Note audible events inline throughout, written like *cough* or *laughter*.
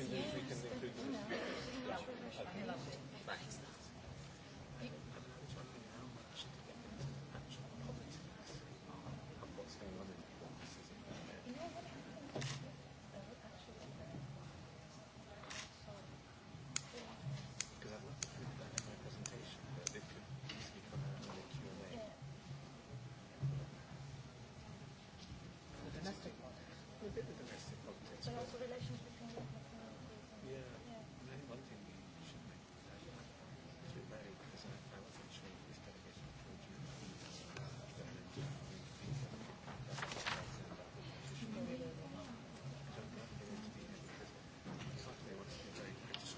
can do is we can include them.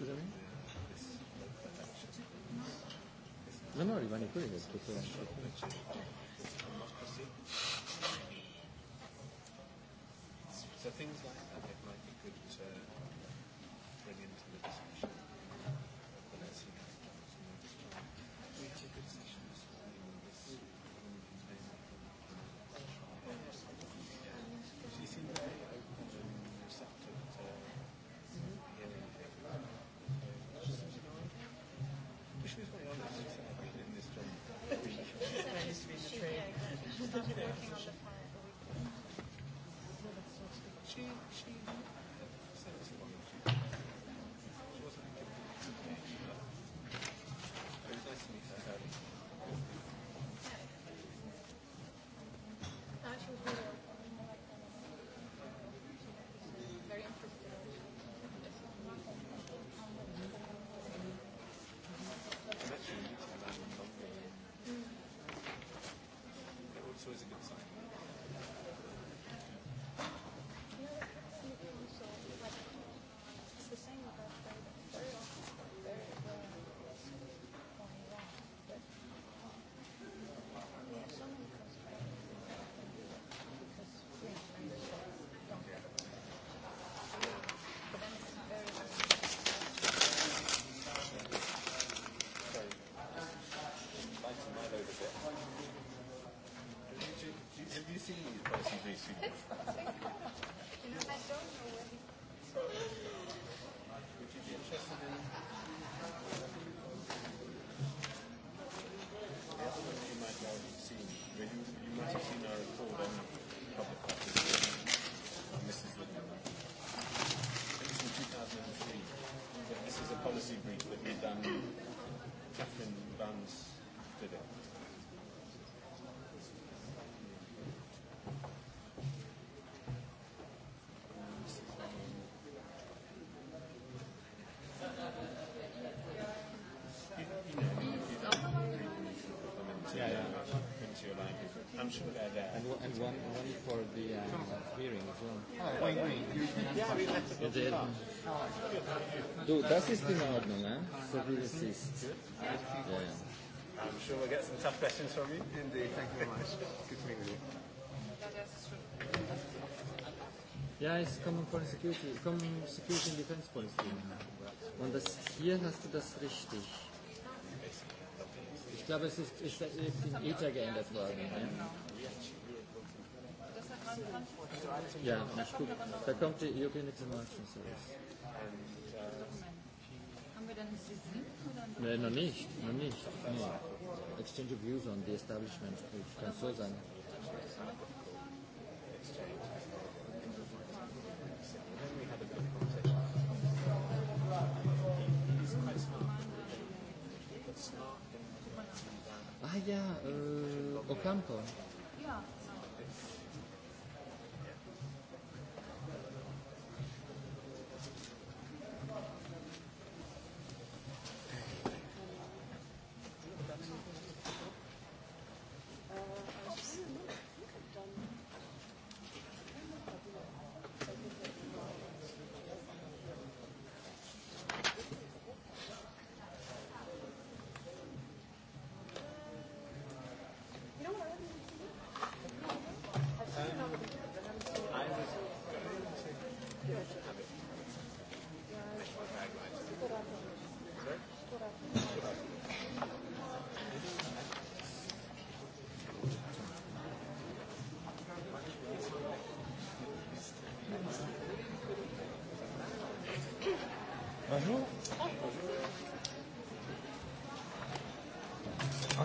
vous avez Non, no, rimane quello. So things like that. She's working on the You know, know. I don't Would you be interested in? I'm sure that. Uh, and, and one, one for the uh, hearing as well. Oh, wait, wait. Yeah, we left it. das ist in Ordnung, eh? so wie es ist. Ja, I'm sure we'll get some tough questions from you. Indeed, thank you very much. Good to meet you. Ja, es ist Common Foreign Security, Common Security and Defense Policy. Und das hier hast du das richtig glaube, es ist, ist, ist ist in ETA geändert worden. Ja, ja ich guck, da kommt die European Information Service. Nein, noch nicht, noch nicht. Nee. Exchange of views on the establishment, ich kann so sagen. Ah ja, äh, Ocampo. Ja.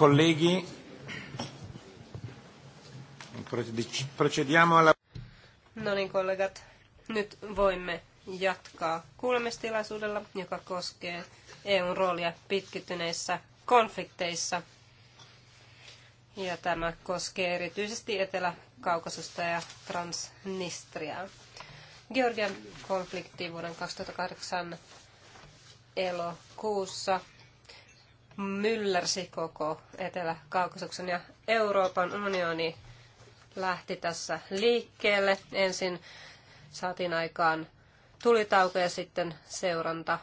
colleghi, procediamo alla... No niin, kollegat. Nyt voimme jatkaa kuulemistilaisuudella, joka koskee EUn roolia pitkittyneissä konflikteissa. Ja tämä koskee erityisesti Etelä-Kaukasusta ja Transnistriaa. Georgian konflikti vuoden 2008 elokuussa myllärsi koko Etelä-Kaukasuksen ja Euroopan unioni lähti tässä liikkeelle. Ensin saatiin aikaan tulitauko ja sitten seuranta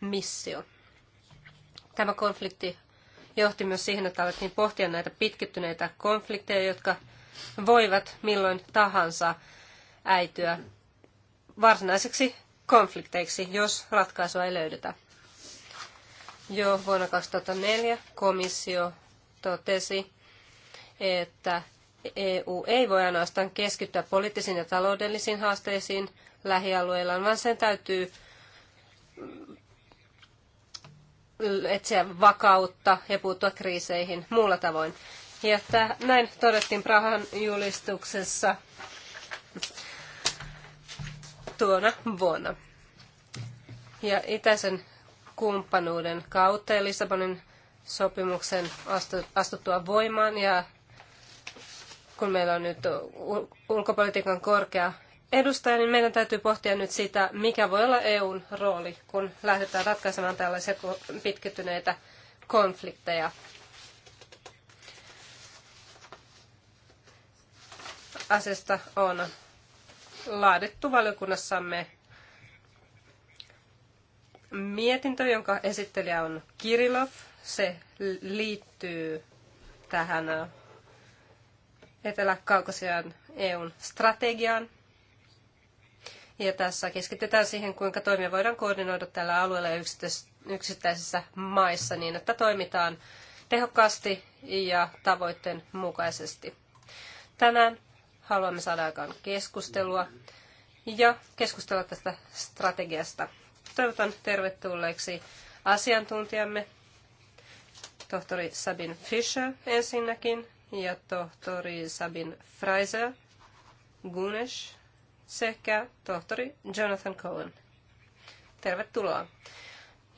missio. Tämä konflikti johti myös siihen, että alettiin pohtia näitä pitkittyneitä konflikteja, jotka voivat milloin tahansa äityä varsinaiseksi konflikteiksi, jos ratkaisua ei löydetä. Jo vuonna 2004 komissio totesi, että EU ei voi ainoastaan keskittyä poliittisiin ja taloudellisiin haasteisiin lähialueillaan, vaan sen täytyy etsiä vakautta ja puuttua kriiseihin muulla tavoin. Ja täh, näin todettiin Prahan julistuksessa tuona vuonna. Ja itäisen kumppanuuden kautta ja Lissabonin sopimuksen astuttua voimaan ja kun meillä on nyt ulkopolitiikan korkea edustaja, niin meidän täytyy pohtia nyt sitä, mikä voi olla EUn rooli, kun lähdetään ratkaisemaan tällaisia pitkittyneitä konflikteja. asiasta on laadittu valiokunnassamme mietintö, jonka esittelijä on Kirilov. Se liittyy tähän äh, Etelä-Kaukasian EUn strategiaan. Ja tässä keskitytään siihen, kuinka toimia voidaan koordinoida tällä alueella ja yksittäisissä maissa niin, että toimitaan tehokkaasti ja tavoitteen mukaisesti. Tänään haluamme saada aikaan keskustelua ja keskustella tästä strategiasta. Toivotan tervetulleeksi asiantuntijamme, tohtori Sabin Fischer ensinnäkin ja tohtori Sabin Fraser Gunesh sekä tohtori Jonathan Cohen. Tervetuloa.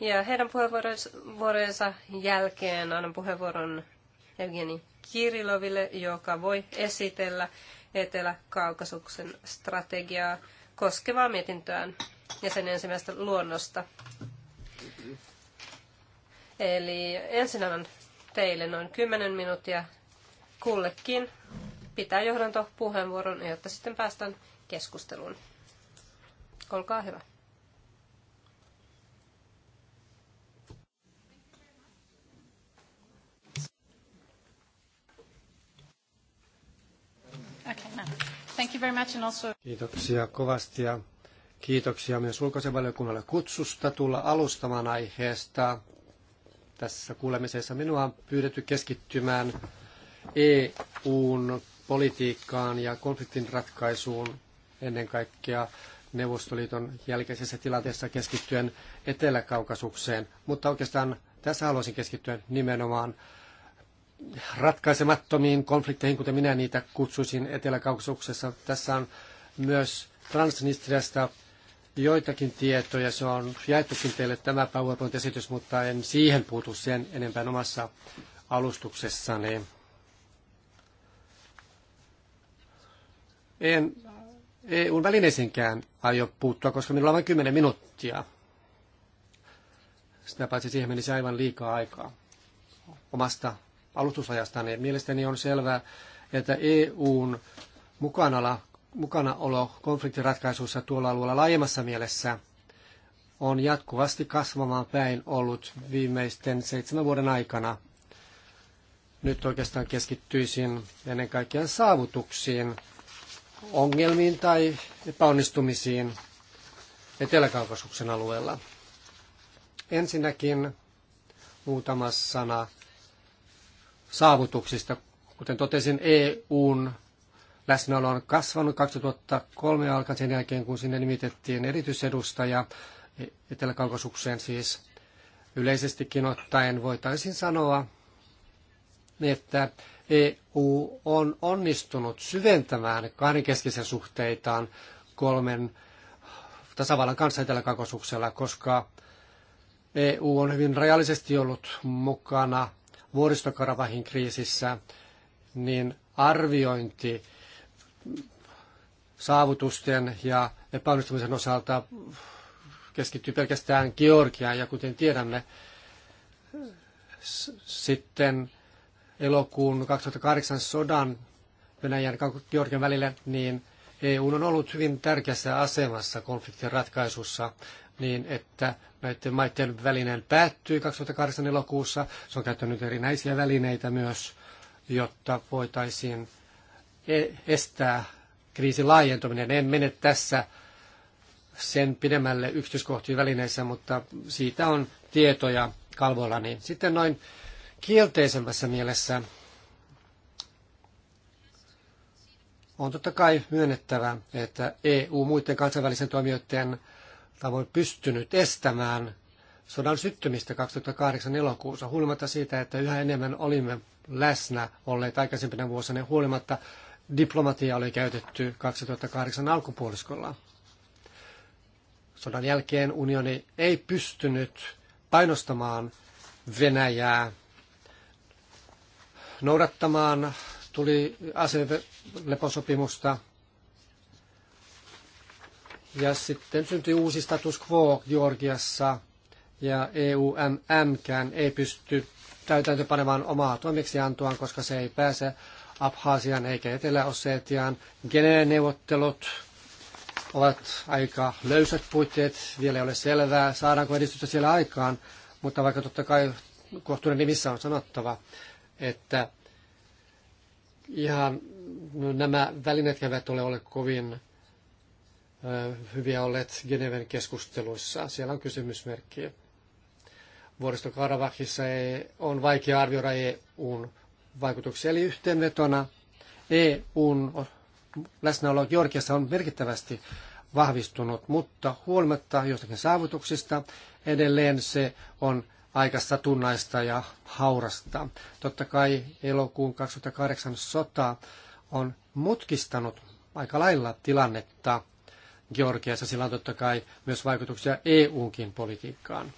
Ja heidän puheenvuoronsa jälkeen annan puheenvuoron Evgeni Kiriloville, joka voi esitellä Etelä-Kaukasuksen strategiaa koskevaa mietintöään ja sen ensimmäistä luonnosta. Eli ensin annan teille noin 10 minuuttia kullekin pitää johdanto puheenvuoron, jotta sitten päästään keskusteluun. Olkaa hyvä. Kiitoksia kovasti ja Kiitoksia myös ulkoasevaliokunnalle kutsusta tulla alustamaan aiheesta. Tässä kuulemisessa minua on pyydetty keskittymään EUn politiikkaan ja konfliktin ratkaisuun ennen kaikkea Neuvostoliiton jälkeisessä tilanteessa keskittyen Etelä-Kaukasukseen. Mutta oikeastaan tässä haluaisin keskittyä nimenomaan ratkaisemattomiin konflikteihin, kuten minä niitä kutsuisin Etelä-Kaukasuksessa. Tässä on myös Transnistriasta joitakin tietoja. Se on jaettukin teille tämä PowerPoint-esitys, mutta en siihen puutu sen enempää omassa alustuksessani. En EUn välineisinkään aio puuttua, koska minulla on vain 10 minuuttia. Sitä paitsi siihen menisi aivan liikaa aikaa omasta alustusajastani. Mielestäni on selvää, että EUn mukanaola mukanaolo konfliktiratkaisussa tuolla alueella laajemmassa mielessä on jatkuvasti kasvamaan päin ollut viimeisten seitsemän vuoden aikana. Nyt oikeastaan keskittyisin ennen kaikkea saavutuksiin, ongelmiin tai epäonnistumisiin Etelä-Kaukasuksen alueella. Ensinnäkin muutama sana saavutuksista. Kuten totesin, EUn läsnäolo on kasvanut 2003 alkaen sen jälkeen, kun sinne nimitettiin erityisedustaja etelä siis. Yleisestikin ottaen voitaisiin sanoa, että EU on onnistunut syventämään kahdenkeskisen suhteitaan kolmen tasavallan kanssa etelä koska EU on hyvin rajallisesti ollut mukana vuoristokaravahin kriisissä, niin arviointi saavutusten ja epäonnistumisen osalta keskittyy pelkästään Georgiaan ja kuten tiedämme, sitten elokuun 2008 sodan Venäjän ja Georgian välillä, niin EU on ollut hyvin tärkeässä asemassa konfliktin ratkaisussa niin, että näiden maiden välinen päättyy 2008 elokuussa. Se on käyttänyt erinäisiä välineitä myös, jotta voitaisiin E- estää kriisin laajentuminen. En mene tässä sen pidemmälle yksityiskohtiin välineissä, mutta siitä on tietoja Niin Sitten noin kielteisemmässä mielessä on totta kai myönnettävä, että EU muiden kansainvälisen toimijoiden tavoin pystynyt estämään sodan syttymistä 2008 elokuussa, huolimatta siitä, että yhä enemmän olimme läsnä olleet aikaisempina vuosina, huolimatta diplomatia oli käytetty 2008 alkupuoliskolla. Sodan jälkeen unioni ei pystynyt painostamaan Venäjää noudattamaan tuli aseleposopimusta. Ja sitten syntyi uusi status quo Georgiassa ja EUMMkään ei pysty täytäntöpanemaan omaa toimeksiantoaan, koska se ei pääse Abhaasian eikä Etelä-Osetiaan. Geneen neuvottelut ovat aika löysät puitteet, vielä ei ole selvää, saadaanko edistystä siellä aikaan, mutta vaikka totta kai kohtuuden nimissä on sanottava, että ihan no, nämä välineet eivät ole, olleet kovin hyviä olleet Geneven keskusteluissa. Siellä on kysymysmerkkiä. Vuoristo on vaikea arvioida EUn vaikutuksia. Eli yhteenvetona EUn läsnäolo Georgiassa on merkittävästi vahvistunut, mutta huolimatta jostakin saavutuksista edelleen se on aika satunnaista ja haurasta. Totta kai elokuun 2008 sota on mutkistanut aika lailla tilannetta Georgiassa. Sillä on totta kai myös vaikutuksia EUnkin politiikkaan.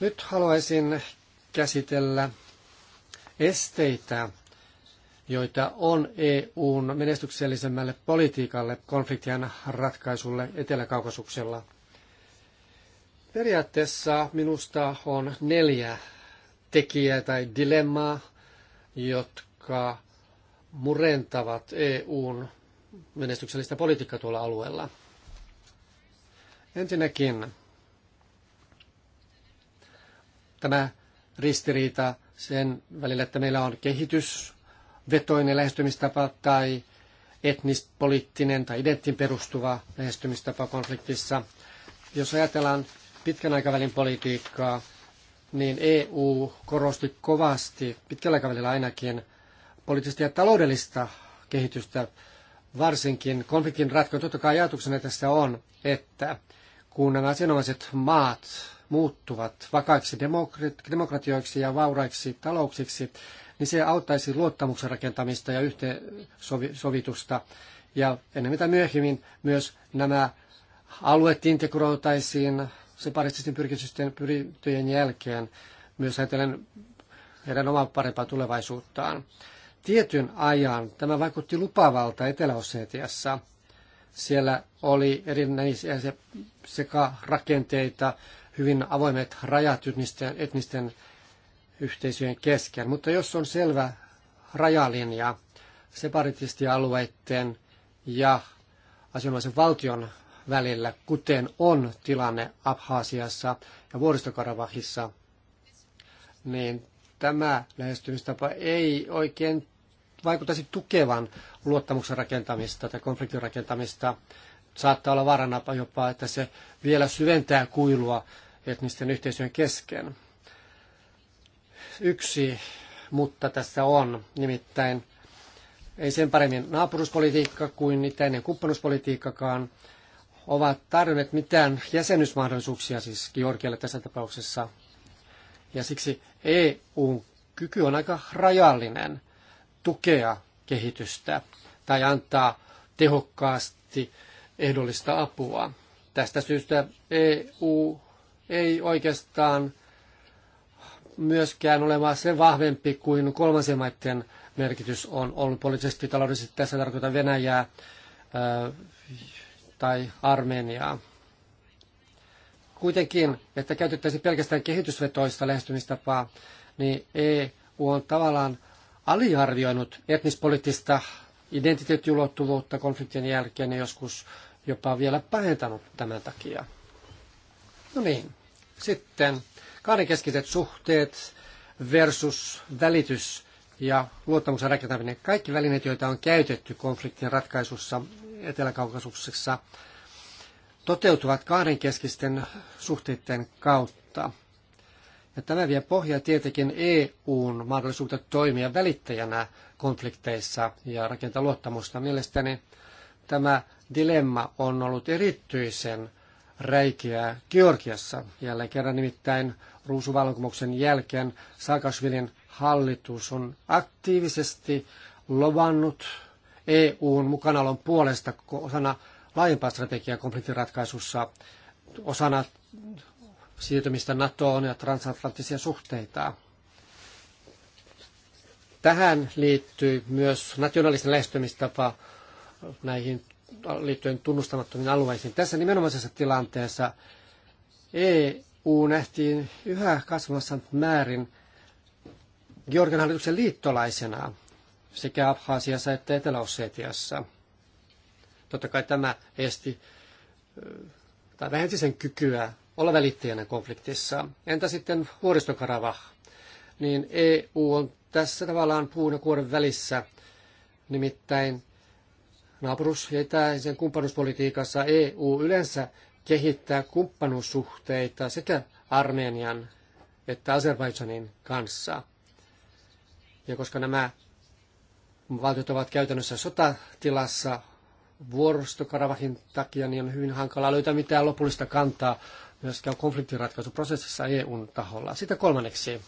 Nyt haluaisin käsitellä esteitä, joita on EUn menestyksellisemmälle politiikalle konfliktien ratkaisulle Etelä-Kaukasuksella. Periaatteessa minusta on neljä tekijää tai dilemmaa, jotka murentavat EUn menestyksellistä politiikkaa tuolla alueella. Ensinnäkin tämä ristiriita sen välillä, että meillä on kehitysvetoinen lähestymistapa tai etnispoliittinen tai identtiin perustuva lähestymistapa konfliktissa. Jos ajatellaan pitkän aikavälin politiikkaa, niin EU korosti kovasti, pitkällä aikavälillä ainakin, poliittista ja taloudellista kehitystä, varsinkin konfliktin ratkaisu. Totta kai ajatuksena tässä on, että kun nämä asianomaiset maat muuttuvat vakaiksi demokratioiksi ja vauraiksi talouksiksi, niin se auttaisi luottamuksen rakentamista ja yhteensovitusta. Ja ennen mitä myöhemmin myös nämä alueet integroitaisiin separatististen pyrkimysten pyrittyjen jälkeen myös ajatellen heidän omaa parempaa tulevaisuuttaan. Tietyn ajan tämä vaikutti lupavalta Etelä-Ossetiassa. Siellä oli erinäisiä sekarakenteita, hyvin avoimet rajat etnisten, etnisten yhteisöjen kesken. Mutta jos on selvä rajalinja separatistialueiden ja asianomaisen valtion välillä, kuten on tilanne Abhaasiassa ja Vuoristokaravahissa, niin tämä lähestymistapa ei oikein vaikuttaisi tukevan luottamuksen rakentamista tai konfliktin rakentamista. Saattaa olla vaarana jopa, että se vielä syventää kuilua etnisten yhteisöjen kesken. Yksi mutta tässä on nimittäin ei sen paremmin naapuruspolitiikka kuin itäinen kumppanuuspolitiikkakaan ovat tarjonneet mitään jäsenyysmahdollisuuksia siis Georgialle tässä tapauksessa. Ja siksi EUn kyky on aika rajallinen tukea kehitystä tai antaa tehokkaasti ehdollista apua. Tästä syystä EU ei oikeastaan myöskään olemaan se vahvempi kuin kolmansien maiden merkitys on ollut poliittisesti taloudellisesti. Tässä tarkoitan Venäjää tai Armeniaa. Kuitenkin, että käytettäisiin pelkästään kehitysvetoista lähestymistapaa, niin EU on tavallaan aliarvioinut etnispoliittista identiteettiulottuvuutta konfliktien jälkeen ja joskus jopa vielä pahentanut tämän takia. No niin, sitten kahdenkeskiset suhteet versus välitys ja luottamuksen rakentaminen. Kaikki välineet, joita on käytetty konfliktin ratkaisussa Etelä-Kaukasuksessa, toteutuvat kahdenkeskisten suhteiden kautta. Ja tämä vie pohjaa tietenkin EUn mahdollisuutta toimia välittäjänä konflikteissa ja rakentaa luottamusta. Mielestäni tämä dilemma on ollut erityisen räikeää Georgiassa. Jälleen kerran nimittäin ruusuvallankumouksen jälkeen Saakashvilin hallitus on aktiivisesti lovannut EUn mukanaolon puolesta osana laajempaa strategiaa konfliktiratkaisussa, osana siirtymistä NATOon ja transatlanttisia suhteita. Tähän liittyy myös nationalistinen lähestymistapa näihin liittyen tunnustamattomiin alueisiin. Tässä nimenomaisessa tilanteessa EU nähtiin yhä kasvamassa määrin Georgian hallituksen liittolaisena sekä Abhaasiassa että Etelä-Ossetiassa. Totta kai tämä esti tai vähensi sen kykyä olla välittäjänä konfliktissa. Entä sitten vuoristokaravah? Niin EU on tässä tavallaan puun ja kuoren välissä. Nimittäin Naapurus- ja etäisen kumppanuuspolitiikassa EU yleensä kehittää kumppanuussuhteita sekä Armenian että Azerbaidžanin kanssa. Ja koska nämä valtiot ovat käytännössä sotatilassa vuoristokaravahin takia, niin on hyvin hankalaa löytää mitään lopullista kantaa myöskään konfliktinratkaisuprosessissa EUn taholla. Sitä kolmanneksi,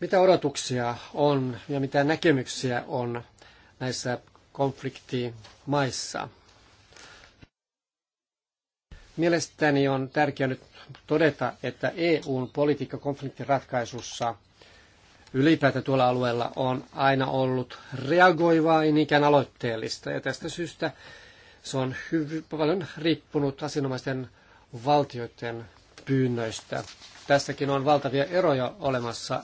mitä odotuksia on ja mitä näkemyksiä on näissä konfliktimaissa. Mielestäni on tärkeää nyt todeta, että EUn politiikka konfliktiratkaisussa ylipäätään tuolla alueella on aina ollut reagoivaa, ei niinkään aloitteellista. Ja tästä syystä se on hyvin paljon riippunut asianomaisten valtioiden pyynnöistä. Tässäkin on valtavia eroja olemassa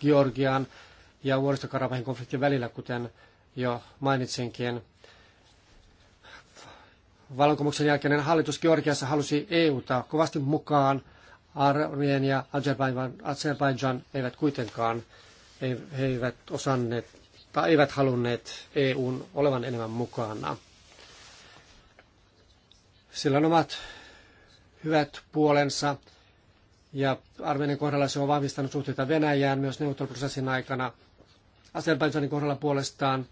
Georgian ja vuoristokarabahin konfliktin välillä, kuten jo mainitsinkin. Vallankumouksen jälkeinen hallitus Georgiassa halusi EUta kovasti mukaan. Armeen ja Azerbaijan eivät kuitenkaan he eivät osanneet tai eivät halunneet EUn olevan enemmän mukana. Sillä on omat hyvät puolensa ja Armeenin kohdalla se on vahvistanut suhteita Venäjään myös neuvotteluprosessin aikana. Azerbaijanin kohdalla puolestaan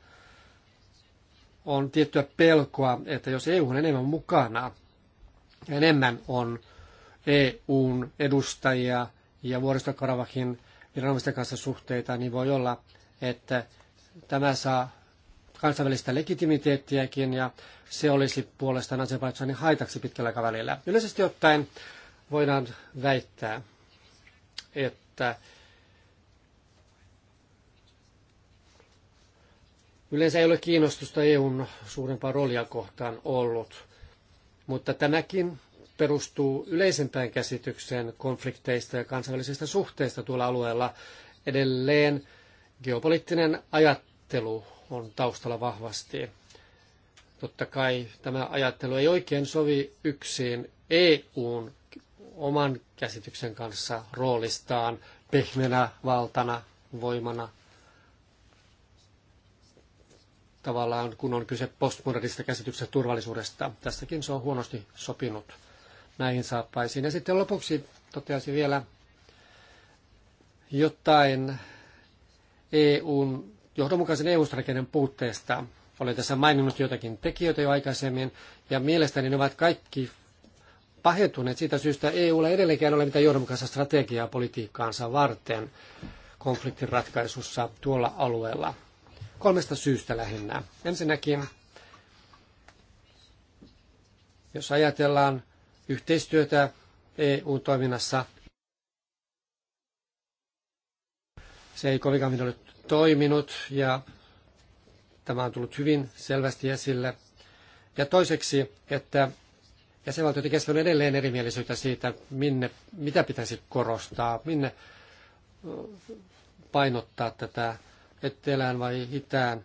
on tiettyä pelkoa, että jos EU on enemmän mukana, enemmän on EUn edustajia ja vuoristokaravakin viranomaisten kanssa suhteita, niin voi olla, että tämä saa kansainvälistä legitimiteettiäkin ja se olisi puolestaan Azerbaidžanin haitaksi pitkällä aikavälillä. Yleisesti ottaen voidaan väittää, että Yleensä ei ole kiinnostusta EUn suurempaa roolia kohtaan ollut, mutta tämäkin perustuu yleisempään käsitykseen konflikteista ja kansainvälisistä suhteista tuolla alueella. Edelleen geopoliittinen ajattelu on taustalla vahvasti. Totta kai tämä ajattelu ei oikein sovi yksin EUn oman käsityksen kanssa roolistaan pehmeänä valtana, voimana tavallaan, kun on kyse postmodernista käsityksestä turvallisuudesta. Tässäkin se on huonosti sopinut näihin saappaisiin. Ja sitten lopuksi toteaisin vielä jotain EUn, johdonmukaisen EU-strategian puutteesta. Olen tässä maininnut jotakin tekijöitä jo aikaisemmin, ja mielestäni ne ovat kaikki pahentuneet siitä syystä EUlla edelleenkään ole mitään johdonmukaista strategiaa politiikkaansa varten konfliktin ratkaisussa tuolla alueella kolmesta syystä lähinnä. Ensinnäkin, jos ajatellaan yhteistyötä EU-toiminnassa, se ei kovinkaan minulle toiminut ja tämä on tullut hyvin selvästi esille. Ja toiseksi, että jäsenvaltioiden kesken on edelleen erimielisyyttä siitä, minne, mitä pitäisi korostaa, minne painottaa tätä etelään vai itään.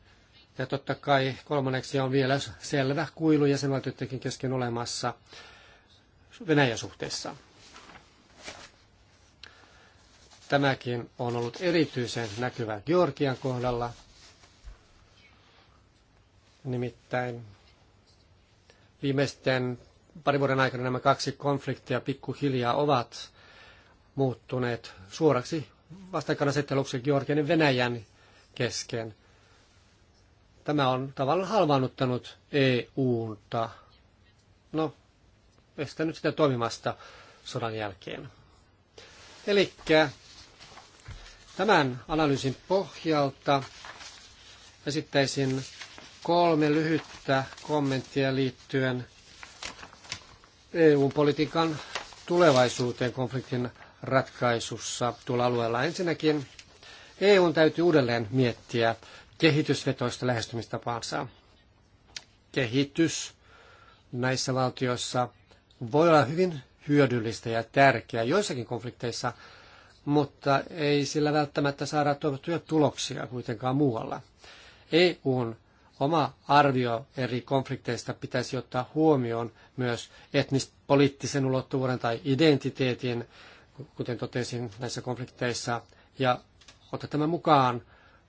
Ja totta kai kolmanneksi on vielä selvä kuilu jäsenvaltioidenkin kesken olemassa Venäjän suhteessa. Tämäkin on ollut erityisen näkyvä Georgian kohdalla. Nimittäin viimeisten parin vuoden aikana nämä kaksi konfliktia pikkuhiljaa ovat muuttuneet suoraksi vastakkainasetteluksi Georgian ja Venäjän kesken. Tämä on tavallaan halvaannuttanut EUta, no, estänyt sitä toimimasta sodan jälkeen. Eli tämän analyysin pohjalta esittäisin kolme lyhyttä kommenttia liittyen EU-politiikan tulevaisuuteen konfliktin ratkaisussa tuolla alueella. Ensinnäkin EUn täytyy uudelleen miettiä kehitysvetoista lähestymistapaansa. Kehitys näissä valtioissa voi olla hyvin hyödyllistä ja tärkeää joissakin konflikteissa, mutta ei sillä välttämättä saada toivottuja tuloksia kuitenkaan muualla. EUn oma arvio eri konflikteista pitäisi ottaa huomioon myös etnispoliittisen ulottuvuuden tai identiteetin, kuten totesin näissä konflikteissa, ja ottaa tämä mukaan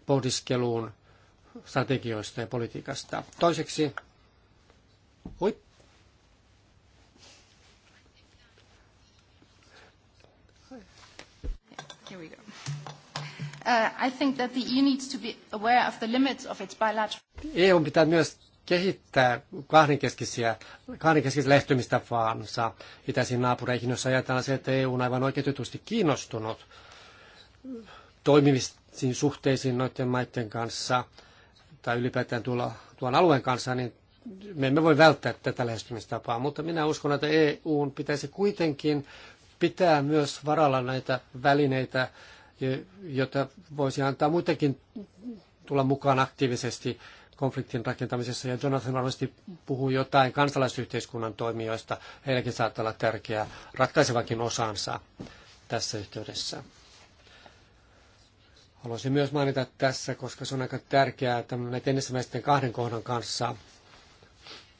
pohdiskeluun strategioista ja politiikasta. Toiseksi, oi, Here we go. Uh, I think that the EU needs to be aware of the limits of its bilateral... EU pitää myös kehittää kahdenkeskisiä, kahdenkeskistä lähtymistapaansa itäisiin naapureihin, jos ajatellaan se, että EU on aivan oikeutetusti kiinnostunut toimivisiin suhteisiin noiden maiden kanssa tai ylipäätään tuolla, tuon alueen kanssa, niin me emme voi välttää tätä lähestymistapaa, mutta minä uskon, että EUn pitäisi kuitenkin pitää myös varalla näitä välineitä, joita voisi antaa muitakin tulla mukaan aktiivisesti konfliktin rakentamisessa. Ja Jonathan varmasti puhuu jotain kansalaisyhteiskunnan toimijoista. Heilläkin saattaa olla tärkeää ratkaisevakin osansa tässä yhteydessä. Haluaisin myös mainita tässä, koska se on aika tärkeää että näiden ensimmäisten kahden kohdan kanssa,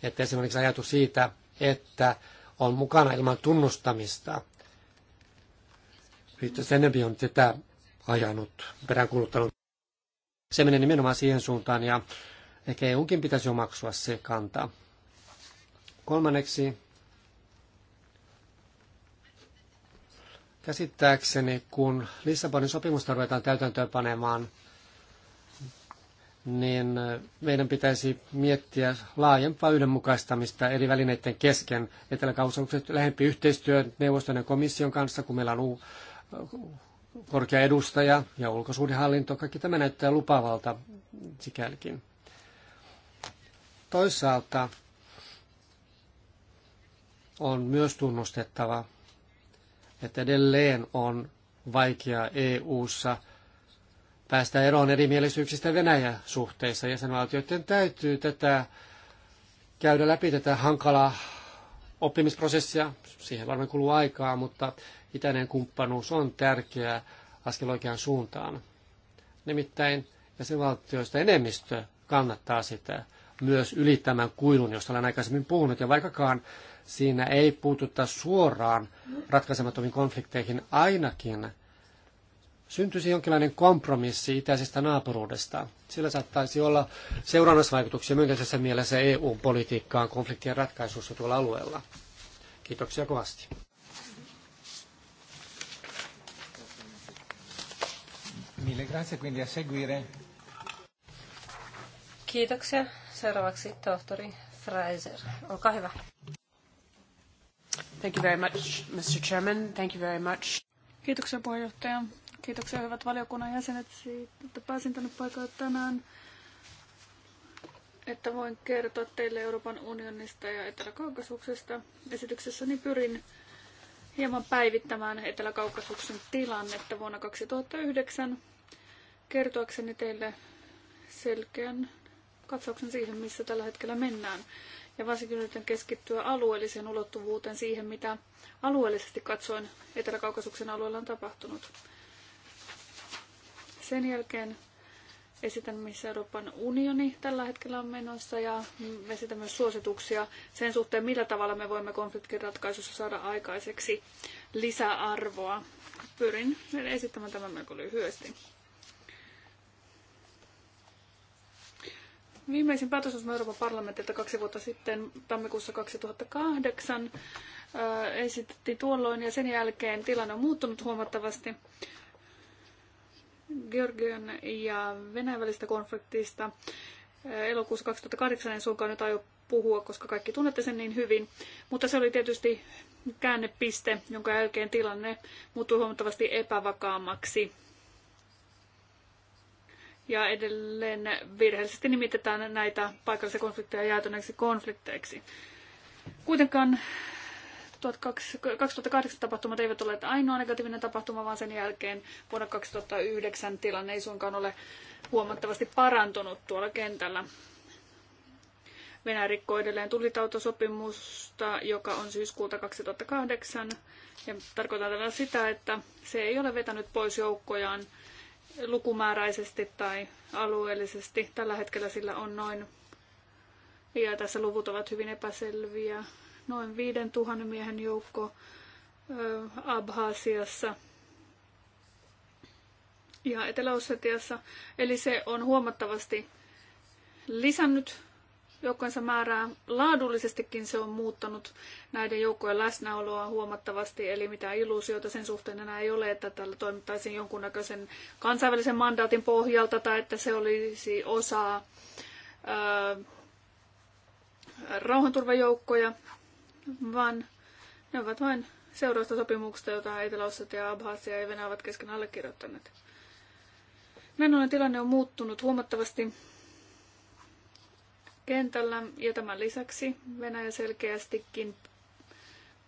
että esimerkiksi ajatus siitä, että on mukana ilman tunnustamista. Viittas enempi on tätä ajanut, peräänkuluttanut. Se menee nimenomaan siihen suuntaan ja ehkä EUnkin pitäisi omaksua se kantaa. Kolmanneksi Käsittääkseni, kun Lissabonin sopimusta ruvetaan täytäntöön panemaan, niin meidän pitäisi miettiä laajempaa yhdenmukaistamista eri välineiden kesken. Eteläkausannukset lähempi yhteistyö neuvoston ja komission kanssa, kun meillä on korkea edustaja ja ulkosuhdehallinto. Kaikki tämä näyttää lupavalta sikälkin. Toisaalta on myös tunnustettava, että edelleen on vaikea EU-ssa päästä eroon erimielisyyksistä Venäjä-suhteissa. Jäsenvaltioiden täytyy tätä käydä läpi tätä hankalaa oppimisprosessia. Siihen varmaan kuluu aikaa, mutta itäinen kumppanuus on tärkeä askel oikeaan suuntaan. Nimittäin jäsenvaltioista enemmistö kannattaa sitä myös yli tämän kuilun, josta olen aikaisemmin puhunut. Ja vaikkakaan Siinä ei puututa suoraan ratkaisemattomiin konflikteihin ainakin. Syntyisi jonkinlainen kompromissi itäisestä naapuruudesta. Sillä saattaisi olla seurannasvaikutuksia myönteisessä mielessä EU-politiikkaan konfliktien ratkaisussa tuolla alueella. Kiitoksia kovasti. Mille grazie, quindi a seguire. Kiitoksia. Seuraavaksi tohtori Fraser. Olkaa hyvä. Thank you very much, Mr. Chairman. Thank you very much. Kiitoksia puheenjohtaja. Kiitoksia hyvät valiokunnan jäsenet siitä, että pääsin tänne paikalle tänään että voin kertoa teille Euroopan unionista ja Etelä-Kaukasuksesta. Esityksessäni pyrin hieman päivittämään Etelä-Kaukasuksen tilannetta vuonna 2009, kertoakseni teille selkeän katsauksen siihen, missä tällä hetkellä mennään. Ja varsinkin yritän keskittyä alueelliseen ulottuvuuteen siihen, mitä alueellisesti katsoen Etelä-Kaukasuksen alueella on tapahtunut. Sen jälkeen esitän, missä Euroopan unioni tällä hetkellä on menossa ja esitän myös suosituksia sen suhteen, millä tavalla me voimme konfliktin ratkaisussa saada aikaiseksi lisäarvoa. Pyrin esittämään tämän melko lyhyesti. Viimeisin päätös Euroopan parlamentilta kaksi vuotta sitten, tammikuussa 2008, esitettiin tuolloin ja sen jälkeen tilanne on muuttunut huomattavasti. Georgian ja Venäjän välistä konfliktista elokuussa 2008 en suinkaan nyt aio puhua, koska kaikki tunnette sen niin hyvin. Mutta se oli tietysti käännepiste, jonka jälkeen tilanne muuttui huomattavasti epävakaammaksi ja edelleen virheellisesti nimitetään näitä paikallisia konflikteja jaetuneiksi konflikteiksi. Kuitenkaan 2008 tapahtumat eivät olleet ainoa negatiivinen tapahtuma, vaan sen jälkeen vuonna 2009 tilanne ei suinkaan ole huomattavasti parantunut tuolla kentällä. Venäjä rikkoi edelleen tulitautosopimusta, joka on syyskuuta 2008. Ja tarkoitan tällä sitä, että se ei ole vetänyt pois joukkojaan lukumääräisesti tai alueellisesti. Tällä hetkellä sillä on noin, ja tässä luvut ovat hyvin epäselviä, noin 5000 miehen joukko Abhaasiassa ja Etelä-Ossetiassa. Eli se on huomattavasti lisännyt joukkojensa määrää. Laadullisestikin se on muuttanut näiden joukkojen läsnäoloa huomattavasti, eli mitään illuusioita sen suhteen enää ei ole, että tällä toimittaisiin jonkunnäköisen kansainvälisen mandaatin pohjalta tai että se olisi osa ää, rauhanturvajoukkoja, vaan ne ovat vain seurausta sopimuksesta, jota etelä ja Abhasia ja Venäjä ovat kesken allekirjoittaneet. Näin ollen tilanne on muuttunut huomattavasti kentällä. Ja tämän lisäksi Venäjä selkeästikin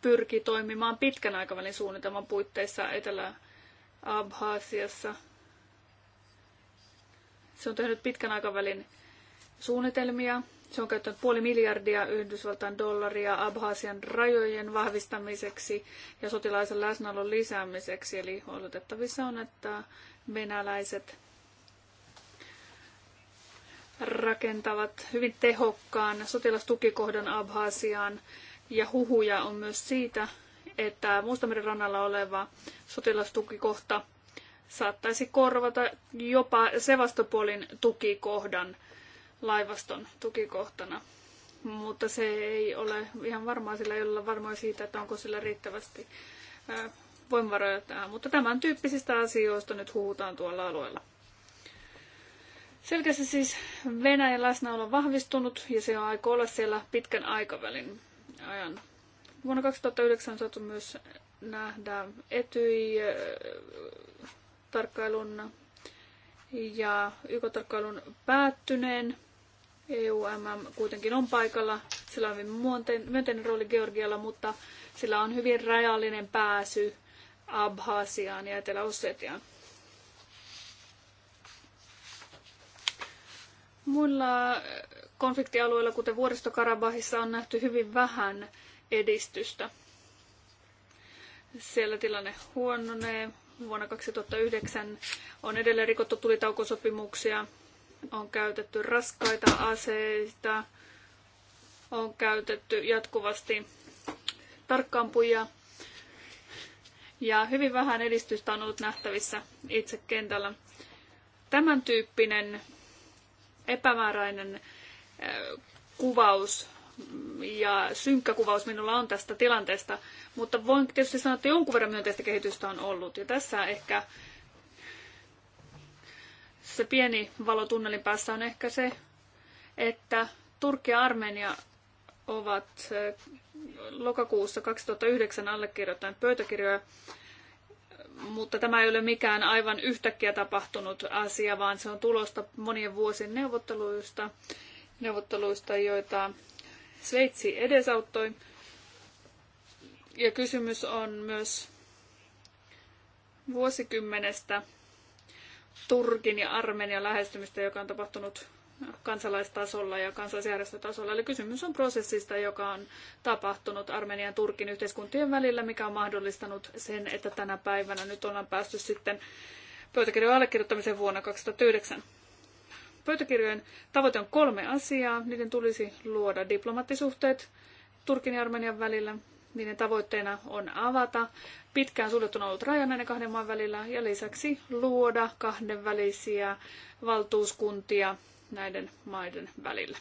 pyrki toimimaan pitkän aikavälin suunnitelman puitteissa Etelä-Abhaasiassa. Se on tehnyt pitkän aikavälin suunnitelmia. Se on käyttänyt puoli miljardia Yhdysvaltain dollaria Abhaasian rajojen vahvistamiseksi ja sotilaisen läsnäolon lisäämiseksi. Eli odotettavissa on, että venäläiset rakentavat hyvin tehokkaan sotilastukikohdan Abhaasiaan ja huhuja on myös siitä, että Mustameren rannalla oleva sotilastukikohta saattaisi korvata jopa Sevastopolin tukikohdan laivaston tukikohtana. Mutta se ei ole ihan varmaa, sillä ei ole varmoja siitä, että onko sillä riittävästi voimavaroja tähän. Mutta tämän tyyppisistä asioista nyt huhutaan tuolla alueella. Selkeästi siis Venäjän läsnäolo on vahvistunut ja se on aikoo olla siellä pitkän aikavälin ajan. Vuonna 2009 on saatu myös nähdä Etyj-tarkkailun eh, ja YK-tarkkailun päättyneen. EUMM kuitenkin on paikalla. Sillä on hyvin myönteinen rooli Georgialla, mutta sillä on hyvin rajallinen pääsy Abhasiaan ja Etelä-Ossetiaan. Muilla eh, konfliktialueilla, kuten Vuoristokarabahissa, on nähty hyvin vähän edistystä. Siellä tilanne huononee. Vuonna 2009 on edelleen rikottu tulitaukosopimuksia, on käytetty raskaita aseita, on käytetty jatkuvasti tarkkaampuja ja hyvin vähän edistystä on ollut nähtävissä itse kentällä. Tämän tyyppinen epämääräinen äh, kuvaus ja synkkä kuvaus minulla on tästä tilanteesta, mutta voin tietysti sanoa, että jonkun verran myönteistä kehitystä on ollut. Ja tässä ehkä se pieni valo tunnelin päässä on ehkä se, että Turkki ja Armenia ovat äh, lokakuussa 2009 allekirjoittaneet pöytäkirjoja, mutta tämä ei ole mikään aivan yhtäkkiä tapahtunut asia, vaan se on tulosta monien vuosien neuvotteluista, neuvotteluista joita Sveitsi edesauttoi. Ja kysymys on myös vuosikymmenestä Turkin ja Armenian lähestymistä, joka on tapahtunut kansalaistasolla ja kansalaisjärjestötasolla. Eli kysymys on prosessista, joka on tapahtunut Armenian ja Turkin yhteiskuntien välillä, mikä on mahdollistanut sen, että tänä päivänä nyt ollaan päästy sitten pöytäkirjojen allekirjoittamiseen vuonna 2009. Pöytäkirjojen tavoite on kolme asiaa. Niiden tulisi luoda diplomaattisuhteet Turkin ja Armenian välillä. Niiden tavoitteena on avata pitkään suljettuna ollut raja näiden kahden maan välillä ja lisäksi luoda kahdenvälisiä valtuuskuntia näiden maiden välillä.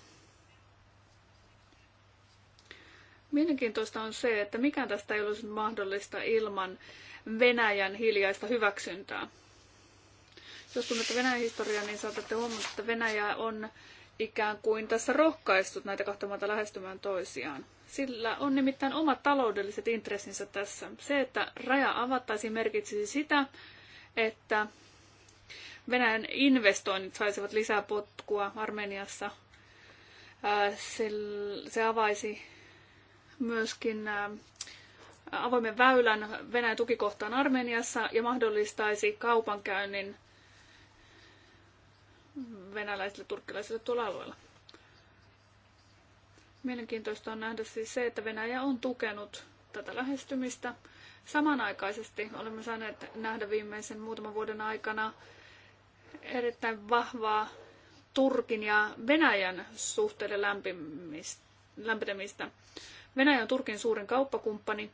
Mielenkiintoista on se, että mikään tästä ei olisi mahdollista ilman Venäjän hiljaista hyväksyntää. Jos tunnette Venäjän historiaa, niin saatatte huomata, että Venäjä on ikään kuin tässä rohkaistut näitä kahta maata lähestymään toisiaan. Sillä on nimittäin omat taloudelliset intressinsä tässä. Se, että raja avattaisiin, merkitsisi sitä, että Venäjän investoinnit saisivat lisää potkua Armeniassa. Äh, se avaisi myöskin äh, avoimen väylän Venäjän tukikohtaan Armeniassa ja mahdollistaisi kaupankäynnin venäläisille turkkilaisille tuolla alueella. Mielenkiintoista on nähdä siis se, että Venäjä on tukenut tätä lähestymistä. Samanaikaisesti olemme saaneet nähdä viimeisen muutaman vuoden aikana erittäin vahvaa Turkin ja Venäjän suhteiden lämpenemistä. Venäjä on Turkin suurin kauppakumppani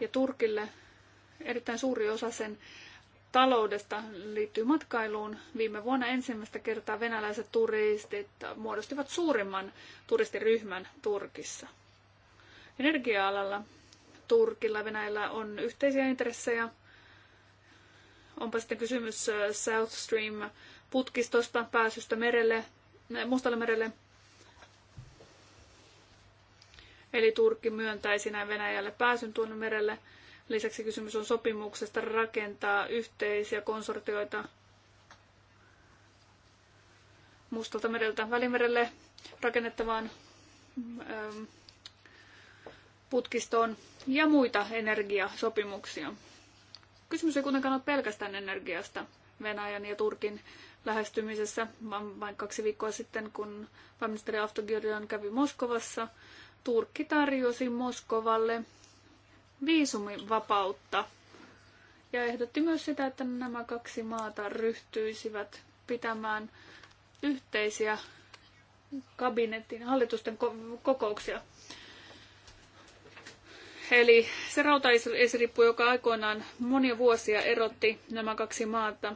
ja Turkille erittäin suuri osa sen taloudesta liittyy matkailuun. Viime vuonna ensimmäistä kertaa venäläiset turistit muodostivat suurimman turistiryhmän Turkissa. Energia-alalla Turkilla ja Venäjällä on yhteisiä intressejä Onpa sitten kysymys äh, South Stream putkistosta pääsystä merelle, äh, Mustalle merelle. Eli Turkki myöntäisi näin Venäjälle pääsyn tuonne merelle. Lisäksi kysymys on sopimuksesta rakentaa yhteisiä konsortioita Mustalta mereltä Välimerelle rakennettavaan ähm, putkistoon ja muita energiasopimuksia. Kysymys ei kuitenkaan ole pelkästään energiasta Venäjän ja Turkin lähestymisessä, vaan vain kaksi viikkoa sitten, kun pääministeri Aftogirjan kävi Moskovassa, Turkki tarjosi Moskovalle viisumivapautta ja ehdotti myös sitä, että nämä kaksi maata ryhtyisivät pitämään yhteisiä kabinettin hallitusten kokouksia Eli se rautaesirippu, joka aikoinaan monia vuosia erotti nämä kaksi maata,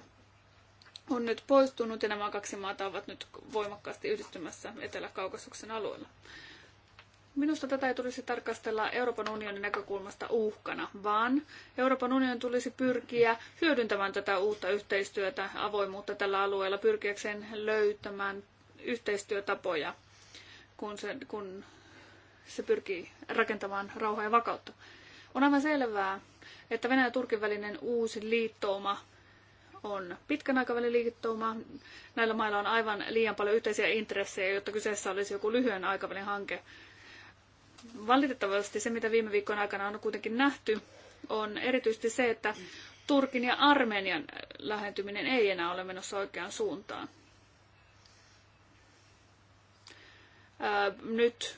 on nyt poistunut ja nämä kaksi maata ovat nyt voimakkaasti yhdistymässä Etelä-Kaukasuksen alueella. Minusta tätä ei tulisi tarkastella Euroopan unionin näkökulmasta uhkana, vaan Euroopan unionin tulisi pyrkiä hyödyntämään tätä uutta yhteistyötä, avoimuutta tällä alueella, pyrkiäkseen löytämään yhteistyötapoja, kun, se, kun se pyrkii rakentamaan rauhaa ja vakautta. On aivan selvää, että Venäjän ja Turkin välinen uusi liittouma on pitkän aikavälin liittouma. Näillä mailla on aivan liian paljon yhteisiä intressejä, jotta kyseessä olisi joku lyhyen aikavälin hanke. Valitettavasti se, mitä viime viikon aikana on kuitenkin nähty, on erityisesti se, että Turkin ja Armenian lähentyminen ei enää ole menossa oikeaan suuntaan. nyt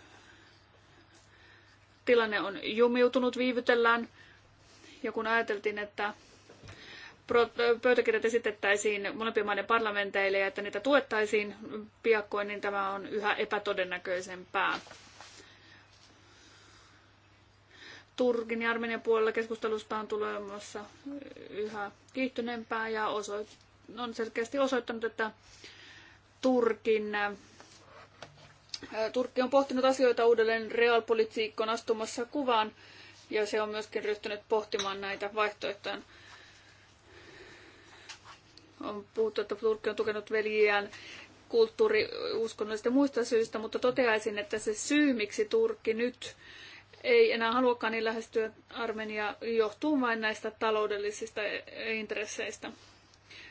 tilanne on jumiutunut, viivytellään. Ja kun ajateltiin, että pöytäkirjat esitettäisiin molempien maiden parlamenteille ja että niitä tuettaisiin piakkoin, niin tämä on yhä epätodennäköisempää. Turkin ja Armenian puolella keskustelusta on tulemassa yhä kiihtyneempää ja osoit- on selkeästi osoittanut, että Turkin Turkki on pohtinut asioita uudelleen realpolitiikkoon astumassa kuvaan ja se on myöskin ryhtynyt pohtimaan näitä vaihtoehtoja. On puhuttu, että Turkki on tukenut veljiään kulttuuri, uskonnollisista muista syistä, mutta toteaisin, että se syy, miksi Turkki nyt ei enää haluakaan niin lähestyä Armenia, johtuu vain näistä taloudellisista intresseistä.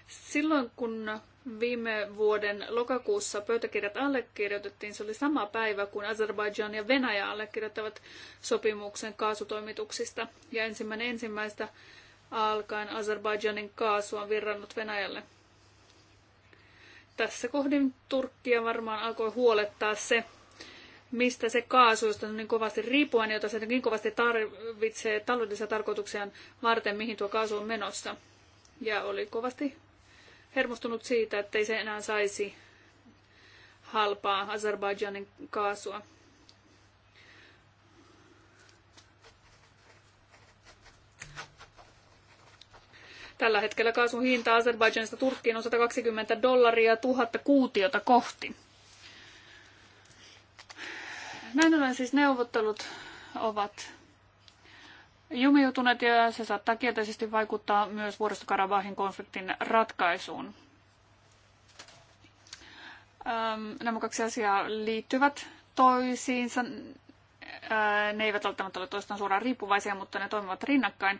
Silloin kun viime vuoden lokakuussa pöytäkirjat allekirjoitettiin. Se oli sama päivä, kun Azerbaijan ja Venäjä allekirjoittavat sopimuksen kaasutoimituksista. Ja ensimmäinen ensimmäistä alkaen Azerbaijanin kaasu on virrannut Venäjälle. Tässä kohdin Turkkia varmaan alkoi huolettaa se, mistä se kaasu, josta on niin kovasti riippuen, jota se niin kovasti tarvitsee taloudellisia tarkoituksia varten, mihin tuo kaasu on menossa. Ja oli kovasti hermostunut siitä, ettei se enää saisi halpaa Azerbaidžanin kaasua. Tällä hetkellä kaasun hinta Azerbaidžanista Turkkiin on 120 dollaria tuhatta kuutiota kohti. Näin ollen siis neuvottelut ovat jumiutuneet ja se saattaa kielteisesti vaikuttaa myös vuoristokarabahin konfliktin ratkaisuun. Ähm, nämä kaksi asiaa liittyvät toisiinsa. Äh, ne eivät välttämättä ole toistaan suoraan riippuvaisia, mutta ne toimivat rinnakkain.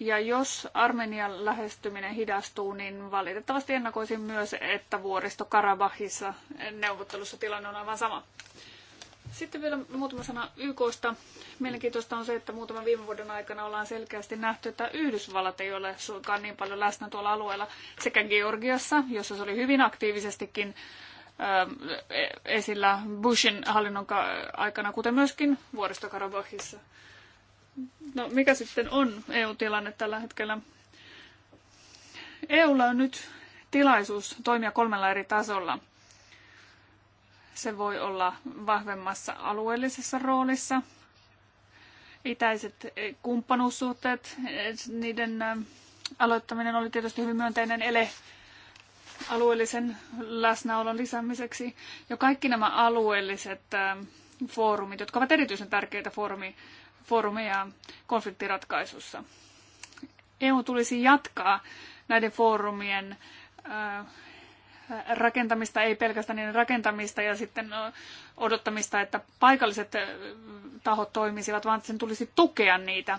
Ja jos Armenian lähestyminen hidastuu, niin valitettavasti ennakoisin myös, että vuoristo Karabahissa neuvottelussa tilanne on aivan sama. Sitten vielä muutama sana YKsta. Mielenkiintoista on se, että muutaman viime vuoden aikana ollaan selkeästi nähty, että Yhdysvallat ei ole suinkaan niin paljon läsnä tuolla alueella sekä Georgiassa, jossa se oli hyvin aktiivisestikin ähm, e-, esillä Bushin hallinnon aikana, kuten myöskin vuoristokarabahissa. No, mikä sitten on EU-tilanne tällä hetkellä? EUlla on nyt tilaisuus toimia kolmella eri tasolla – se voi olla vahvemmassa alueellisessa roolissa. Itäiset eh, kumppanuussuhteet, eh, niiden eh, aloittaminen oli tietysti hyvin myönteinen ele alueellisen läsnäolon lisäämiseksi. Ja kaikki nämä alueelliset foorumit, jotka ovat erityisen tärkeitä foorumi, foorumeja konfliktiratkaisussa. EU tulisi jatkaa näiden foorumien rakentamista, ei pelkästään niiden rakentamista ja sitten odottamista, että paikalliset tahot toimisivat, vaan sen tulisi tukea niitä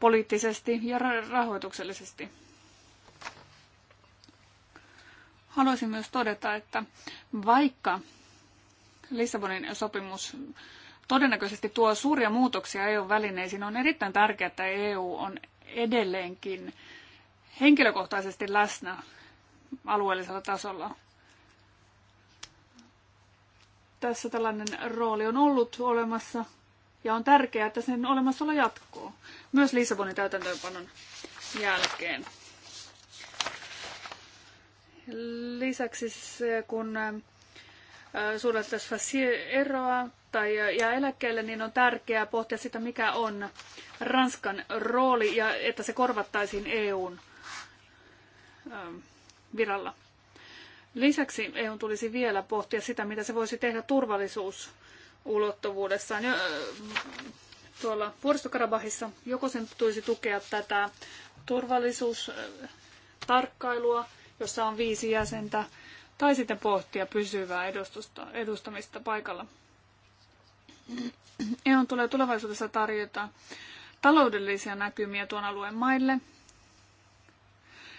poliittisesti ja rahoituksellisesti. Haluaisin myös todeta, että vaikka Lissabonin sopimus todennäköisesti tuo suuria muutoksia EU-välineisiin, on erittäin tärkeää, että EU on edelleenkin henkilökohtaisesti läsnä alueellisella tasolla tässä tällainen rooli on ollut olemassa ja on tärkeää, että sen olemassaolo jatkuu myös Lissabonin täytäntöönpanon jälkeen. Lisäksi se, kun äh, suunnattelessa eroa tai jää eläkkeelle, niin on tärkeää pohtia sitä, mikä on Ranskan rooli ja että se korvattaisiin EUn ähm, viralla. Lisäksi EU tulisi vielä pohtia sitä, mitä se voisi tehdä turvallisuusulottuvuudessaan äh, tuolla Vuoristokarabahissa. Joko sen tulisi tukea tätä turvallisuustarkkailua, jossa on viisi jäsentä, tai sitten pohtia pysyvää edustusta, edustamista paikalla. EU tulee tulevaisuudessa tarjota taloudellisia näkymiä tuon alueen maille.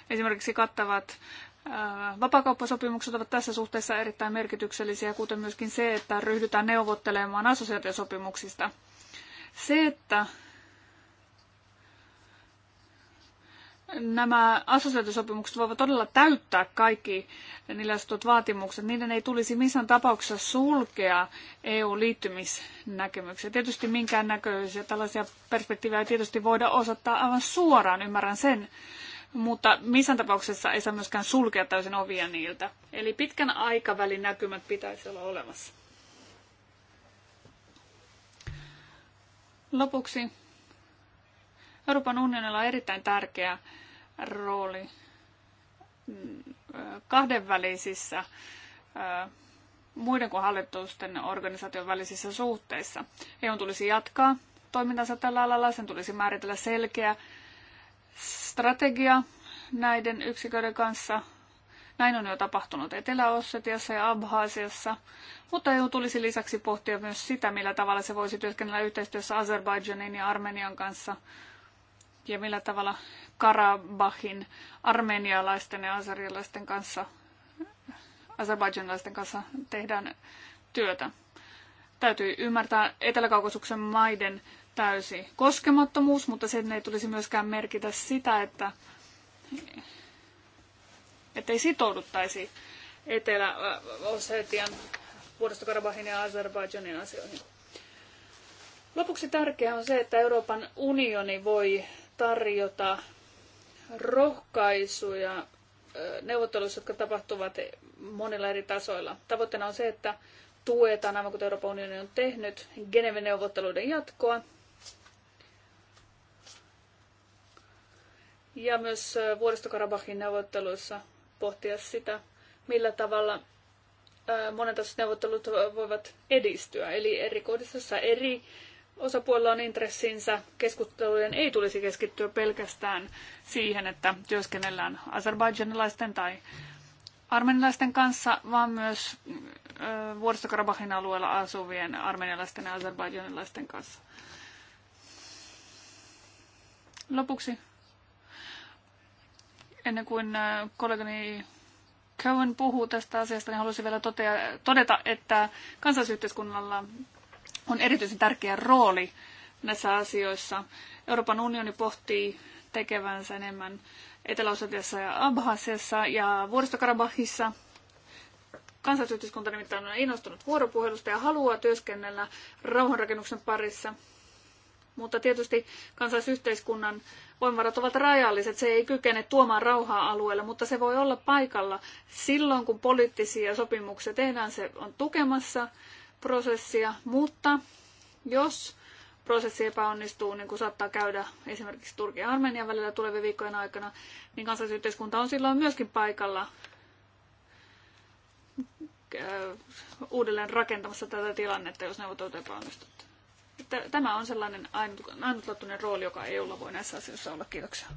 Esimerkiksi kattavat Vapakauppasopimukset ovat tässä suhteessa erittäin merkityksellisiä, kuten myöskin se, että ryhdytään neuvottelemaan assosiaatiosopimuksista. Se, että nämä assosiaatiosopimukset voivat todella täyttää kaikki niillä asetut vaatimukset. Niiden ei tulisi missään tapauksessa sulkea EU-liittymisnäkemyksiä. Tietysti minkään näköisiä tällaisia perspektiivejä ei tietysti voida osoittaa aivan suoraan, ymmärrän sen, mutta missään tapauksessa ei saa myöskään sulkea täysin ovia niiltä. Eli pitkän aikavälin näkymät pitäisi olla olemassa. Lopuksi Euroopan unionilla on erittäin tärkeä rooli mm, kahdenvälisissä muiden kuin hallitusten organisaation välisissä suhteissa. EU tulisi jatkaa toimintansa tällä alalla, sen tulisi määritellä selkeä strategia näiden yksiköiden kanssa. Näin on jo tapahtunut Etelä-Ossetiassa ja Abhaasiassa, mutta EU tulisi lisäksi pohtia myös sitä, millä tavalla se voisi työskennellä yhteistyössä Azerbaidžanin ja Armenian kanssa ja millä tavalla Karabahin armenialaisten ja azerialaisten kanssa, azerbaidžanilaisten kanssa tehdään työtä. Täytyy ymmärtää etelä maiden täysi koskemattomuus, mutta sen ei tulisi myöskään merkitä sitä, että ei sitouduttaisi Etelä-Osetian, Vuoristokarabahin ja Azerbaidžanin asioihin. Lopuksi tärkeää on se, että Euroopan unioni voi tarjota rohkaisuja neuvotteluissa, jotka tapahtuvat monilla eri tasoilla. Tavoitteena on se, että tuetaan, aivan kuten Euroopan unioni on tehnyt, Geneven neuvotteluiden jatkoa ja myös vuoristokarabahin neuvotteluissa pohtia sitä, millä tavalla monentasoiset neuvottelut voivat edistyä. Eli eri kohdissa eri osapuolilla on intressinsä. Keskustelujen ei tulisi keskittyä pelkästään siihen, että työskennellään azerbaidžanilaisten tai armenilaisten kanssa, vaan myös vuoristokarabahin alueella asuvien armenialaisten ja azerbaidžanilaisten kanssa. Lopuksi Ennen kuin äh, kollegani Cowan puhuu tästä asiasta, niin haluaisin vielä totea, todeta, että kansallisyhteiskunnalla on erityisen tärkeä rooli näissä asioissa. Euroopan unioni pohtii tekevänsä enemmän etelä ja Abhasiassa ja Vuoristokarabahissa. Kansallisyhteiskunta nimittäin on innostunut vuoropuhelusta ja haluaa työskennellä rauhanrakennuksen parissa – mutta tietysti kansalaisyhteiskunnan voimavarat ovat rajalliset. Se ei kykene tuomaan rauhaa alueelle, mutta se voi olla paikalla silloin, kun poliittisia sopimuksia tehdään. Se on tukemassa prosessia, mutta jos prosessi epäonnistuu, niin kuin saattaa käydä esimerkiksi Turkin ja Armenian välillä tulevien viikkojen aikana, niin kansallisyhteiskunta on silloin myöskin paikalla äh, uudelleen rakentamassa tätä tilannetta, jos neuvottelut epäonnistuvat tämä on sellainen ainutlaatuinen rooli, joka EUlla voi näissä asioissa olla. Kiitoksia.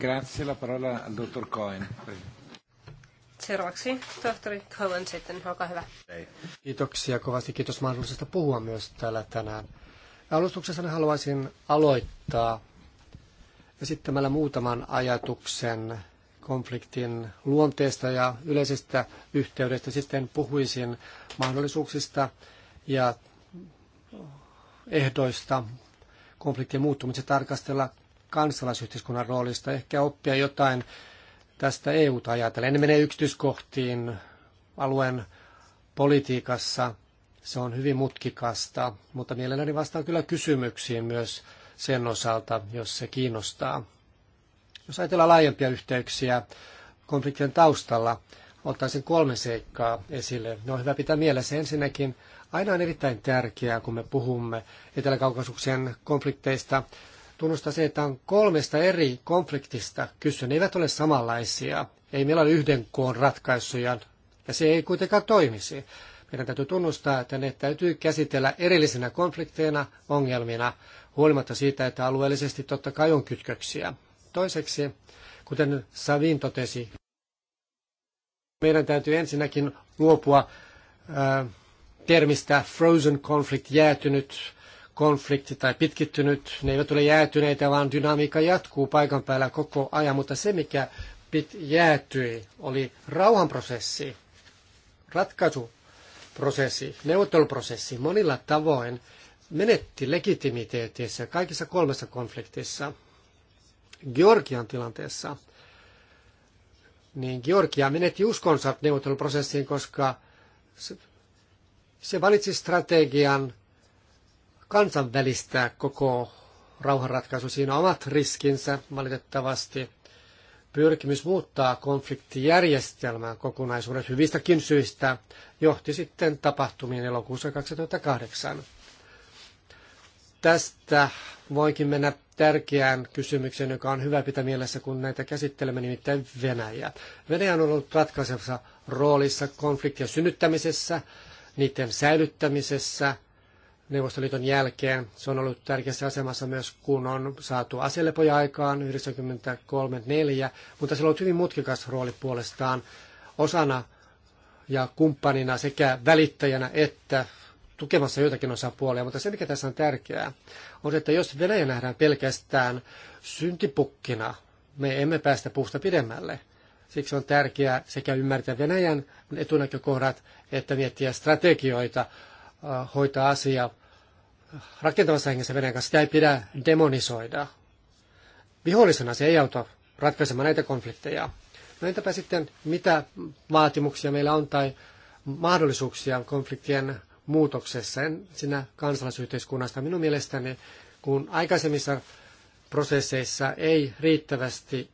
Grazie, la parola al dottor Cohen. Seuraavaksi tohtori Cohen sitten, olkaa hyvä. Kiitoksia kovasti, kiitos mahdollisuudesta puhua myös täällä tänään. Alustuksessa niin haluaisin aloittaa esittämällä muutaman ajatuksen konfliktin luonteesta ja yleisestä yhteydestä. Sitten puhuisin mahdollisuuksista ja ehdoista konfliktien muuttumista tarkastella kansalaisyhteiskunnan roolista, ehkä oppia jotain tästä EU-ta ajatellen. Ne menee yksityiskohtiin alueen politiikassa, se on hyvin mutkikasta, mutta mielelläni vastaan kyllä kysymyksiin myös sen osalta, jos se kiinnostaa. Jos ajatellaan laajempia yhteyksiä konfliktien taustalla, ottaisin kolme seikkaa esille. Ne no, on hyvä pitää mielessä ensinnäkin aina on erittäin tärkeää, kun me puhumme Etelä-Kaukasuksen konflikteista, tunnustaa se, että on kolmesta eri konfliktista kyse. Ne eivät ole samanlaisia. Ei meillä ole yhden koon ratkaisuja, ja se ei kuitenkaan toimisi. Meidän täytyy tunnustaa, että ne täytyy käsitellä erillisenä konflikteina, ongelmina, huolimatta siitä, että alueellisesti totta kai on kytköksiä. Toiseksi, kuten Savin totesi, meidän täytyy ensinnäkin luopua äh, termistä frozen conflict, jäätynyt konflikti tai pitkittynyt. Ne eivät ole jäätyneitä, vaan dynamiikka jatkuu paikan päällä koko ajan, mutta se mikä pit jäätyi oli rauhanprosessi, ratkaisuprosessi, neuvotteluprosessi monilla tavoin menetti legitimiteetissä kaikissa kolmessa konfliktissa. Georgian tilanteessa, niin Georgia menetti uskonsa neuvotteluprosessiin, koska se valitsi strategian kansanvälistää koko rauhanratkaisu. Siinä omat riskinsä valitettavasti. Pyrkimys muuttaa konfliktijärjestelmää kokonaisuudet hyvistäkin syistä johti sitten tapahtumiin elokuussa 2008. Tästä voinkin mennä tärkeään kysymykseen, joka on hyvä pitää mielessä, kun näitä käsittelemme, nimittäin Venäjä. Venäjä on ollut ratkaisevassa roolissa konfliktien synnyttämisessä niiden säilyttämisessä Neuvostoliiton jälkeen. Se on ollut tärkeässä asemassa myös, kun on saatu aselepoja aikaan 1993-1994, mutta se on ollut hyvin mutkikas rooli puolestaan osana ja kumppanina sekä välittäjänä että tukemassa joitakin osapuolia, mutta se mikä tässä on tärkeää on, että jos Venäjä nähdään pelkästään syntipukkina, me emme päästä puusta pidemmälle. Siksi on tärkeää sekä ymmärtää Venäjän etunäkökohdat että miettiä strategioita äh, hoitaa asia rakentavassa hengessä Venäjän kanssa. Sitä ei pidä demonisoida. Vihollisena se ei auta ratkaisemaan näitä konflikteja. No entäpä sitten, mitä vaatimuksia meillä on tai mahdollisuuksia konfliktien muutoksessa sinä kansalaisyhteiskunnasta? Minun mielestäni, kun aikaisemmissa prosesseissa ei riittävästi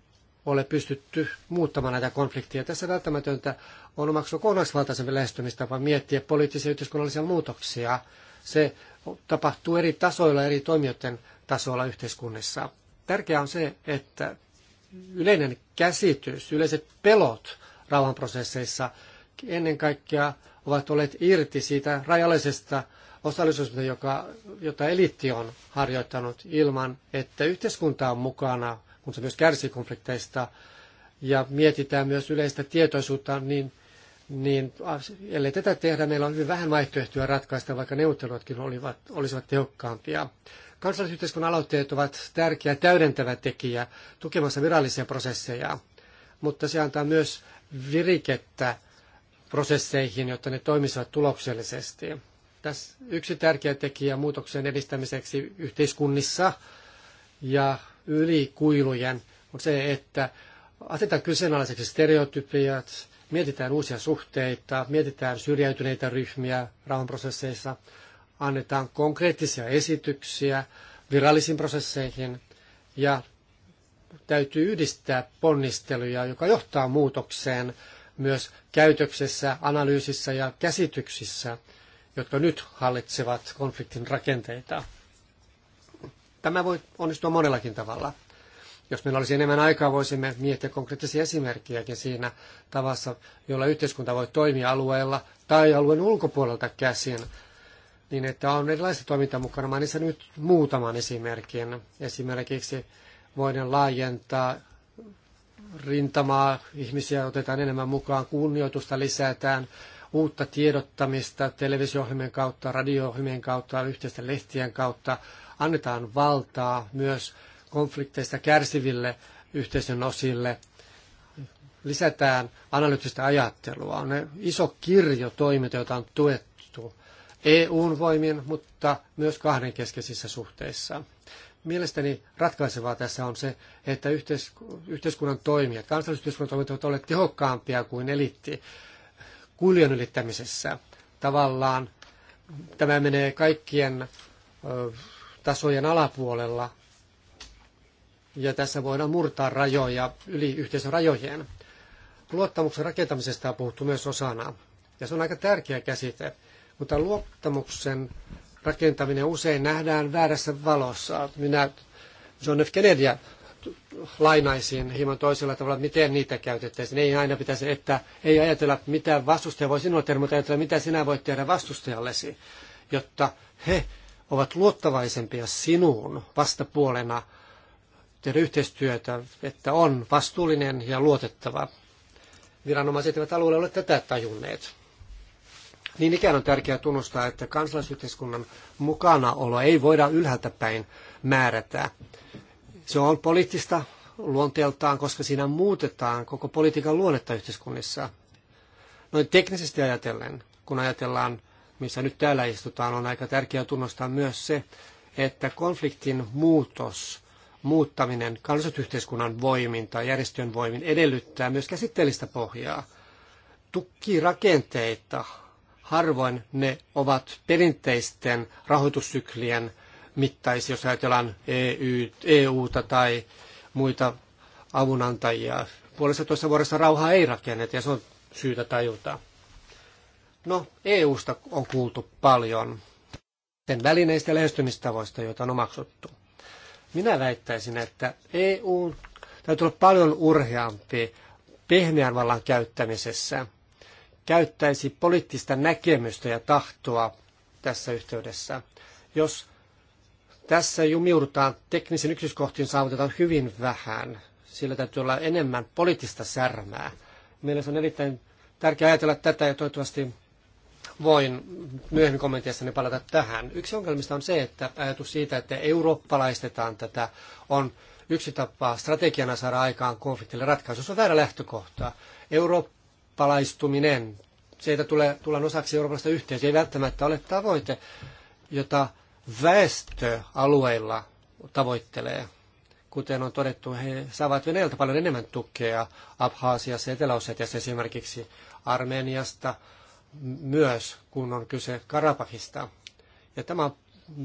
ole pystytty muuttamaan näitä konflikteja. Tässä välttämätöntä on omaksua kokonaisvaltaisempi lähestymistapa miettiä poliittisia ja yhteiskunnallisia muutoksia. Se tapahtuu eri tasoilla, eri toimijoiden tasoilla yhteiskunnissa. Tärkeää on se, että yleinen käsitys, yleiset pelot rauhanprosesseissa ennen kaikkea ovat olleet irti siitä rajallisesta osallisuudesta, jota eliitti on harjoittanut ilman, että yhteiskunta on mukana kun se myös kärsii konflikteista, ja mietitään myös yleistä tietoisuutta, niin, niin äh, ellei tätä tehdä, meillä on hyvin vähän vaihtoehtoja ratkaista, vaikka neuvottelutkin olivat, olisivat tehokkaampia. Kansallisyhteiskunnan aloitteet ovat tärkeä täydentävä tekijä tukemassa virallisia prosesseja, mutta se antaa myös virikettä prosesseihin, jotta ne toimisivat tuloksellisesti. Tässä yksi tärkeä tekijä muutoksen edistämiseksi yhteiskunnissa ja yli kuilujen, on se, että asetetaan kyseenalaiseksi stereotypiat, mietitään uusia suhteita, mietitään syrjäytyneitä ryhmiä rauhanprosesseissa, annetaan konkreettisia esityksiä virallisiin prosesseihin ja täytyy yhdistää ponnisteluja, joka johtaa muutokseen myös käytöksessä, analyysissä ja käsityksissä, jotka nyt hallitsevat konfliktin rakenteita. Tämä voi onnistua monellakin tavalla. Jos meillä olisi enemmän aikaa, voisimme miettiä konkreettisia esimerkkejäkin siinä tavassa, jolla yhteiskunta voi toimia alueella tai alueen ulkopuolelta käsin, niin että on erilaista toimintaa mukana. Mä niissä nyt muutaman esimerkin. Esimerkiksi voidaan laajentaa rintamaa, ihmisiä otetaan enemmän mukaan, kunnioitusta lisätään, uutta tiedottamista televisio kautta, radio kautta, yhteisten lehtien kautta, annetaan valtaa myös konflikteista kärsiville yhteisön osille. Lisätään analyyttistä ajattelua. On iso kirjo toiminta, jota on tuettu EUn voimin, mutta myös kahdenkeskeisissä suhteissa. Mielestäni ratkaisevaa tässä on se, että yhteiskunnan toimijat, kansallisyhteiskunnan toimijat ovat olleet tehokkaampia kuin elitti kuljon ylittämisessä. Tavallaan tämä menee kaikkien tasojen alapuolella. Ja tässä voidaan murtaa rajoja yli yhteisörajojen. rajojen. Luottamuksen rakentamisesta on puhuttu myös osana. Ja se on aika tärkeä käsite. Mutta luottamuksen rakentaminen usein nähdään väärässä valossa. Minä John F. Kennedyä lainaisin hieman toisella tavalla, miten niitä käytettäisiin. Ei aina pitäisi, että ei ajatella, mitä vastustaja voi sinulle tehdä, mutta ajatella, mitä sinä voit tehdä vastustajallesi, jotta he ovat luottavaisempia sinuun vastapuolena tehdä yhteistyötä, että on vastuullinen ja luotettava. Viranomaiset eivät alueella ole tätä tajunneet. Niin ikään on tärkeää tunnustaa, että kansalaisyhteiskunnan mukanaolo ei voida ylhäältä päin määrätä. Se on poliittista luonteeltaan, koska siinä muutetaan koko politiikan luonnetta yhteiskunnissa. Noin teknisesti ajatellen, kun ajatellaan missä nyt täällä istutaan, on aika tärkeää tunnustaa myös se, että konfliktin muutos, muuttaminen kansallisyhteiskunnan voimin tai järjestön voimin edellyttää myös käsitteellistä pohjaa. Tukirakenteita harvoin ne ovat perinteisten rahoitussyklien mittaisia, jos ajatellaan EU, EUta tai muita avunantajia. Puolessa tuossa vuodessa rauhaa ei rakenneta ja se on syytä tajuta. No, EUsta on kuultu paljon. Sen välineistä ja lähestymistavoista, joita on omaksuttu. Minä väittäisin, että EU täytyy olla paljon urheampi pehmeän vallan käyttämisessä. Käyttäisi poliittista näkemystä ja tahtoa tässä yhteydessä. Jos tässä jumiudutaan teknisen yksityiskohtiin saavutetaan hyvin vähän. Sillä täytyy olla enemmän poliittista särmää. Mielestäni on erittäin tärkeää ajatella tätä ja toivottavasti Voin myöhemmin kommenteissani palata tähän. Yksi ongelmista on se, että ajatus siitä, että eurooppalaistetaan tätä, on yksi tapa strategiana saada aikaan konfliktille ratkaisu. Se on väärä lähtökohta. Eurooppalaistuminen, siitä tulee, tullaan osaksi eurooppalaista yhteisöä, ei välttämättä ole tavoite, jota väestöalueilla tavoittelee. Kuten on todettu, he saavat Venäjältä paljon enemmän tukea Abhaasiassa ja etelä esimerkiksi Armeniasta – myös, kun on kyse Karabahista. Ja tämä on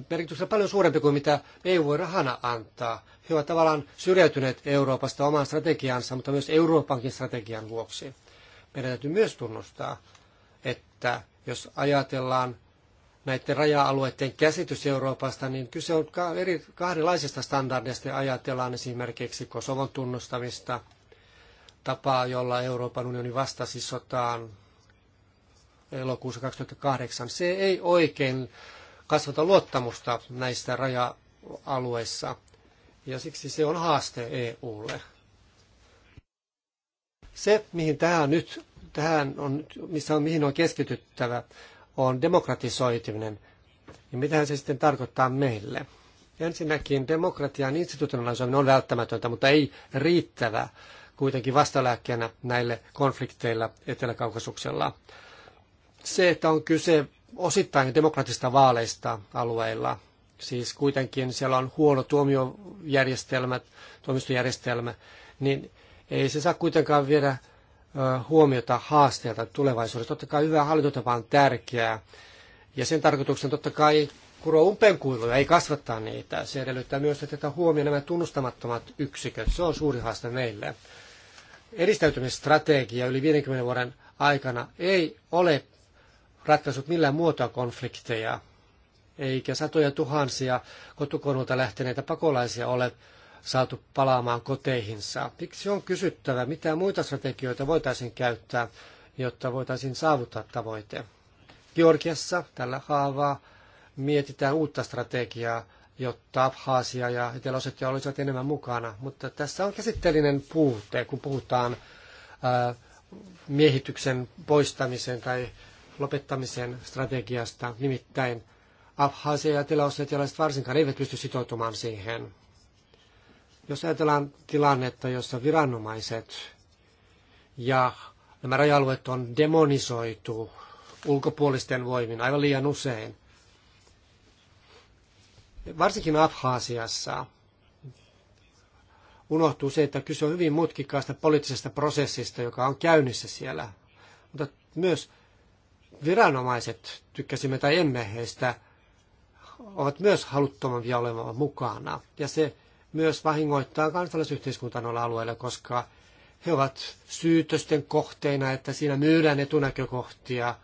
merkityksellä paljon suurempi kuin mitä EU voi rahana antaa. He ovat tavallaan syrjäytyneet Euroopasta oman strategiansa, mutta myös Euroopankin strategian vuoksi. Meidän täytyy myös tunnustaa, että jos ajatellaan näiden raja-alueiden käsitys Euroopasta, niin kyse on eri kahdenlaisista standardeista. Ajatellaan esimerkiksi Kosovon tunnustamista, tapaa, jolla Euroopan unioni vastasi sotaan elokuussa 2008. Se ei oikein kasvata luottamusta näistä raja-alueissa, ja siksi se on haaste EUlle. Se, mihin tähän nyt, tähän on, missä on, mihin on keskityttävä, on demokratisoituminen. Ja mitä se sitten tarkoittaa meille? Ensinnäkin demokratian institutionalisoiminen on välttämätöntä, mutta ei riittävä kuitenkin vastalääkkeenä näille konflikteilla Etelä-Kaukasuksella se, että on kyse osittain demokratista vaaleista alueilla. Siis kuitenkin siellä on huono tuomiojärjestelmä, tuomistojärjestelmä, niin ei se saa kuitenkaan viedä huomiota haasteelta tulevaisuudessa. Totta kai hyvä hallintotapa on tärkeää. Ja sen tarkoituksen totta kai kuro umpeenkuiluja, ei kasvattaa niitä. Se edellyttää myös, että huomioon nämä tunnustamattomat yksiköt. Se on suuri haaste meille. Edistäytymisstrategia yli 50 vuoden aikana ei ole ratkaisut millään muotoa konflikteja, eikä satoja tuhansia kotukonulta lähteneitä pakolaisia ole saatu palaamaan koteihinsa. Miksi on kysyttävä, mitä muita strategioita voitaisiin käyttää, jotta voitaisiin saavuttaa tavoite? Georgiassa tällä haavaa mietitään uutta strategiaa, jotta Abhaasia ja Etelä-Osetia olisivat enemmän mukana. Mutta tässä on käsitteellinen puute, kun puhutaan miehityksen poistamisen tai lopettamisen strategiasta, nimittäin Abhaasia ja tilausetialaiset varsinkaan eivät pysty sitoutumaan siihen. Jos ajatellaan tilannetta, jossa viranomaiset ja nämä raja-alueet on demonisoitu ulkopuolisten voimin aivan liian usein, varsinkin Abhaasiassa unohtuu se, että kyse on hyvin mutkikkaasta poliittisesta prosessista, joka on käynnissä siellä. Mutta myös viranomaiset, tykkäsimme tai emme heistä, ovat myös haluttomampia olemaan mukana. Ja se myös vahingoittaa kansalaisyhteiskuntaa noilla alueilla, koska he ovat syytösten kohteina, että siinä myydään etunäkökohtia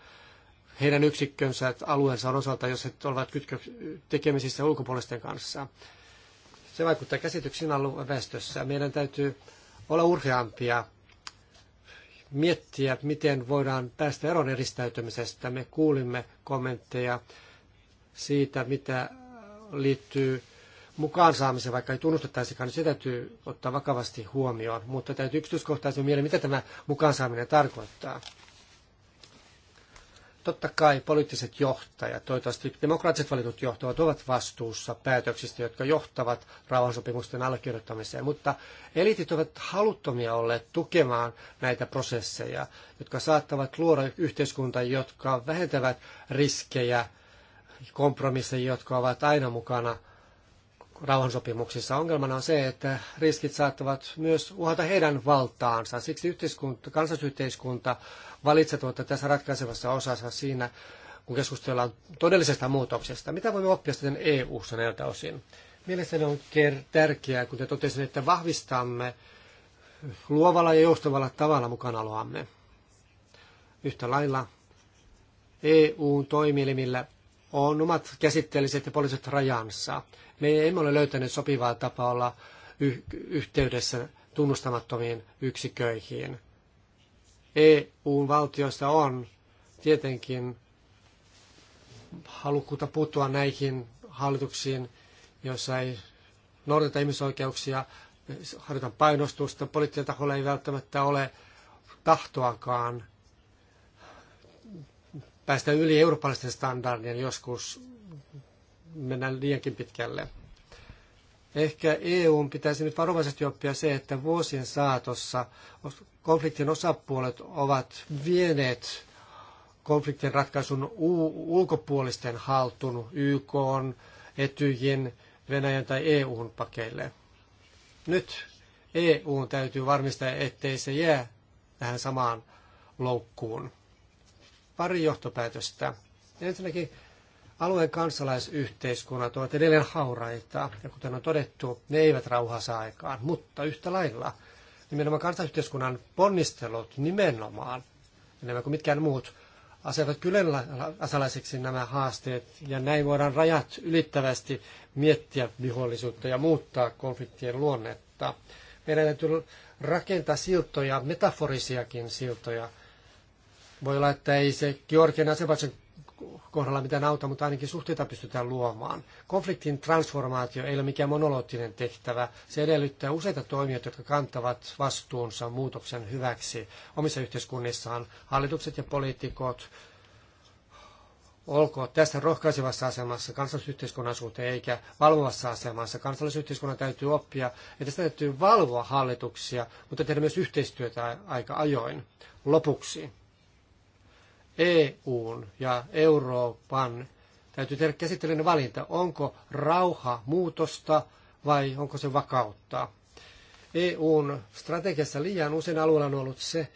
heidän yksikkönsä alueensa osalta, jos he ovat kytkö- tekemisissä ulkopuolisten kanssa. Se vaikuttaa käsityksiin alueen väestössä. Meidän täytyy olla urheampia miettiä, miten voidaan päästä eron eristäytymisestä. Me kuulimme kommentteja siitä, mitä liittyy mukaan saamiseen, vaikka ei tunnustettaisikaan, niin se täytyy ottaa vakavasti huomioon. Mutta täytyy yksityiskohtaisemmin mieleen, mitä tämä mukaan saaminen tarkoittaa. Totta kai poliittiset johtajat, toivottavasti demokraattiset valitut johtajat, ovat vastuussa päätöksistä, jotka johtavat rauhansopimusten allekirjoittamiseen, mutta elitit ovat haluttomia olleet tukemaan näitä prosesseja, jotka saattavat luoda yhteiskuntaa, jotka vähentävät riskejä, kompromisseja, jotka ovat aina mukana – rauhansopimuksissa. Ongelmana on se, että riskit saattavat myös uhata heidän valtaansa. Siksi yhteiskunta, kansallisyhteiskunta valitset että tässä ratkaisevassa osassa siinä, kun keskustellaan todellisesta muutoksesta. Mitä voimme oppia sitten EU-ssa näiltä osin? Mielestäni on tärkeää, kun te totesin, että vahvistamme luovalla ja joustavalla tavalla mukanaoloamme. Yhtä lailla EU-toimielimillä on omat käsitteelliset ja poliisit rajansa. Me emme ole löytäneet sopivaa tapaa olla yh- yhteydessä tunnustamattomiin yksiköihin. EU-valtioissa on tietenkin halukkuutta puuttua näihin hallituksiin, joissa ei noudateta ihmisoikeuksia, harjoitan painostusta, poliittisella taholla ei välttämättä ole tahtoakaan päästä yli eurooppalaisten standardien joskus mennään liiankin pitkälle. Ehkä EUn pitäisi nyt varovaisesti oppia se, että vuosien saatossa konfliktin osapuolet ovat vieneet konfliktin ratkaisun ulkopuolisten haltun YK, Etyjin, Venäjän tai EUn pakeille. Nyt EUn täytyy varmistaa, ettei se jää tähän samaan loukkuun pari johtopäätöstä. Ensinnäkin alueen kansalaisyhteiskunnat ovat edelleen hauraita, ja kuten on todettu, ne eivät rauhaa saa aikaan, mutta yhtä lailla nimenomaan kansalaisyhteiskunnan ponnistelut nimenomaan, enemmän kuin mitkään muut, asevat kyseenalaisiksi nämä haasteet, ja näin voidaan rajat ylittävästi miettiä vihollisuutta ja muuttaa konfliktien luonnetta. Meidän täytyy rakentaa siltoja, metaforisiakin siltoja, voi olla, että ei se Georgian Azerbaidžan kohdalla mitään auta, mutta ainakin suhteita pystytään luomaan. Konfliktin transformaatio ei ole mikään monoloottinen tehtävä. Se edellyttää useita toimijoita, jotka kantavat vastuunsa muutoksen hyväksi omissa yhteiskunnissaan. Hallitukset ja poliitikot olkoon tässä rohkaisevassa asemassa kansallisyhteiskunnan suhteen eikä valvovassa asemassa. Kansallisyhteiskunnan täytyy oppia, että sitä täytyy valvoa hallituksia, mutta tehdä myös yhteistyötä aika ajoin. Lopuksi EUn ja Euroopan täytyy tehdä käsitteellinen valinta. Onko rauha muutosta vai onko se vakautta? EUn strategiassa liian usein alueella on ollut se,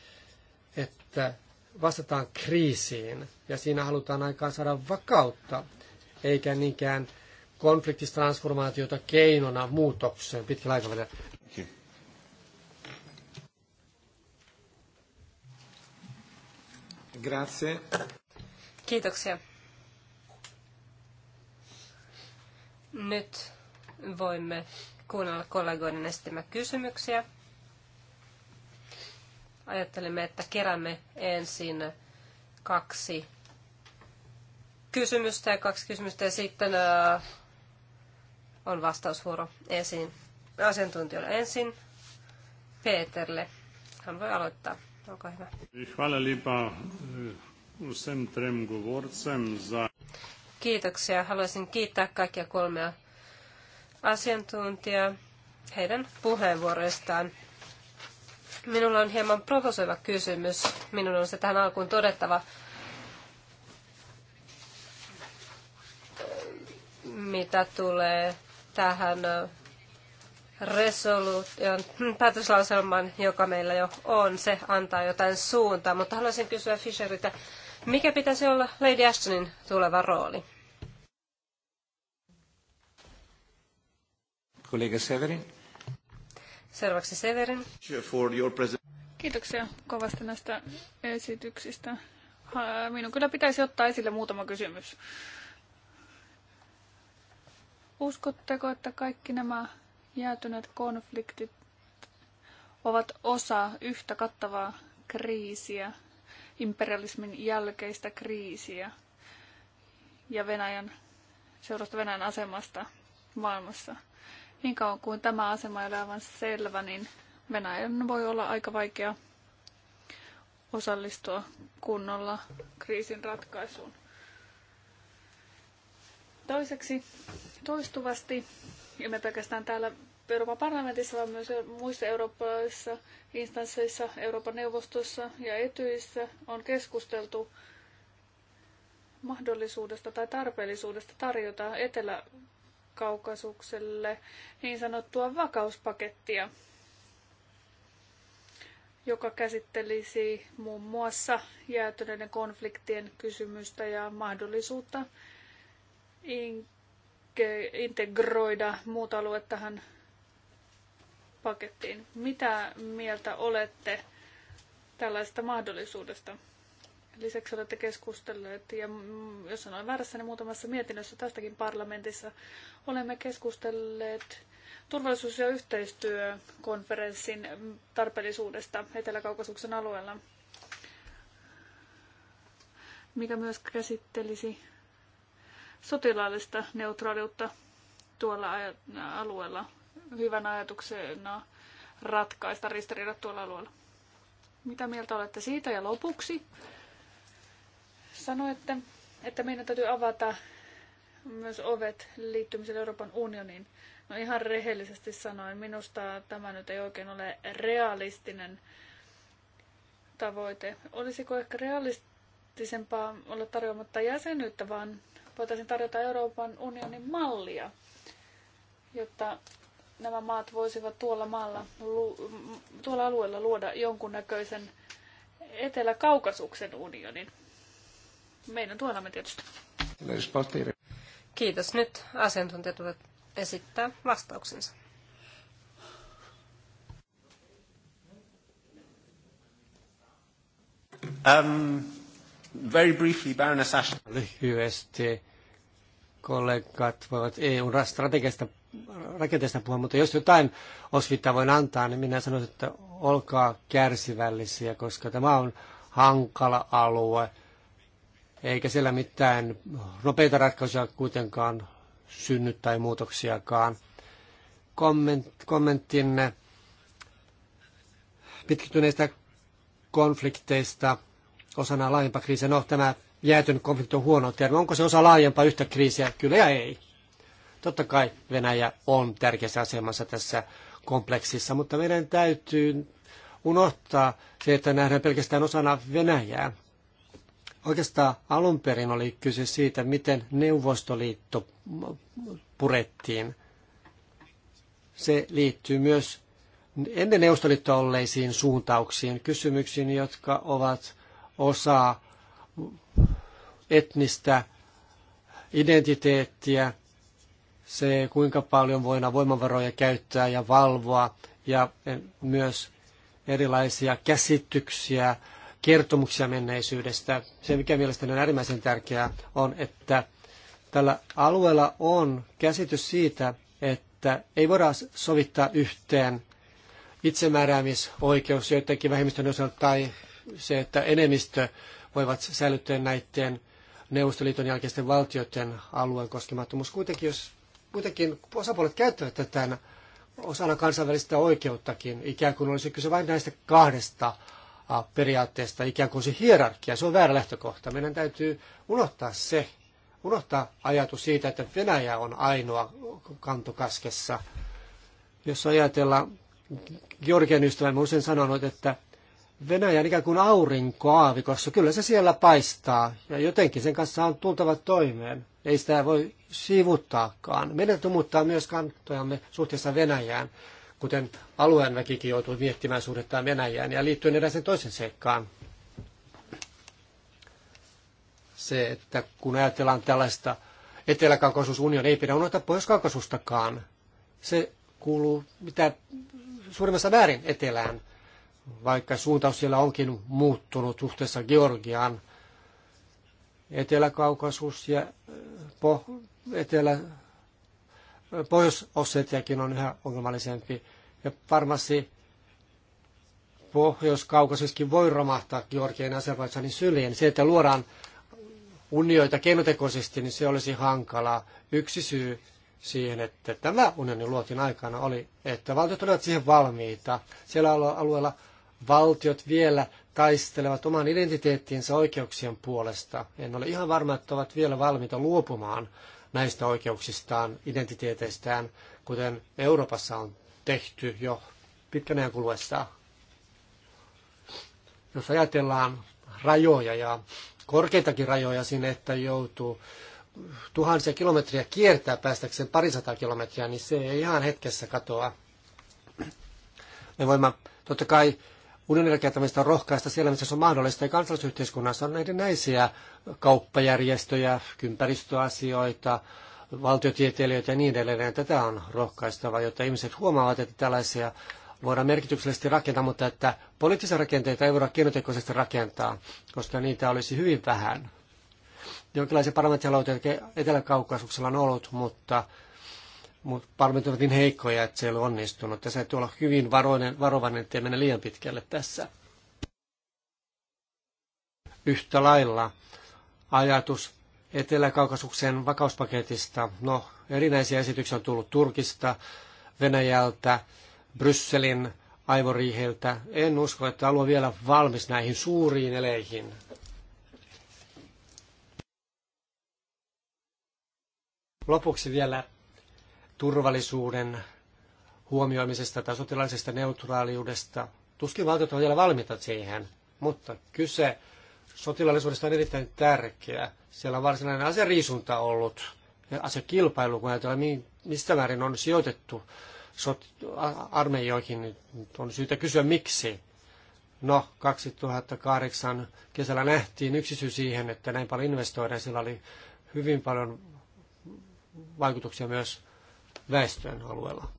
että vastataan kriisiin ja siinä halutaan aikaan saada vakautta, eikä niinkään konfliktistransformaatiota keinona muutokseen pitkällä aikavälillä. Grazie. Kiitoksia. Nyt voimme kuunnella kollegoiden esittämä kysymyksiä. Ajattelimme, että keräämme ensin kaksi kysymystä ja kaksi kysymystä ja sitten äh, on vastausvuoro Ensin asiantuntijoille ensin. Peterle. Hän voi aloittaa. Olkaa hyvä. E, Kiitoksia. Haluaisin kiittää kaikkia kolmea asiantuntijaa heidän puheenvuoroistaan. Minulla on hieman provosoiva kysymys. Minun on se tähän alkuun todettava. Mitä tulee tähän resoluution mm, päätöslauselman, joka meillä jo on. Se antaa jotain suuntaa, mutta haluaisin kysyä Fisheriltä, mikä pitäisi olla Lady Ashtonin tuleva rooli? Kollega Severin. Seuraavaksi Severin. Kiitoksia kovasti näistä esityksistä. Minun kyllä pitäisi ottaa esille muutama kysymys. Uskotteko, että kaikki nämä Jäätyneet konfliktit ovat osa yhtä kattavaa kriisiä, imperialismin jälkeistä kriisiä ja Venäjän, seurasta Venäjän asemasta maailmassa. Niin kauan kuin tämä asema ei ole aivan selvä, niin Venäjän voi olla aika vaikea osallistua kunnolla kriisin ratkaisuun. Toiseksi toistuvasti me pelkästään täällä Euroopan parlamentissa, vaan myös muissa eurooppalaisissa instansseissa, Euroopan neuvostossa ja etyissä on keskusteltu mahdollisuudesta tai tarpeellisuudesta tarjota Etelä-Kaukasukselle niin sanottua vakauspakettia, joka käsittelisi muun muassa jäätyneiden konfliktien kysymystä ja mahdollisuutta integroida muut alueet tähän pakettiin. Mitä mieltä olette tällaista mahdollisuudesta? Lisäksi olette keskustelleet, ja jos sanoin väärässä, niin muutamassa mietinnössä tästäkin parlamentissa olemme keskustelleet turvallisuus- ja yhteistyökonferenssin tarpeellisuudesta Etelä-Kaukasuksen alueella, mikä myös käsittelisi sotilaallista neutraaliutta tuolla alueella hyvän ajatuksena ratkaista ristiriidat tuolla alueella. Mitä mieltä olette siitä? Ja lopuksi sanoitte, että meidän täytyy avata myös ovet liittymiselle Euroopan unioniin. No ihan rehellisesti sanoen, minusta tämä nyt ei oikein ole realistinen tavoite. Olisiko ehkä realistisempaa olla tarjoamatta jäsenyyttä, vaan voitaisiin tarjota Euroopan unionin mallia, jotta nämä maat voisivat tuolla, maalla, tuolla alueella luoda jonkunnäköisen Etelä-Kaukasuksen unionin. Meidän tuellamme tietysti. Kiitos. Nyt asiantuntijat voivat esittää vastauksensa. Um, very briefly, Baroness Ashton. Lyhyesti kollegat voivat EUn strategiasta rakenteesta puhua, mutta jos jotain osvittaa voin antaa, niin minä sanoisin, että olkaa kärsivällisiä, koska tämä on hankala alue, eikä siellä mitään nopeita ratkaisuja kuitenkaan synny tai muutoksiakaan. Komment, kommenttinne pitkittyneistä konflikteista osana laajempaa kriisiä. No, tämä jäätynyt konflikti on huono termi. Onko se osa laajempaa yhtä kriisiä? Kyllä ja ei. Totta kai Venäjä on tärkeässä asemassa tässä kompleksissa, mutta meidän täytyy unohtaa se, että nähdään pelkästään osana Venäjää. Oikeastaan alun perin oli kyse siitä, miten Neuvostoliitto purettiin. Se liittyy myös ennen Neuvostoliittoa olleisiin suuntauksiin, kysymyksiin, jotka ovat osa etnistä identiteettiä, se kuinka paljon voidaan voimavaroja käyttää ja valvoa ja eh, myös erilaisia käsityksiä, kertomuksia menneisyydestä. Se, mikä mielestäni on äärimmäisen tärkeää, on, että tällä alueella on käsitys siitä, että ei voida sovittaa yhteen itsemääräämisoikeus joidenkin vähemmistön osalta tai se, että enemmistö voivat säilyttää näiden Neuvostoliiton jälkeisten valtioiden alueen koskemattomuus. Kuitenkin, jos, kuitenkin osapuolet käyttävät tätä osana kansainvälistä oikeuttakin, ikään kuin olisi kyse vain näistä kahdesta periaatteesta, ikään kuin se hierarkia, se on väärä lähtökohta. Meidän täytyy unohtaa se, unohtaa ajatus siitä, että Venäjä on ainoa kantokaskessa. Jos ajatellaan, Georgian ystävämme usein sanonut, että Venäjän ikään kuin aurinkoaavikossa. Kyllä se siellä paistaa ja jotenkin sen kanssa on tultava toimeen. Ei sitä voi sivuttaakaan. Meidän muuttaa myös kantojamme suhteessa Venäjään, kuten alueen väkikin joutui miettimään suhdettaan Venäjään ja liittyen eräisen toisen seikkaan. Se, että kun ajatellaan tällaista etelä ei pidä unohtaa pohjois Se kuuluu mitä suurimmassa määrin etelään vaikka suuntaus siellä onkin muuttunut suhteessa Georgiaan. Etelä-Kaukasus ja eh, poh- Etelä- Pohjois-Ossetiakin on yhä ongelmallisempi. Ja varmasti Pohjois-Kaukasiskin voi romahtaa Georgian ja Azerbaidsanin syliin. Se, että luodaan unioita keinotekoisesti, niin se olisi hankalaa. Yksi syy siihen, että tämä unioni luotiin aikana oli, että valtiot olivat siihen valmiita. Siellä alueella valtiot vielä taistelevat oman identiteettinsä oikeuksien puolesta. En ole ihan varma, että ovat vielä valmiita luopumaan näistä oikeuksistaan, identiteeteistään, kuten Euroopassa on tehty jo pitkän ajan kuluessa. Jos ajatellaan rajoja ja korkeitakin rajoja sinne, että joutuu tuhansia kilometriä kiertää päästäkseen parisataa kilometriä, niin se ei ihan hetkessä katoa. Me voimme totta kai unionin rakentamista rohkaista siellä, missä se on mahdollista. Ja kansalaisyhteiskunnassa on erinäisiä kauppajärjestöjä, ympäristöasioita, valtiotieteilijöitä ja niin edelleen. Tätä on rohkaistava, jotta ihmiset huomaavat, että tällaisia voidaan merkityksellisesti rakentaa, mutta että poliittisia rakenteita ei voida keinotekoisesti rakentaa, koska niitä olisi hyvin vähän. Jonkinlaisia parlamenttialoitteita Etelä-Kaukasuksella on ollut, mutta mutta parlamentit ovat niin heikkoja, että se ei ole onnistunut. Tässä täytyy olla hyvin varoinen, varovainen, ettei mennä liian pitkälle tässä. Yhtä lailla ajatus Etelä-Kaukasuksen vakauspaketista. No, erinäisiä esityksiä on tullut Turkista, Venäjältä, Brysselin aivoriiheiltä. En usko, että alue vielä valmis näihin suuriin eleihin. Lopuksi vielä turvallisuuden huomioimisesta tai sotilaallisesta neutraaliudesta. Tuskin valtiot ovat vielä valmiita siihen, mutta kyse sotilaallisuudesta on erittäin tärkeä. Siellä on varsinainen aseriisunta ollut ja asekilpailu, kun ajatellaan, mistä määrin on sijoitettu sot, armeijoihin, niin on syytä kysyä miksi. No, 2008 kesällä nähtiin yksi syy siihen, että näin paljon investoidaan. Sillä oli hyvin paljon vaikutuksia myös väestön alueella.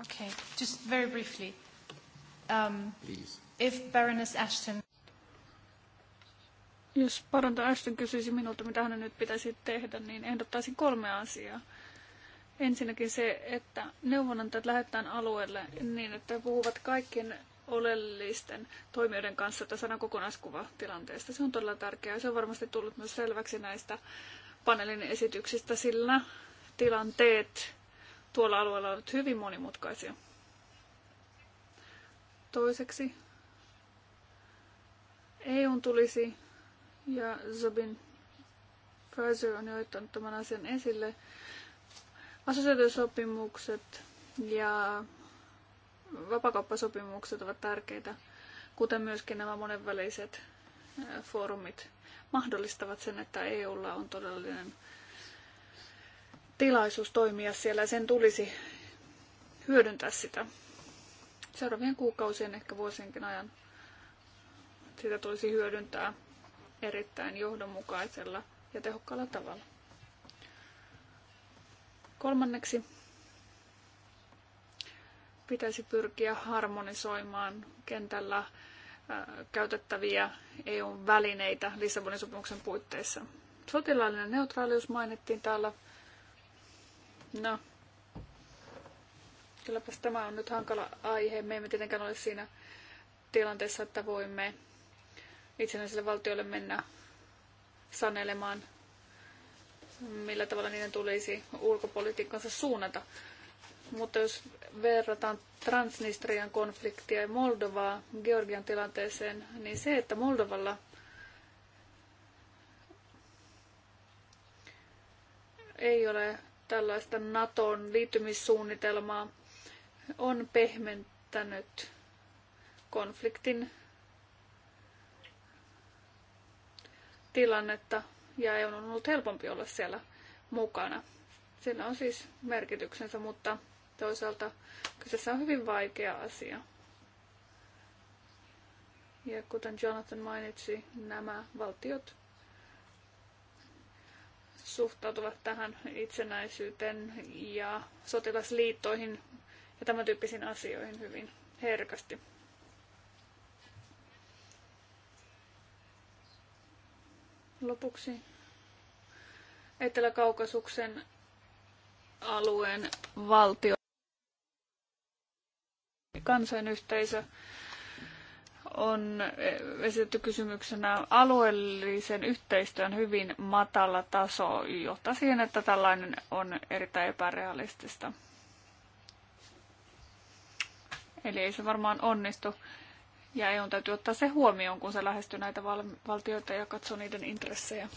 Okay, just very briefly. Um, Please. if Baroness Ashton... Jos Baronta Ashton kysyisi minulta, mitä hänen nyt pitäisi tehdä, niin ehdottaisin kolme asiaa. Ensinnäkin se, että neuvonantajat lähetetään alueelle niin, että he puhuvat kaikkien oleellisten toimijoiden kanssa, että saadaan kokonaiskuva tilanteesta. Se on todella tärkeää. Se on varmasti tullut myös selväksi näistä paneelin esityksistä, sillä tilanteet tuolla alueella ovat hyvin monimutkaisia. Toiseksi EUn tulisi, ja Zobin Fraser on jo ottanut tämän asian esille, assosiaatiosopimukset ja vapakauppasopimukset ovat tärkeitä, kuten myöskin nämä monenväliset foorumit mahdollistavat sen, että EUlla on todellinen tilaisuus toimia siellä ja sen tulisi hyödyntää sitä. Seuraavien kuukausien, ehkä vuosienkin ajan sitä tulisi hyödyntää erittäin johdonmukaisella ja tehokkaalla tavalla. Kolmanneksi pitäisi pyrkiä harmonisoimaan kentällä äh, käytettäviä eu välineitä Lissabonin sopimuksen puitteissa. Sotilaallinen neutraalius mainittiin täällä No, kylläpäs tämä on nyt hankala aihe. Me emme tietenkään ole siinä tilanteessa, että voimme itsenäiselle valtiolle mennä sanelemaan, millä tavalla niiden tulisi ulkopolitiikkansa suunnata. Mutta jos verrataan Transnistrian konfliktia ja Moldovaa Georgian tilanteeseen, niin se, että Moldovalla ei ole tällaista NATOn liittymissuunnitelmaa on pehmentänyt konfliktin tilannetta ja ei on ollut helpompi olla siellä mukana. Sillä on siis merkityksensä, mutta toisaalta kyseessä on hyvin vaikea asia. Ja kuten Jonathan mainitsi, nämä valtiot suhtautuvat tähän itsenäisyyteen ja sotilasliittoihin ja tämän tyyppisiin asioihin hyvin herkästi. Lopuksi Etelä-Kaukasuksen alueen valtio kansainyhteisö on eh, esitetty kysymyksenä alueellisen yhteistyön hyvin matala taso johtaa siihen, että tällainen on erittäin epärealistista. Eli ei se varmaan onnistu. Ja on e täytyy ottaa se huomioon, kun se lähestyy näitä val- valtioita ja katsoo niiden intressejä.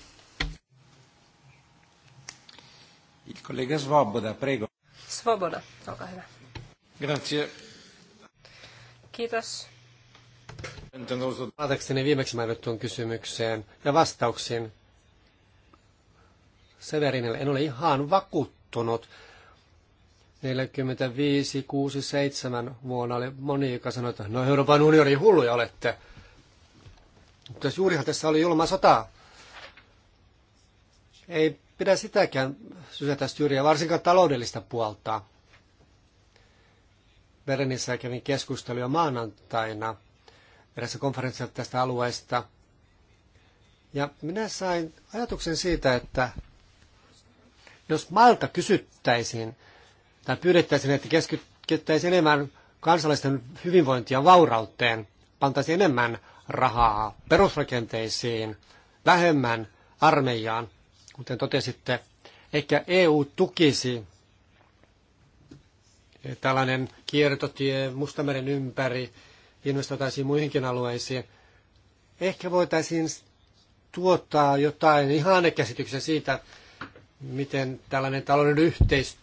Il collega Svoboda, prego. Svoboda, olkaa hyvä. Grazie. Kiitos. Vaatakseni viimeksi mainittuun kysymykseen ja vastauksiin. Severinelle en ole ihan vakuuttunut. 45, 6, 7 vuonna oli moni, joka sanoi, että no Euroopan unioni hulluja olette. Mutta juurihan tässä oli julma sota. Ei pidä sitäkään sysätä syrjää, varsinkaan taloudellista puolta. Berenissä kävin keskustelua maanantaina – erässä konferenssissa tästä alueesta. Ja minä sain ajatuksen siitä, että jos Malta kysyttäisiin tai pyydettäisiin, että keskittäisiin enemmän kansalaisten hyvinvointia ja vaurauteen, pantaisiin enemmän rahaa perusrakenteisiin, vähemmän armeijaan, kuten totesitte, ehkä EU tukisi tällainen kiertotie Mustameren ympäri, investoitaisiin muihinkin alueisiin. Ehkä voitaisiin tuottaa jotain ihannekäsityksen siitä, miten tällainen talouden yhteistyö,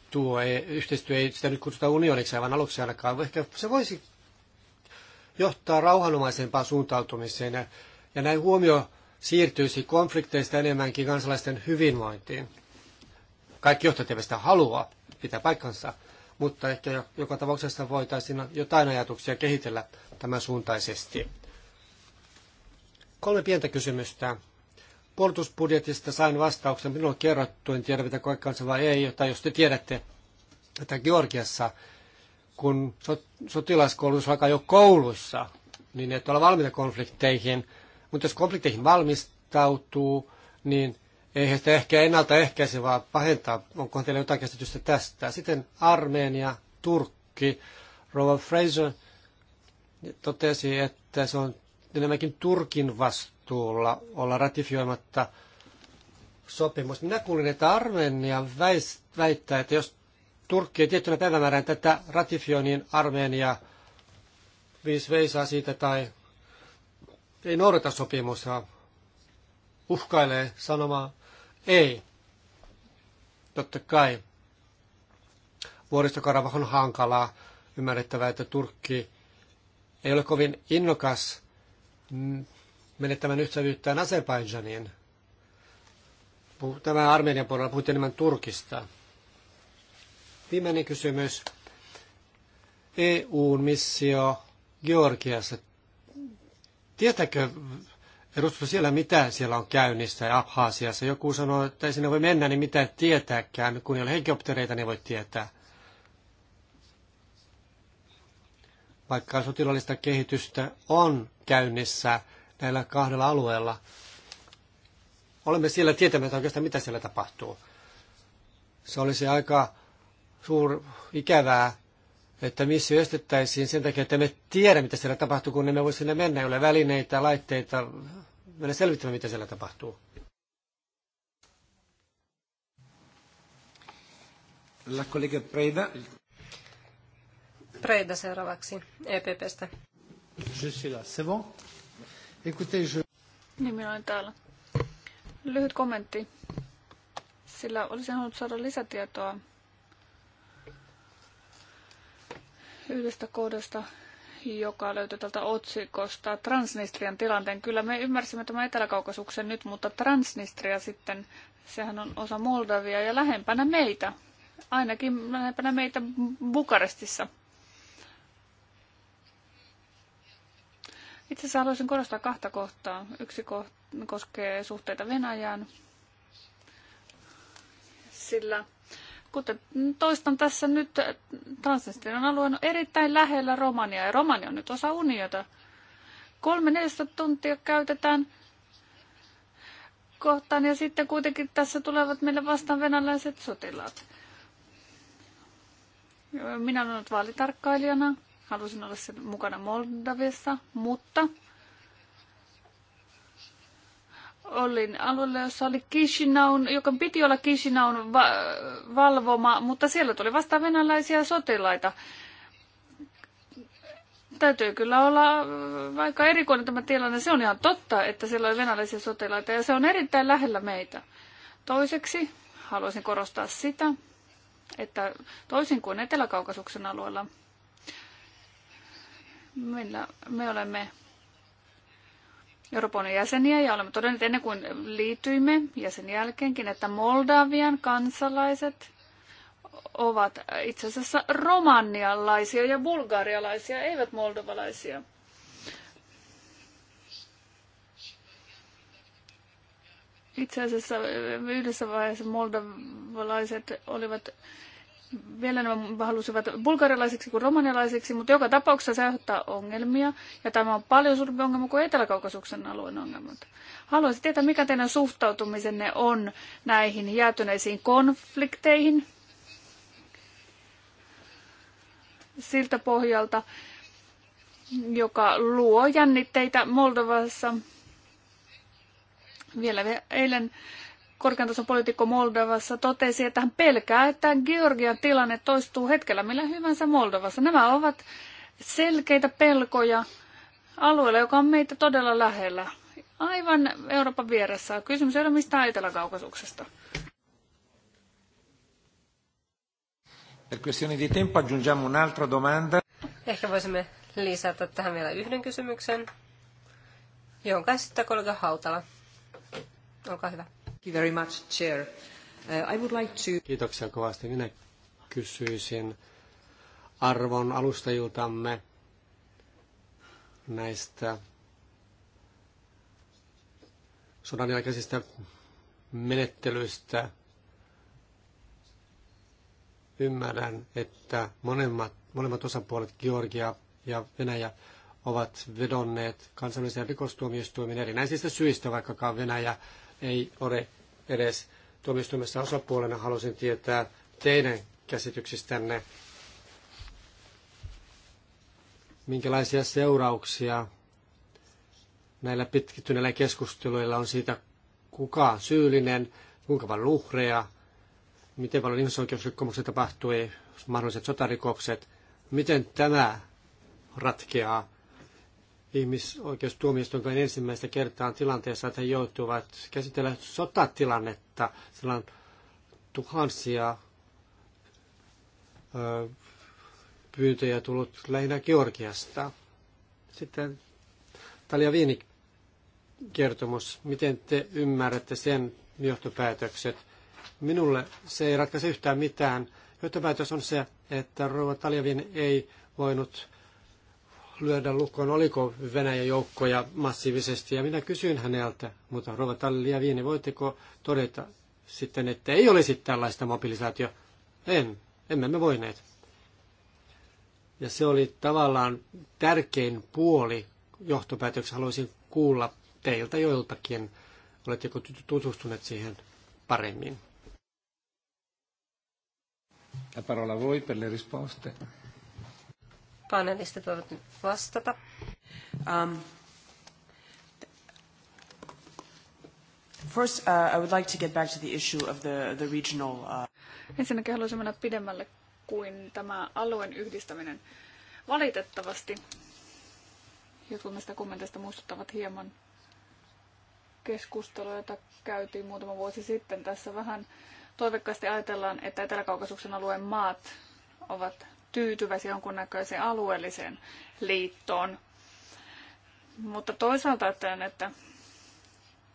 yhteistyö ei sitä nyt kutsuta unioniksi aivan aluksi ainakaan, ehkä se voisi johtaa rauhanomaisempaan suuntautumiseen ja, ja näin huomio siirtyisi konflikteista enemmänkin kansalaisten hyvinvointiin. Kaikki johtajat eivät sitä halua, pitää paikkansa – mutta ehkä joka tapauksessa voitaisiin jotain ajatuksia kehitellä tämän suuntaisesti. Kolme pientä kysymystä. Puolustusbudjetista sain vastauksen, minulle kerrottu, en tiedä mitä se vai ei, tai jos te tiedätte, että Georgiassa, kun sotilaskoulutus alkaa jo kouluissa, niin ne et ole valmiita konflikteihin, mutta jos konflikteihin valmistautuu, niin Eihän sitä ehkä ennaltaehkäise, vaan pahentaa. Onko teillä jotain käsitystä tästä? Sitten Armenia, Turkki. Rova Fraser totesi, että se on enemmänkin Turkin vastuulla olla ratifioimatta sopimus. Minä kuulin, että Armenia väittää, että jos Turkki ei tiettynä päivämäärän tätä ratifioi, niin Armeenia viis veisaa siitä tai ei noudata sopimusta, uhkailee sanomaan, ei. Totta kai. Vuoristokarava on hankalaa. Ymmärrettävää, että Turkki ei ole kovin innokas menettämään ystävyyttään Azerbaijaniin. Tämä Armenian puolella puhuttiin enemmän Turkista. Viimeinen kysymys. eu missio Georgiassa. Tietääkö Edustusta siellä, mitä siellä on käynnissä Abhaasiassa. Joku sanoo, että ei sinne voi mennä, niin mitä tietääkään. Kun ei ole helikoptereita, niin voi tietää. Vaikka sotilaallista kehitystä on käynnissä näillä kahdella alueella, olemme siellä tietämättä oikeastaan, mitä siellä tapahtuu. Se olisi aika suur ikävää, että missio estettäisiin sen takia, että me tiedä, mitä siellä tapahtuu, kun emme voi sinne mennä, ei ole välineitä, laitteita, mennä selvittämään, mitä siellä tapahtuu. La collega Preda. Preda seuraavaksi EPPstä. Je suis là, c'est bon? Écoutez, je... Niin, minä olen täällä. Lyhyt kommentti, sillä olisin halunnut saada lisätietoa yhdestä kohdasta, joka löytyy tältä otsikosta, Transnistrian tilanteen. Kyllä me ymmärsimme tämän Eteläkaukasuksen nyt, mutta Transnistria sitten, sehän on osa Moldavia ja lähempänä meitä. Ainakin lähempänä meitä Bukarestissa. Itse asiassa haluaisin korostaa kahta kohtaa. Yksi koskee suhteita Venäjään, sillä kuten toistan tässä nyt, Transnistrian alue on erittäin lähellä Romania ja Romania on nyt osa uniota. Kolme neljästä tuntia käytetään kohtaan ja sitten kuitenkin tässä tulevat meille vastaan venäläiset sotilaat. Minä olen ollut vaalitarkkailijana, halusin olla sen mukana Moldavissa, mutta Ollin alueella, jossa oli Kishinaun, joka piti olla Kishinaun va- valvoma, mutta siellä tuli vasta venäläisiä sotilaita. Täytyy kyllä olla äh, aika erikoinen tämä tilanne. Se on ihan totta, että siellä oli venäläisiä sotilaita ja se on erittäin lähellä meitä. Toiseksi haluaisin korostaa sitä, että toisin kuin Etelä-Kaukasuksen alueella, meillä me olemme Euroopan jäseniä ja olemme todenneet ennen kuin liityimme ja sen jälkeenkin, että Moldavian kansalaiset ovat itse asiassa romanialaisia ja bulgarialaisia, eivät moldovalaisia. Itse asiassa yhdessä vaiheessa moldovalaiset olivat vielä nämä halusivat bulgarialaisiksi kuin romanialaisiksi, mutta joka tapauksessa se aiheuttaa ongelmia, ja tämä on paljon suurempi ongelma kuin Etelä-Kaukasuksen alueen ongelmat. Haluaisin tietää, mikä teidän suhtautumisenne on näihin jäätyneisiin konflikteihin siltä pohjalta, joka luo jännitteitä Moldovassa. Vielä eilen korkean tason poliitikko Moldovassa totesi, että hän pelkää, että Georgian tilanne toistuu hetkellä millä hyvänsä Moldovassa. Nämä ovat selkeitä pelkoja alueella, joka on meitä todella lähellä. Aivan Euroopan vieressä. Kysymys ei ole mistään Etelä-Kaukasuksesta. Per di tempo aggiungiamo un'altra domanda. Ehkä voisimme lisätä tähän vielä yhden kysymyksen, jonka esittää kollega Hautala. Olkaa hyvä very much, Chair. Uh, I would like to... Kiitoksia kovasti. Minä kysyisin arvon alustajiltamme näistä sodan jälkeisistä menettelyistä. Ymmärrän, että molemmat, molemmat osapuolet, Georgia ja Venäjä, ovat vedonneet kansainvälisen rikostuomioistuimen erinäisistä syistä, vaikkakaan Venäjä ei ole edes tuomioistuimessa osapuolena. Halusin tietää teidän käsityksistänne, minkälaisia seurauksia näillä pitkittyneillä keskusteluilla on siitä, kuka on syyllinen, kuinka paljon uhreja, miten paljon ihmisoikeusrikkomuksia tapahtui, mahdolliset sotarikokset, miten tämä ratkeaa ihmisoikeustuomioistuinkaan ensimmäistä kertaa tilanteessa, että he joutuvat käsitellä sotatilannetta. Sillä on tuhansia ö, pyyntöjä tullut lähinnä Georgiasta. Sitten Talia Viini kertomus, miten te ymmärrätte sen johtopäätökset. Minulle se ei ratkaise yhtään mitään. Johtopäätös on se, että Talia Viini ei voinut lyödä lukkoon, oliko Venäjän joukkoja massiivisesti. Ja minä kysyin häneltä, mutta Rova Tallia Viini, voitteko todeta sitten, että ei olisi tällaista mobilisaatio? En, emme me voineet. Ja se oli tavallaan tärkein puoli johtopäätöksessä. Haluaisin kuulla teiltä joiltakin. Oletteko tutustuneet siihen paremmin? La parola a voi per le risposte panelistit voivat vastata. Um, first, uh, I would like to get back to the issue of the, the regional... Uh... Ensinnäkin haluaisin mennä pidemmälle kuin tämä alueen yhdistäminen. Valitettavasti jotkut näistä kommenteista muistuttavat hieman keskustelua, jota käytiin muutama vuosi sitten. Tässä vähän toivekkaasti ajatellaan, että Etelä-Kaukasuksen alueen maat ovat tyytyväisiä jonkunnäköiseen alueelliseen liittoon. Mutta toisaalta ajattelen, että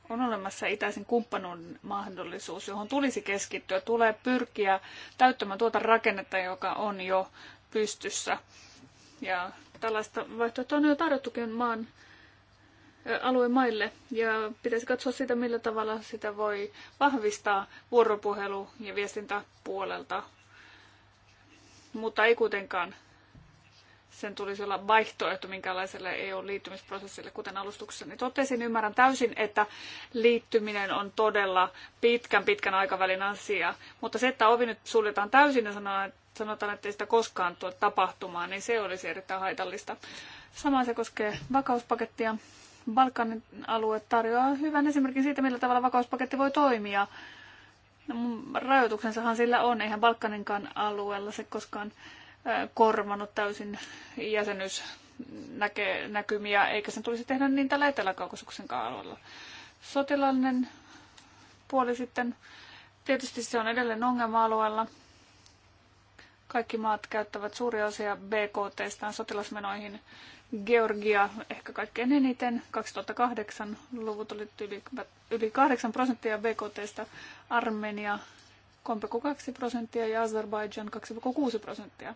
on olemassa itäisen kumppanuuden mahdollisuus, johon tulisi keskittyä. Tulee pyrkiä täyttämään tuota rakennetta, joka on jo pystyssä. Ja tällaista vaihtoehtoa on jo tarjottukin maan alueen maille ja pitäisi katsoa sitä, millä tavalla sitä voi vahvistaa vuoropuhelu- ja viestintäpuolelta mutta ei kuitenkaan sen tulisi olla vaihtoehto minkälaiselle EU-liittymisprosessille, kuten alustuksessani totesin. Ymmärrän täysin, että liittyminen on todella pitkän, pitkän aikavälin asia, mutta se, että ovi nyt suljetaan täysin ja sanotaan, että ei sitä koskaan tule tapahtumaan, niin se olisi erittäin haitallista. Sama se koskee vakauspakettia. Balkanin alue tarjoaa hyvän esimerkin siitä, millä tavalla vakauspaketti voi toimia. No, rajoituksensahan sillä on, eihän Balkaninkaan alueella se koskaan korvanut täysin näkymiä, eikä sen tulisi tehdä niin tällä etelä alueella. Sotilallinen puoli sitten, tietysti se on edelleen ongelma-alueella. Kaikki maat käyttävät suuria osia BKTstään sotilasmenoihin Georgia ehkä kaikkein eniten. 2008 luvut olivat yli, yli 8 prosenttia BKTstä, Armenia 3,2 prosenttia ja Azerbaijan 2,6 prosenttia.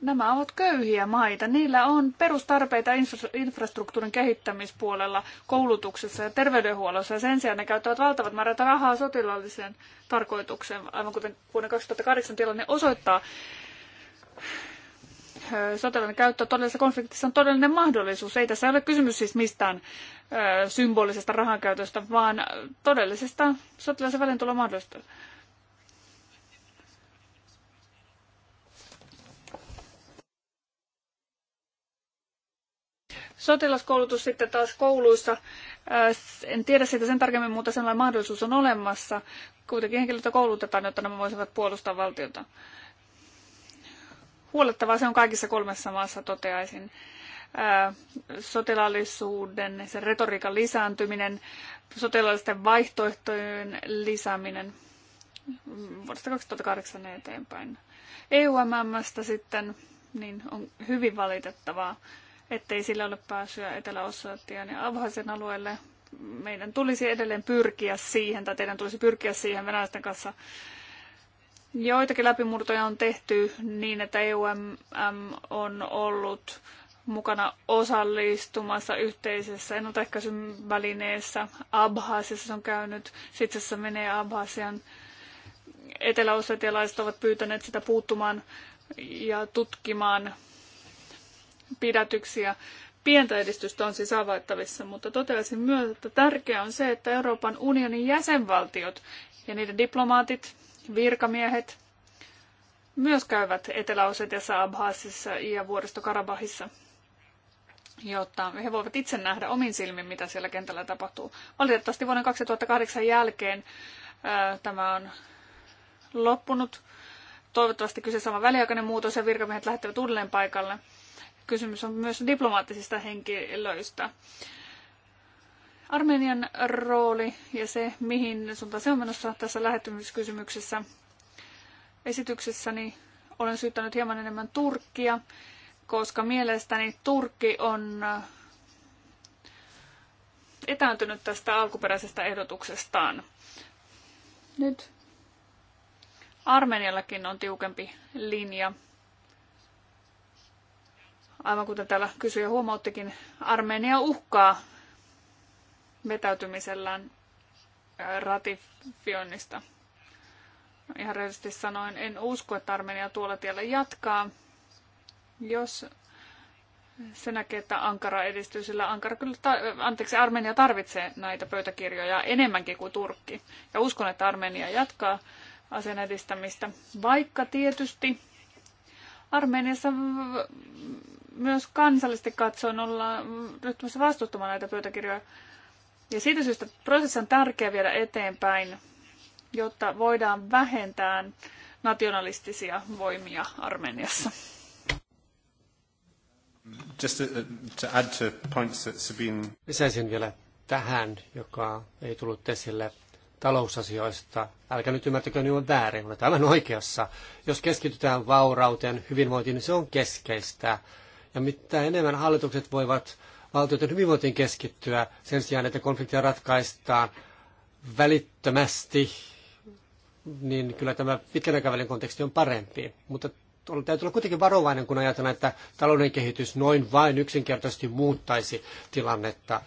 Nämä ovat köyhiä maita. Niillä on perustarpeita infrastruktuurin kehittämispuolella, koulutuksessa ja terveydenhuollossa. Ja sen sijaan ne käyttävät valtavat määrät rahaa sotilaalliseen tarkoitukseen, aivan kuten vuoden 2008 tilanne osoittaa sotilaiden käyttö todellisessa konfliktissa on todellinen mahdollisuus. Ei tässä ole kysymys siis mistään symbolisesta rahankäytöstä, vaan todellisesta sotilaisen välintulon mahdollisuudesta. sotilaskoulutus sitten taas kouluissa, en tiedä siitä sen tarkemmin, mutta sellainen mahdollisuus on olemassa. Kuitenkin henkilöitä koulutetaan, jotta nämä voisivat puolustaa valtiota. Huolettavaa se on kaikissa kolmessa maassa, toteaisin. Sotilaallisuuden, sen retoriikan lisääntyminen, sotilaallisten vaihtoehtojen lisääminen vuodesta 2008 eteenpäin. EUMMstä sitten niin on hyvin valitettavaa, ettei sillä ole pääsyä Etelä-Ossatian ja Abhasian alueelle. Meidän tulisi edelleen pyrkiä siihen, tai teidän tulisi pyrkiä siihen venäläisten kanssa Joitakin läpimurtoja on tehty niin, että EUM on ollut mukana osallistumassa yhteisessä ennaltaehkäisyn välineessä. se on käynyt, sitten se menee Abhaasian. Eteläossetialaiset ovat pyytäneet sitä puuttumaan ja tutkimaan pidätyksiä. Pientä edistystä on siis avaittavissa, mutta toteaisin myös, että tärkeää on se, että Euroopan unionin jäsenvaltiot ja niiden diplomaatit virkamiehet myös käyvät Etelä-Osetiassa, Abhaasissa ja Vuoristokarabahissa, jotta he voivat itse nähdä omin silmin, mitä siellä kentällä tapahtuu. Valitettavasti vuoden 2008 jälkeen ää, tämä on loppunut. Toivottavasti kyseessä on väliaikainen muutos ja virkamiehet lähtevät uudelleen paikalle. Kysymys on myös diplomaattisista henkilöistä. Armenian rooli ja se, mihin suuntaan se on menossa tässä lähettymiskysymyksessä esityksessäni olen syyttänyt hieman enemmän Turkkia, koska mielestäni Turkki on äh, etääntynyt tästä alkuperäisestä ehdotuksestaan. Nyt Armeniallakin on tiukempi linja. Aivan kuten täällä kysyjä huomauttikin, Armenia uhkaa vetäytymisellään äh, ratifioinnista. Ihan rehellisesti sanoen, en usko, että Armenia tuolla tiellä jatkaa. Jos se näkee, että Ankara edistyy, sillä Ankara kyllä ta- anteeksi, Armenia tarvitsee näitä pöytäkirjoja enemmänkin kuin Turkki. Ja uskon, että Armenia jatkaa asian edistämistä, vaikka tietysti Armeniassa myös kansallisesti katsoen ollaan ryhtymässä vastustamaan näitä pöytäkirjoja ja siitä syystä prosessi on tärkeä viedä eteenpäin, jotta voidaan vähentää nationalistisia voimia Armeniassa. Just to, uh, to add to points that Sabine... Lisäisin vielä tähän, joka ei tullut esille talousasioista. Älkää nyt ymmärtäkö minua niin väärin, olet aivan oikeassa. Jos keskitytään vaurauteen, hyvinvointiin, niin se on keskeistä. Ja mitä enemmän hallitukset voivat valtioiden hyvinvointiin keskittyä sen sijaan, että konfliktia ratkaistaan välittömästi, niin kyllä tämä pitkän aikavälin konteksti on parempi. Mutta täytyy olla kuitenkin varovainen, kun ajatellaan, että talouden kehitys noin vain yksinkertaisesti muuttaisi tilannetta.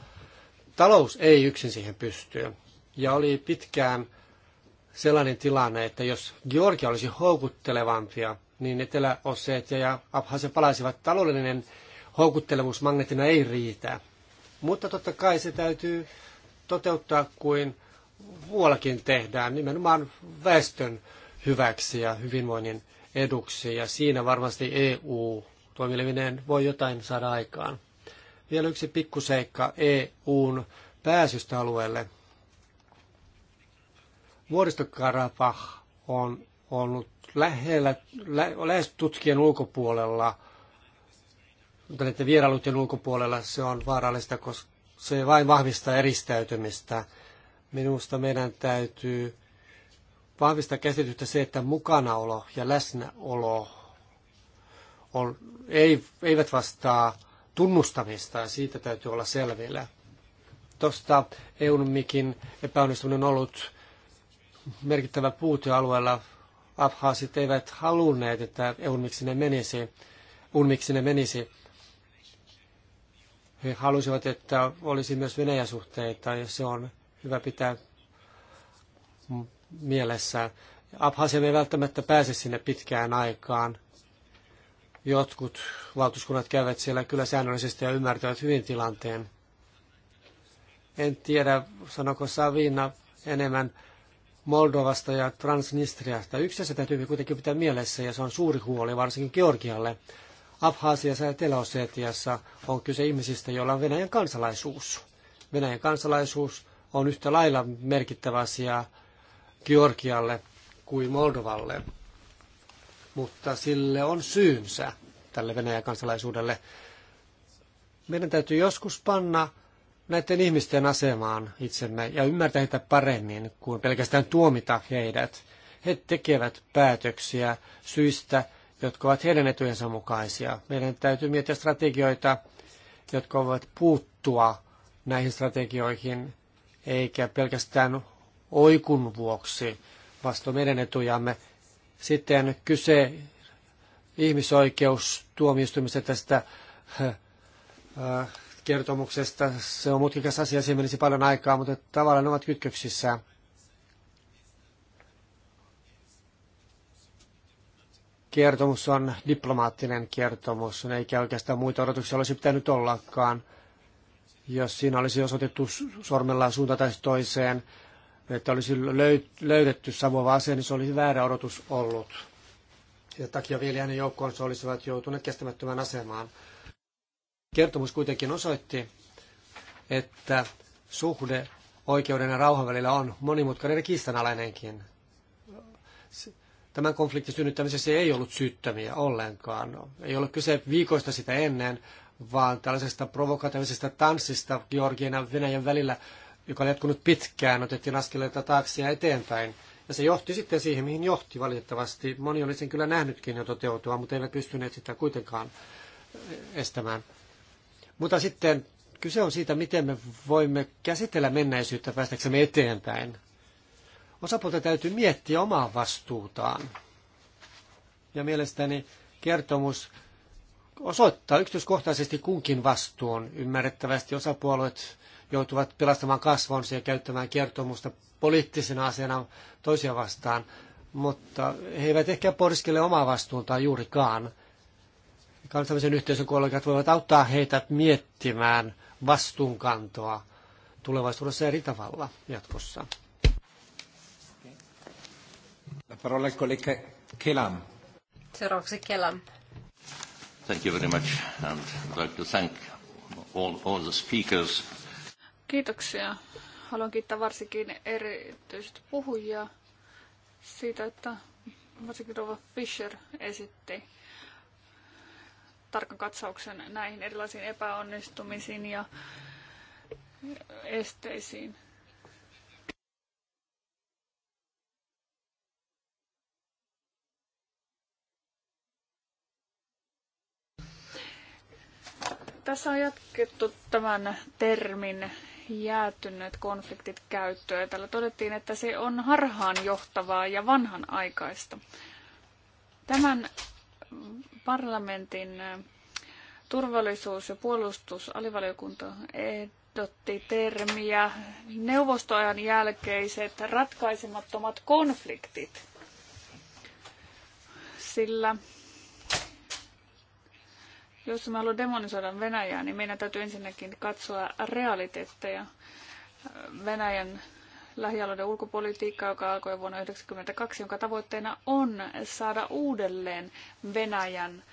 Talous ei yksin siihen pysty. Ja oli pitkään sellainen tilanne, että jos Georgia olisi houkuttelevampia, niin Etelä-Osseetia ja Abhasia palaisivat taloudellinen houkuttelevuus magneettina ei riitä. Mutta totta kai se täytyy toteuttaa kuin muuallakin tehdään, nimenomaan väestön hyväksi ja hyvinvoinnin eduksi. Ja siinä varmasti EU toimileminen voi jotain saada aikaan. Vielä yksi pikkuseikka EUn pääsystä alueelle. Vuoristokarapah on ollut lähellä, lä, lähes tutkien ulkopuolella mutta näiden vierailujen ulkopuolella se on vaarallista, koska se vain vahvistaa eristäytymistä. Minusta meidän täytyy vahvistaa käsitystä se, että mukanaolo ja läsnäolo on, ei, eivät vastaa tunnustamista, ja siitä täytyy olla selvillä. Tuosta EUNMIKin epäonnistuminen on ollut merkittävä puute alueella. Abhaasit eivät halunneet, että EUNMIK sinne menisi. UNMIK sinne menisi he halusivat, että olisi myös Venäjän suhteita, ja se on hyvä pitää mielessä. Abhasia ei välttämättä pääse sinne pitkään aikaan. Jotkut valtuuskunnat käyvät siellä kyllä säännöllisesti ja ymmärtävät hyvin tilanteen. En tiedä, sanoko Savina enemmän Moldovasta ja Transnistriasta. Yksi asia täytyy kuitenkin pitää mielessä, ja se on suuri huoli, varsinkin Georgialle. Abhaasiassa ja etelä on kyse ihmisistä, joilla on Venäjän kansalaisuus. Venäjän kansalaisuus on yhtä lailla merkittävä asia Georgialle kuin Moldovalle. Mutta sille on syynsä, tälle Venäjän kansalaisuudelle. Meidän täytyy joskus panna näiden ihmisten asemaan itsemme ja ymmärtää heitä paremmin kuin pelkästään tuomita heidät. He tekevät päätöksiä syistä, jotka ovat heidän etujensa mukaisia. Meidän täytyy miettiä strategioita, jotka ovat puuttua näihin strategioihin, eikä pelkästään oikun vuoksi vastoin meidän etujamme. Sitten kyse ihmisoikeustuomioistumista tästä kertomuksesta. Se on mutkikas asia, siihen menisi paljon aikaa, mutta tavallaan ne ovat kytköksissä kertomus on diplomaattinen kertomus, eikä oikeastaan muita odotuksia olisi pitänyt ollakaan. Jos siinä olisi osoitettu sormellaan suunta tai toiseen, että olisi löydetty savuava ase, niin se olisi väärä odotus ollut. Ja takia vielä hänen joukkoonsa olisivat joutuneet kestämättömään asemaan. Kertomus kuitenkin osoitti, että suhde oikeuden ja rauhan välillä on monimutkainen ja kiistanalainenkin tämän konfliktin synnyttämisessä ei ollut syyttämiä ollenkaan. Ei ole kyse viikoista sitä ennen, vaan tällaisesta provokatiivisesta tanssista Georgian ja Venäjän välillä, joka oli jatkunut pitkään, otettiin askeleita taakse ja eteenpäin. Ja se johti sitten siihen, mihin johti valitettavasti. Moni oli sen kyllä nähnytkin jo toteutua, mutta eivät pystyneet sitä kuitenkaan eh, estämään. Mutta sitten kyse on siitä, miten me voimme käsitellä menneisyyttä päästäksemme eteenpäin. Osapuolta täytyy miettiä omaa vastuutaan. Ja mielestäni kertomus osoittaa yksityiskohtaisesti kunkin vastuun. Ymmärrettävästi osapuolet joutuvat pelastamaan kasvonsa ja käyttämään kertomusta poliittisena asiana toisia vastaan, mutta he eivät ehkä pohdiskele omaa vastuuntaan juurikaan. Kansainvälisen yhteisön kollegat voivat auttaa heitä miettimään vastuunkantoa tulevaisuudessa eri tavalla jatkossa parola kollega Kelam. Seuraavaksi Kelam. Thank you very much and I'd like to thank all, all the speakers. Kiitoksia. Haluan kiittää varsinkin erityisesti puhujia siitä, että varsinkin Rova Fisher esitti tarkan katsauksen näihin erilaisiin epäonnistumisiin ja esteisiin. Tässä on jatkettu tämän termin jäätyneet konfliktit käyttöön. täällä todettiin, että se on harhaan johtavaa ja vanhanaikaista. Tämän parlamentin turvallisuus- ja puolustusalivaliokunta ehdotti termiä neuvostoajan jälkeiset ratkaisemattomat konfliktit. Sillä jos me haluamme demonisoida Venäjää, niin meidän täytyy ensinnäkin katsoa realiteetteja. Venäjän lähialueiden ulkopolitiikka, joka alkoi vuonna 1992, jonka tavoitteena on saada uudelleen Venäjän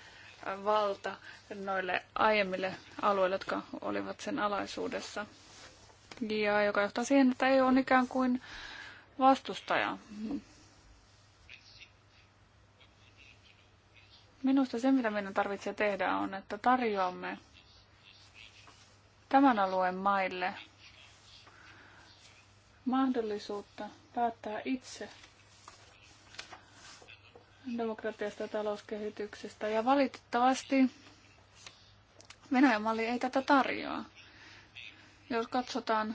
valta noille aiemmille alueille, jotka olivat sen alaisuudessa. Ja joka johtaa siihen, että ei ole ikään kuin vastustaja. Minusta se, mitä meidän tarvitsee tehdä, on, että tarjoamme tämän alueen maille mahdollisuutta päättää itse demokratiasta ja talouskehityksestä. Ja valitettavasti Venäjän malli ei tätä tarjoa. Jos katsotaan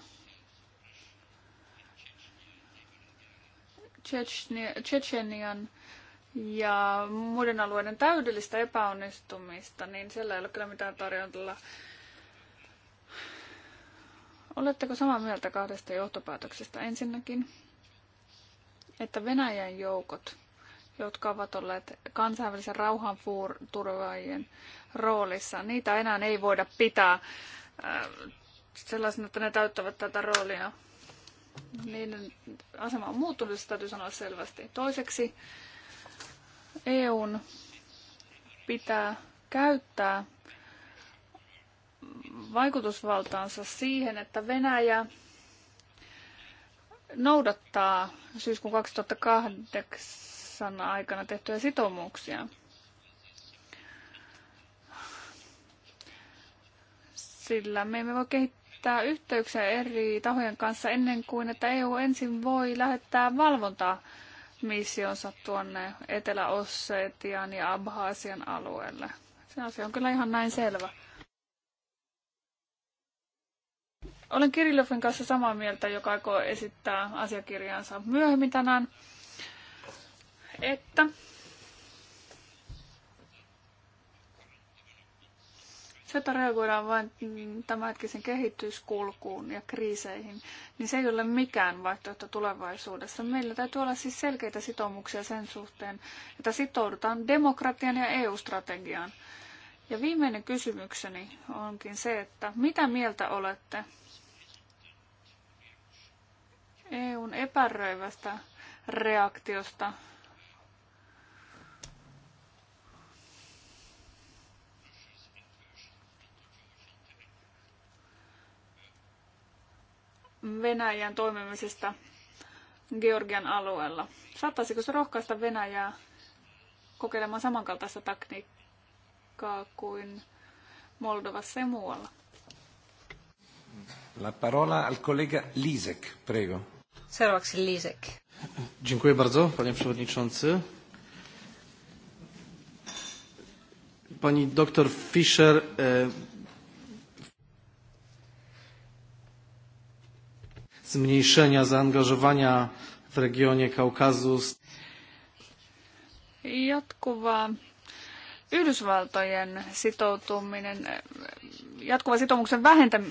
Tsetsenian ja muiden alueiden täydellistä epäonnistumista, niin siellä ei ole kyllä mitään tarjontaa. Oletteko samaa mieltä kahdesta johtopäätöksestä? Ensinnäkin, että Venäjän joukot, jotka ovat olleet kansainvälisen rauhanturvaajien roolissa, niitä enää ei voida pitää äh, sellaisena, että ne täyttävät tätä roolia. Niiden asema on muuttunut, se täytyy sanoa selvästi. Toiseksi, EUn pitää käyttää vaikutusvaltaansa siihen, että Venäjä noudattaa syyskuun 2008 aikana tehtyjä sitoumuksia. Sillä me emme voi kehittää yhteyksiä eri tahojen kanssa ennen kuin, että EU ensin voi lähettää valvontaa missionsa tuonne Etelä-Ossetian ja Abhaasian alueelle. Se asia on kyllä ihan näin selvä. Olen Kirillofin kanssa samaa mieltä, joka aikoo esittää asiakirjansa myöhemmin tänään, että Se, reagoidaan vain tämänhetkisen kehityskulkuun ja kriiseihin, niin se ei ole mikään vaihtoehto tulevaisuudessa. Meillä täytyy olla siis selkeitä sitoumuksia sen suhteen, että sitoudutaan demokratian ja EU-strategiaan. Ja viimeinen kysymykseni onkin se, että mitä mieltä olette EUn epäröivästä reaktiosta Venäjän toimimisesta Georgian alueella. Saattaisiko se rohkaista Venäjää kokeilemaan samankaltaista taktiikkaa kuin Moldovassa ja muualla? La parola al collega Lisek, prego. Seuraavaksi Lisek. Dziękuję bardzo, panie przewodniczący. Pani doktor Fischer, e, zmniejszenia zaangażowania w regionie Kaukazu. Jatkuvaa Yhdysvaltojen sitoutuminen, jatkuva sitoumuksen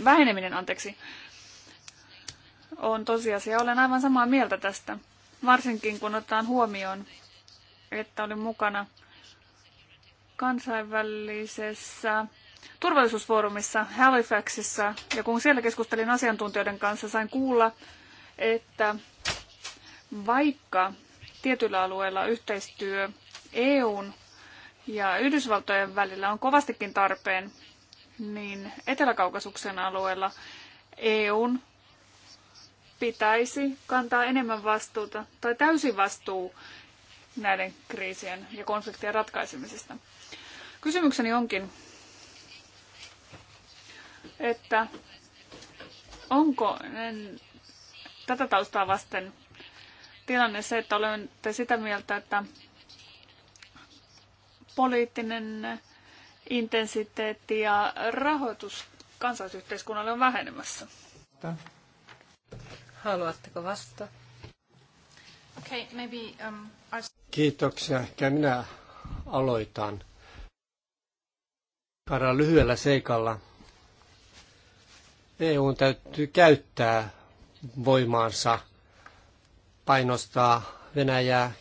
väheneminen anteeksi, on tosiasia. Olen aivan samaa mieltä tästä, varsinkin kun otetaan huomioon, että olin mukana kansainvälisessä turvallisuusfoorumissa Halifaxissa, ja kun siellä keskustelin asiantuntijoiden kanssa, sain kuulla, että vaikka tietyillä alueilla yhteistyö EUn ja Yhdysvaltojen välillä on kovastikin tarpeen, niin Etelä-Kaukasuksen alueella EUn pitäisi kantaa enemmän vastuuta tai täysin vastuu näiden kriisien ja konfliktien ratkaisemisesta. Kysymykseni onkin, että onko tätä taustaa vasten tilanne se, että olette sitä mieltä, että poliittinen intensiteetti ja rahoitus kansallisyhteiskunnalle on vähenemässä. Haluatteko vastata? Okay, maybe, um, I... Kiitoksia. Ehkä minä aloitan. Kara lyhyellä seikalla. EUn täytyy käyttää voimaansa painostaa Venäjää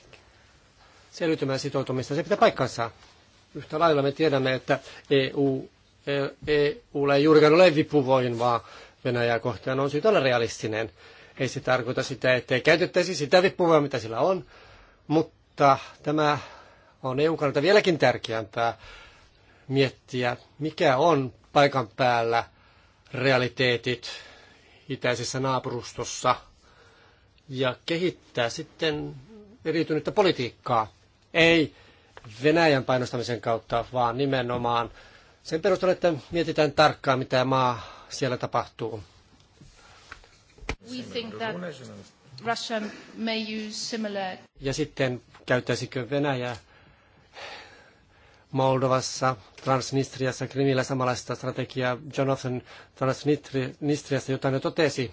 selvitymään sitoutumista. Se pitää paikkansa. Yhtä lailla me tiedämme, että EU, e, EUlla ei juurikaan ole vipuvoin, vaan Venäjää kohtaan on syytä olla realistinen. Ei se tarkoita sitä, ei käytettäisi sitä vipuvoimaa, mitä sillä on, mutta tämä on EU kannalta vieläkin tärkeämpää miettiä, mikä on paikan päällä – realiteetit itäisessä naapurustossa ja kehittää sitten eriytynyttä politiikkaa. Ei Venäjän painostamisen kautta, vaan nimenomaan sen perusteella, että mietitään tarkkaan, mitä maa siellä tapahtuu. Similar... Ja sitten käyttäisikö Venäjä Moldovassa, Transnistriassa, Krimillä samanlaista strategiaa. Jonathan Transnistriassa, jota jo totesi,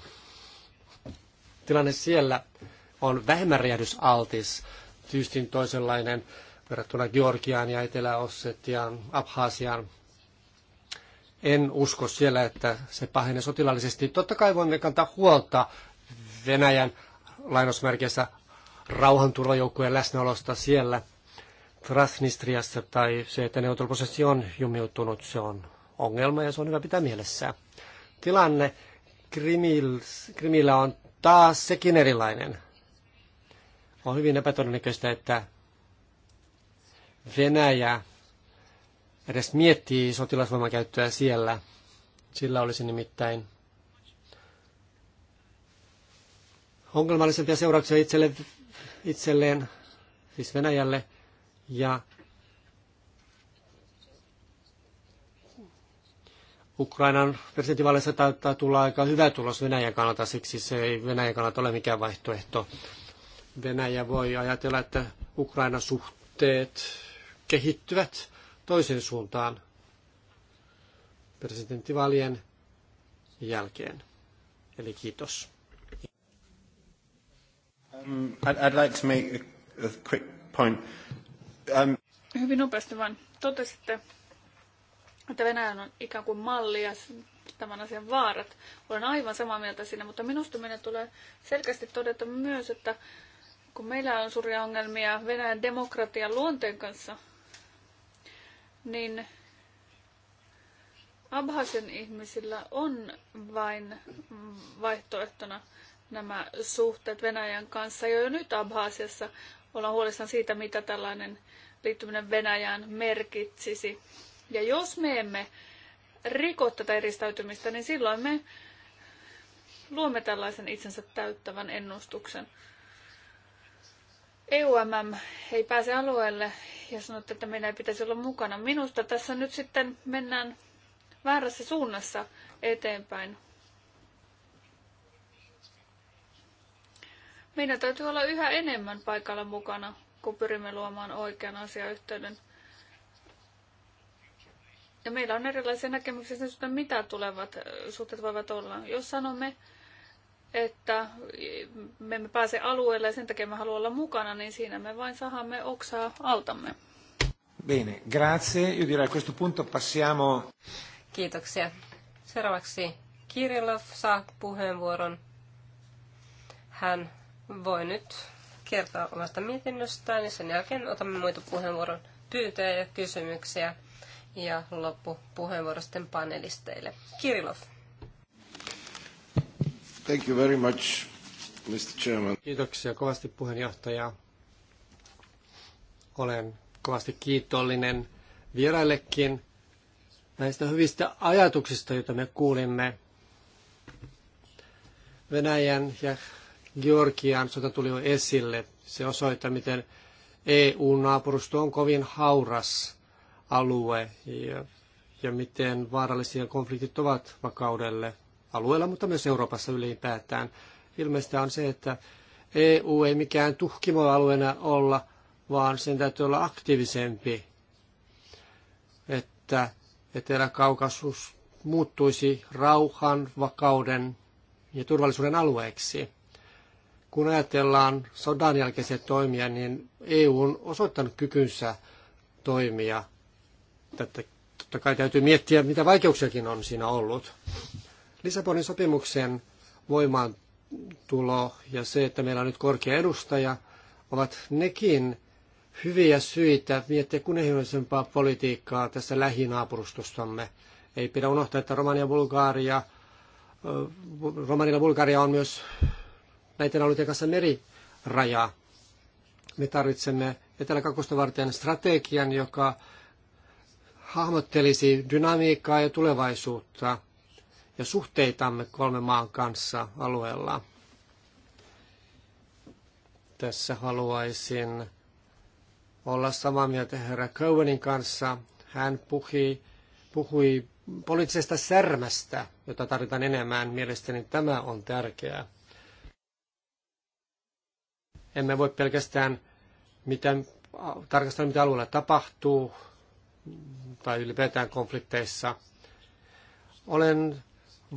tilanne siellä on vähemmän räjähdysaltis, tyystin toisenlainen verrattuna Georgiaan ja Etelä-Ossetiaan, Abhaasiaan. En usko siellä, että se pahenee sotilaallisesti. Totta kai voimme kantaa huolta Venäjän lainausmerkeissä rauhanturvajoukkueen läsnäolosta siellä – Transnistriassa tai se, että neuvotteluprosessi on jumiutunut, se on ongelma ja se on hyvä pitää mielessä. Tilanne Krimillä on taas sekin erilainen. On hyvin epätodennäköistä, että Venäjä edes miettii sotilasvoiman käyttöä siellä. Sillä olisi nimittäin ongelmallisempia seurauksia itselle, itselleen, siis Venäjälle, ja Ukrainan presidentinvaaleissa taitaa tulla aika hyvä tulos Venäjän kannalta, siksi se ei Venäjän kannalta ole mikään vaihtoehto. Venäjä voi ajatella, että Ukrainan suhteet kehittyvät toisen suuntaan presidenttivaalien jälkeen. Eli kiitos. Um, I'd, I'd like to make a quick point. Um... Hyvin nopeasti vain totesitte, että Venäjä on ikään kuin malli ja tämän asian vaarat. Olen aivan samaa mieltä siinä, mutta minusta meidän tulee selkeästi todeta myös, että kun meillä on suuria ongelmia Venäjän demokratian luonteen kanssa, niin Abhasen ihmisillä on vain vaihtoehtona nämä suhteet Venäjän kanssa jo nyt Abhasiassa ollaan huolissaan siitä, mitä tällainen liittyminen Venäjään merkitsisi. Ja jos me emme riko tätä eristäytymistä, niin silloin me luomme tällaisen itsensä täyttävän ennustuksen. EUMM ei pääse alueelle ja sanotte, että meidän ei pitäisi olla mukana. Minusta tässä nyt sitten mennään väärässä suunnassa eteenpäin. Meidän täytyy olla yhä enemmän paikalla mukana, kun pyrimme luomaan oikean asiayhteyden. Ja meillä on erilaisia näkemyksiä siitä, mitä tulevat äh, suhteet voivat olla. Jos sanomme, että me emme pääse alueelle ja sen takia me haluamme olla mukana, niin siinä me vain sahamme oksaa altamme. Bene, grazie. Io direi a questo punto passiamo... Kiitoksia. Seuraavaksi Kirillov saa puheenvuoron. Hän voi nyt kertoa omasta mietinnöstään ja sen jälkeen otamme muita puheenvuoron pyyntöjä ja kysymyksiä ja loppu sitten panelisteille. Kirilov. Thank you very much, Mr. Chairman. Kiitoksia kovasti puheenjohtaja. Olen kovasti kiitollinen vieraillekin näistä hyvistä ajatuksista, joita me kuulimme Venäjän ja Georgian sota tuli jo esille. Se osoittaa, miten EU-naapurusto on kovin hauras alue ja, ja miten vaarallisia konfliktit ovat vakaudelle alueella, mutta myös Euroopassa ylipäätään. Ilmeistä on se, että EU ei mikään tuhkimoalueena olla, vaan sen täytyy olla aktiivisempi, että Etelä-Kaukasus muuttuisi rauhan, vakauden ja turvallisuuden alueeksi. Kun ajatellaan sodan jälkeisiä toimia, niin EU on osoittanut kykynsä toimia. Tätä totta kai täytyy miettiä, mitä vaikeuksiakin on siinä ollut. Lissabonin sopimuksen voimaantulo ja se, että meillä on nyt korkea edustaja, ovat nekin hyviä syitä miettiä kunnianhimoisempaa politiikkaa tässä lähinaapurustostamme. Ei pidä unohtaa, että Romania ja Bulgaria, Romania ja Bulgaria on myös näiden alueiden kanssa meriraja. Me tarvitsemme Etelä-Kakusta varten strategian, joka hahmottelisi dynamiikkaa ja tulevaisuutta ja suhteitamme kolmen maan kanssa alueella. Tässä haluaisin olla samaa mieltä herra Cowenin kanssa. Hän puhui, puhui poliittisesta särmästä, jota tarvitaan enemmän. Mielestäni tämä on tärkeää. Emme voi pelkästään miten, tarkastella, mitä alueella tapahtuu tai ylipäätään konflikteissa. Olen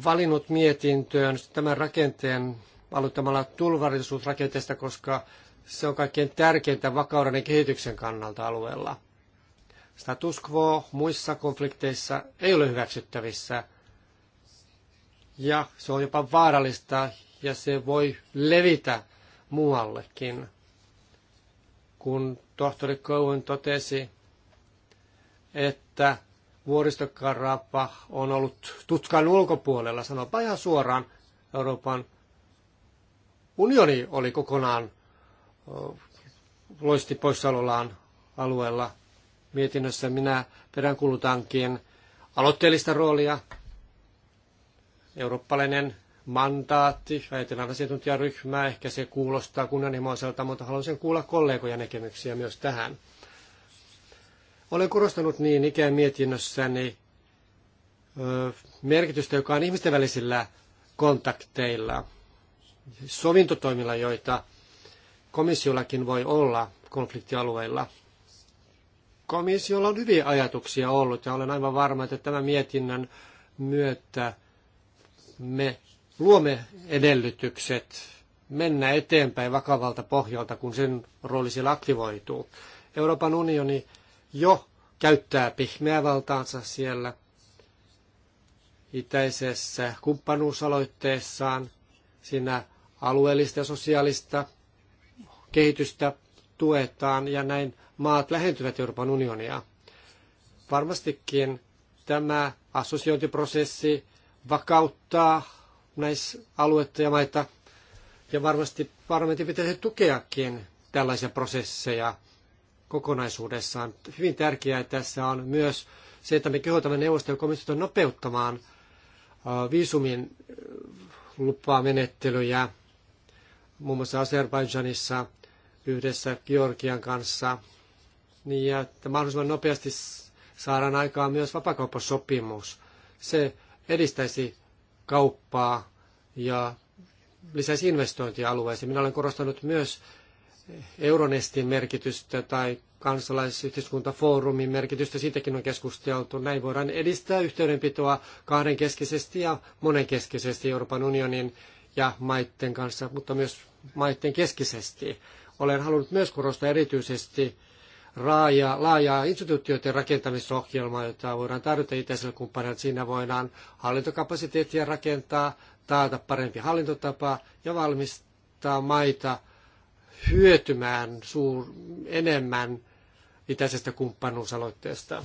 valinnut mietintöön tämän rakenteen aloittamalla tulvarisuusrakenteesta, koska se on kaikkein tärkeintä vakauden ja kehityksen kannalta alueella. Status quo muissa konflikteissa ei ole hyväksyttävissä ja se on jopa vaarallista ja se voi levitä muuallekin. Kun tohtori Cohen totesi, että vuoristokarapa on ollut tutkan ulkopuolella, sanopa ihan suoraan, Euroopan unioni oli kokonaan loisti poissaolollaan alueella. Mietinnössä minä peräänkulutankin aloitteellista roolia. Eurooppalainen mandaatti, ajatellaan asiantuntijaryhmää, ehkä se kuulostaa kunnianhimoiselta, mutta haluaisin kuulla kollegoja näkemyksiä myös tähän. Olen korostanut niin ikään mietinnössäni merkitystä, joka on ihmisten välisillä kontakteilla, sovintotoimilla, joita komissiollakin voi olla konfliktialueilla. Komissiolla on hyviä ajatuksia ollut ja olen aivan varma, että tämän mietinnön myötä me luomme edellytykset mennä eteenpäin vakavalta pohjalta, kun sen rooli siellä aktivoituu. Euroopan unioni jo käyttää pihmeää valtaansa siellä itäisessä kumppanuusaloitteessaan, siinä alueellista ja sosiaalista kehitystä tuetaan ja näin maat lähentyvät Euroopan unionia. Varmastikin tämä assosiointiprosessi vakauttaa alueita ja maita. Ja varmasti parlamentin pitäisi tukeakin tällaisia prosesseja kokonaisuudessaan. Hyvin tärkeää tässä on myös se, että me kehotamme neuvoston komissiota nopeuttamaan viisumin lupamenettelyjä muun muassa Azerbaidžanissa yhdessä Georgian kanssa. Niin, että mahdollisimman nopeasti saadaan aikaan myös vapakauppasopimus. Se edistäisi kauppaa ja lisäisi investointia alueeseen. Minä olen korostanut myös Euronestin merkitystä tai kansalaisyhteiskuntafoorumin merkitystä, siitäkin on keskusteltu. Näin voidaan edistää yhteydenpitoa kahdenkeskisesti ja monenkeskisesti Euroopan unionin ja maiden kanssa, mutta myös maiden keskisesti. Olen halunnut myös korostaa erityisesti raajaa, laajaa instituutioiden rakentamisohjelmaa, jota voidaan tarjota itäisellä kumppanilla. Siinä voidaan hallintokapasiteettia rakentaa, taata parempi hallintotapa ja valmistaa maita hyötymään suur, enemmän itäisestä kumppanuusaloitteesta.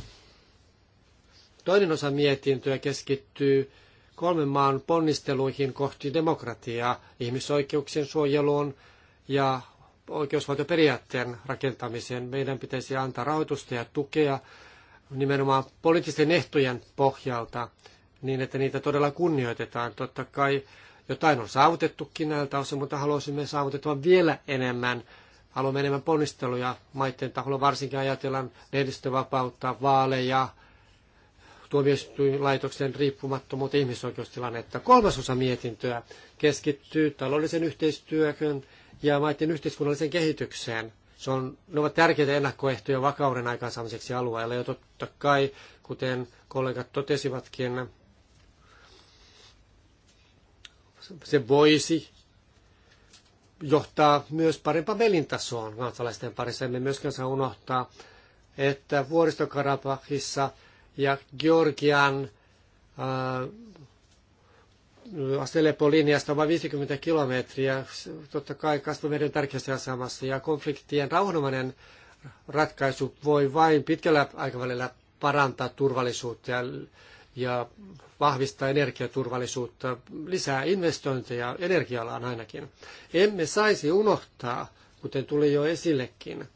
Toinen osa mietintöä keskittyy kolmen maan ponnisteluihin kohti demokratiaa, ihmisoikeuksien suojeluun ja oikeusvaltioperiaatteen rakentamiseen. Meidän pitäisi antaa rahoitusta ja tukea nimenomaan poliittisten ehtojen pohjalta niin, että niitä todella kunnioitetaan. Totta kai jotain on saavutettukin näiltä osin, mutta haluaisimme saavutettavan vielä enemmän. Haluamme enemmän ponnisteluja maiden taholla, varsinkin ajatellaan lehdistövapautta, vaaleja, tuomioistuinlaitoksen riippumattomuutta ihmisoikeustilannetta. Kolmasosa mietintöä keskittyy taloudellisen yhteistyöhön ja maiden yhteiskunnalliseen kehitykseen. Se on, ne ovat tärkeitä ennakkoehtoja vakauden aikaansaamiseksi alueella. Ja totta kai, kuten kollegat totesivatkin, se voisi johtaa myös parempaan elintasoon kansalaisten parissa. Emme myöskään saa unohtaa, että vuoristokarapahissa ja Georgian äh, Aselepo-linjasta vain 50 kilometriä. Totta kai Kastomeri tärkeässä asemassa ja konfliktien rauhanomainen ratkaisu voi vain pitkällä aikavälillä parantaa turvallisuutta ja, ja vahvistaa energiaturvallisuutta, lisää investointeja energialaan ainakin. Emme saisi unohtaa, kuten tuli jo esillekin,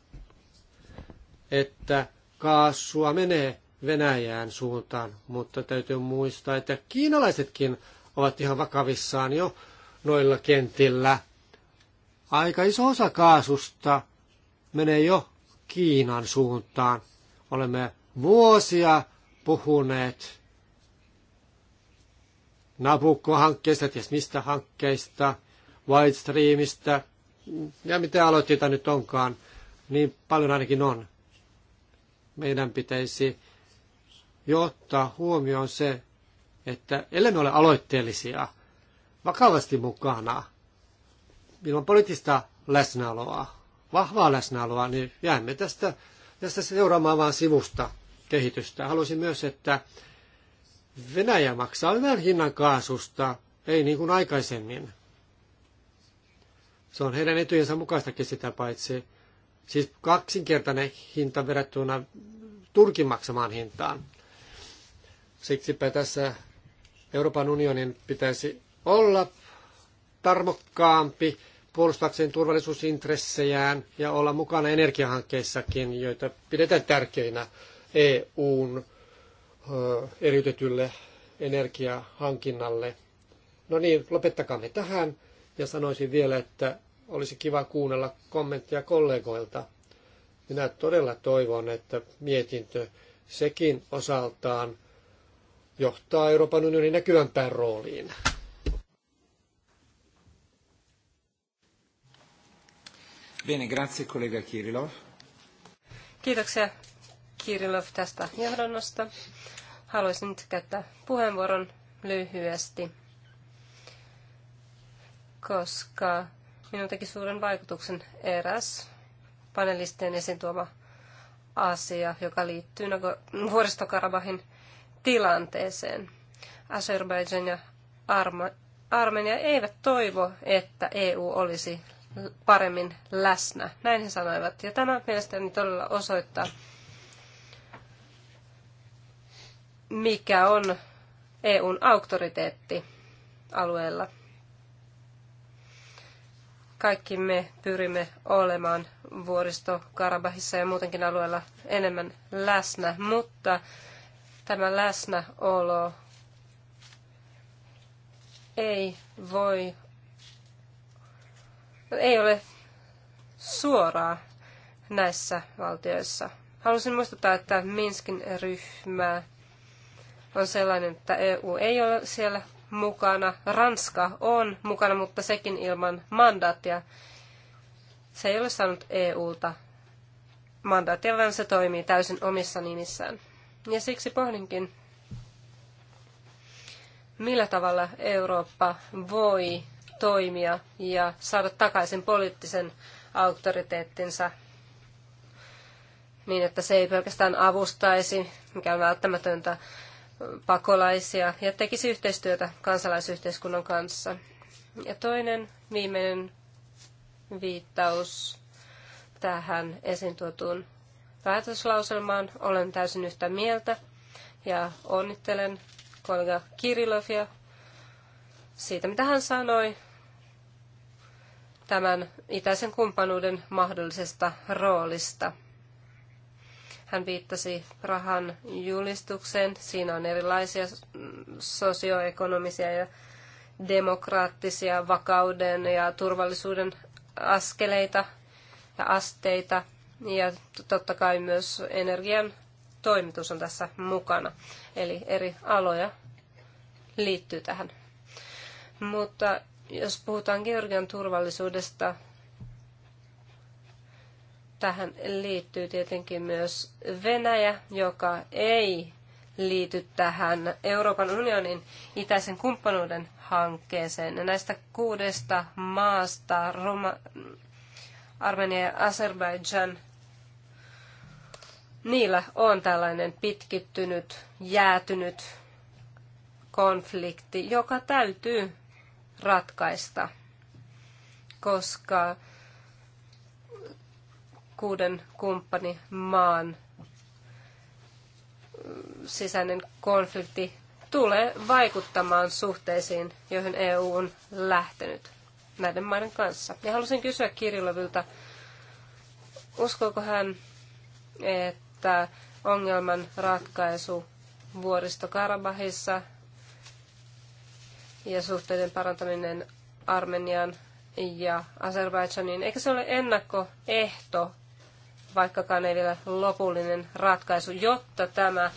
että kaasua menee Venäjään suuntaan, mutta täytyy muistaa, että kiinalaisetkin ovat ihan vakavissaan jo noilla kentillä. Aika iso osa kaasusta menee jo Kiinan suuntaan. Olemme vuosia puhuneet Nabucco-hankkeista, ties mistä hankkeista, Streamista ja mitä aloitteita nyt onkaan, niin paljon ainakin on. Meidän pitäisi jo ottaa huomioon se, että ellei ole aloitteellisia, vakavasti mukana, ilman poliittista läsnäoloa, vahvaa läsnäoloa, niin jäämme tästä, tästä seuraamaan vain sivusta kehitystä. Haluaisin myös, että Venäjä maksaa hyvän hinnan kaasusta, ei niin kuin aikaisemmin. Se on heidän etujensa mukaistakin sitä paitsi. Siis kaksinkertainen hinta verrattuna Turkin maksamaan hintaan. Siksipä tässä Euroopan unionin pitäisi olla tarmokkaampi puolustaakseen turvallisuusintressejään ja olla mukana energiahankkeissakin, joita pidetään tärkeinä EUn eriytetylle energiahankinnalle. No niin, lopettakaamme tähän ja sanoisin vielä, että olisi kiva kuunnella kommentteja kollegoilta. Minä todella toivon, että mietintö sekin osaltaan johtaa Euroopan unionin näkyvämpään rooliin. Bene, grazie collega Kirilov. Kiitoksia Kirilov tästä johdannosta. Haluaisin nyt käyttää puheenvuoron lyhyesti, koska minun teki suuren vaikutuksen eräs panelistien esiin tuoma asia, joka liittyy Vuoristokarabahin tilanteeseen. Azerbaijan ja Armenia eivät toivo, että EU olisi paremmin läsnä. Näin he sanoivat. Ja tämä mielestäni todella osoittaa, mikä on EUn auktoriteetti alueella. Kaikki me pyrimme olemaan vuoristo Karabahissa ja muutenkin alueella enemmän läsnä, mutta Tämä läsnäolo ei voi, ei ole suoraa näissä valtioissa. Haluaisin muistuttaa, että Minskin ryhmä on sellainen, että EU ei ole siellä mukana. Ranska on mukana, mutta sekin ilman mandaattia. Se ei ole saanut EUlta mandaattia, vaan se toimii täysin omissa nimissään. Ja siksi pohdinkin, millä tavalla Eurooppa voi toimia ja saada takaisin poliittisen auktoriteettinsa niin, että se ei pelkästään avustaisi, mikä on välttämätöntä, pakolaisia ja tekisi yhteistyötä kansalaisyhteiskunnan kanssa. Ja toinen viimeinen viittaus tähän esiin tuotuun päätöslauselmaan. Olen täysin yhtä mieltä ja onnittelen kollega Kirilovia siitä, mitä hän sanoi tämän itäisen kumppanuuden mahdollisesta roolista. Hän viittasi Prahan julistukseen. Siinä on erilaisia sosioekonomisia ja demokraattisia vakauden ja turvallisuuden askeleita ja asteita – ja totta kai myös energian toimitus on tässä mukana. Eli eri aloja liittyy tähän. Mutta jos puhutaan Georgian turvallisuudesta, tähän liittyy tietenkin myös Venäjä, joka ei liity tähän Euroopan unionin itäisen kumppanuuden hankkeeseen. Ja näistä kuudesta maasta Roma, Armenia ja Azerbaijan niillä on tällainen pitkittynyt, jäätynyt konflikti, joka täytyy ratkaista, koska kuuden maan mm, sisäinen konflikti tulee vaikuttamaan suhteisiin, joihin EU on lähtenyt näiden maiden kanssa. Ja halusin kysyä Kirilovilta, uskoiko hän, että että ongelman ratkaisu vuoristo Karabahissa ja suhteiden parantaminen Armenian ja Azerbaidžanin. Eikä se ole ennakkoehto, vaikkakaan ei vielä lopullinen ratkaisu, jotta tämä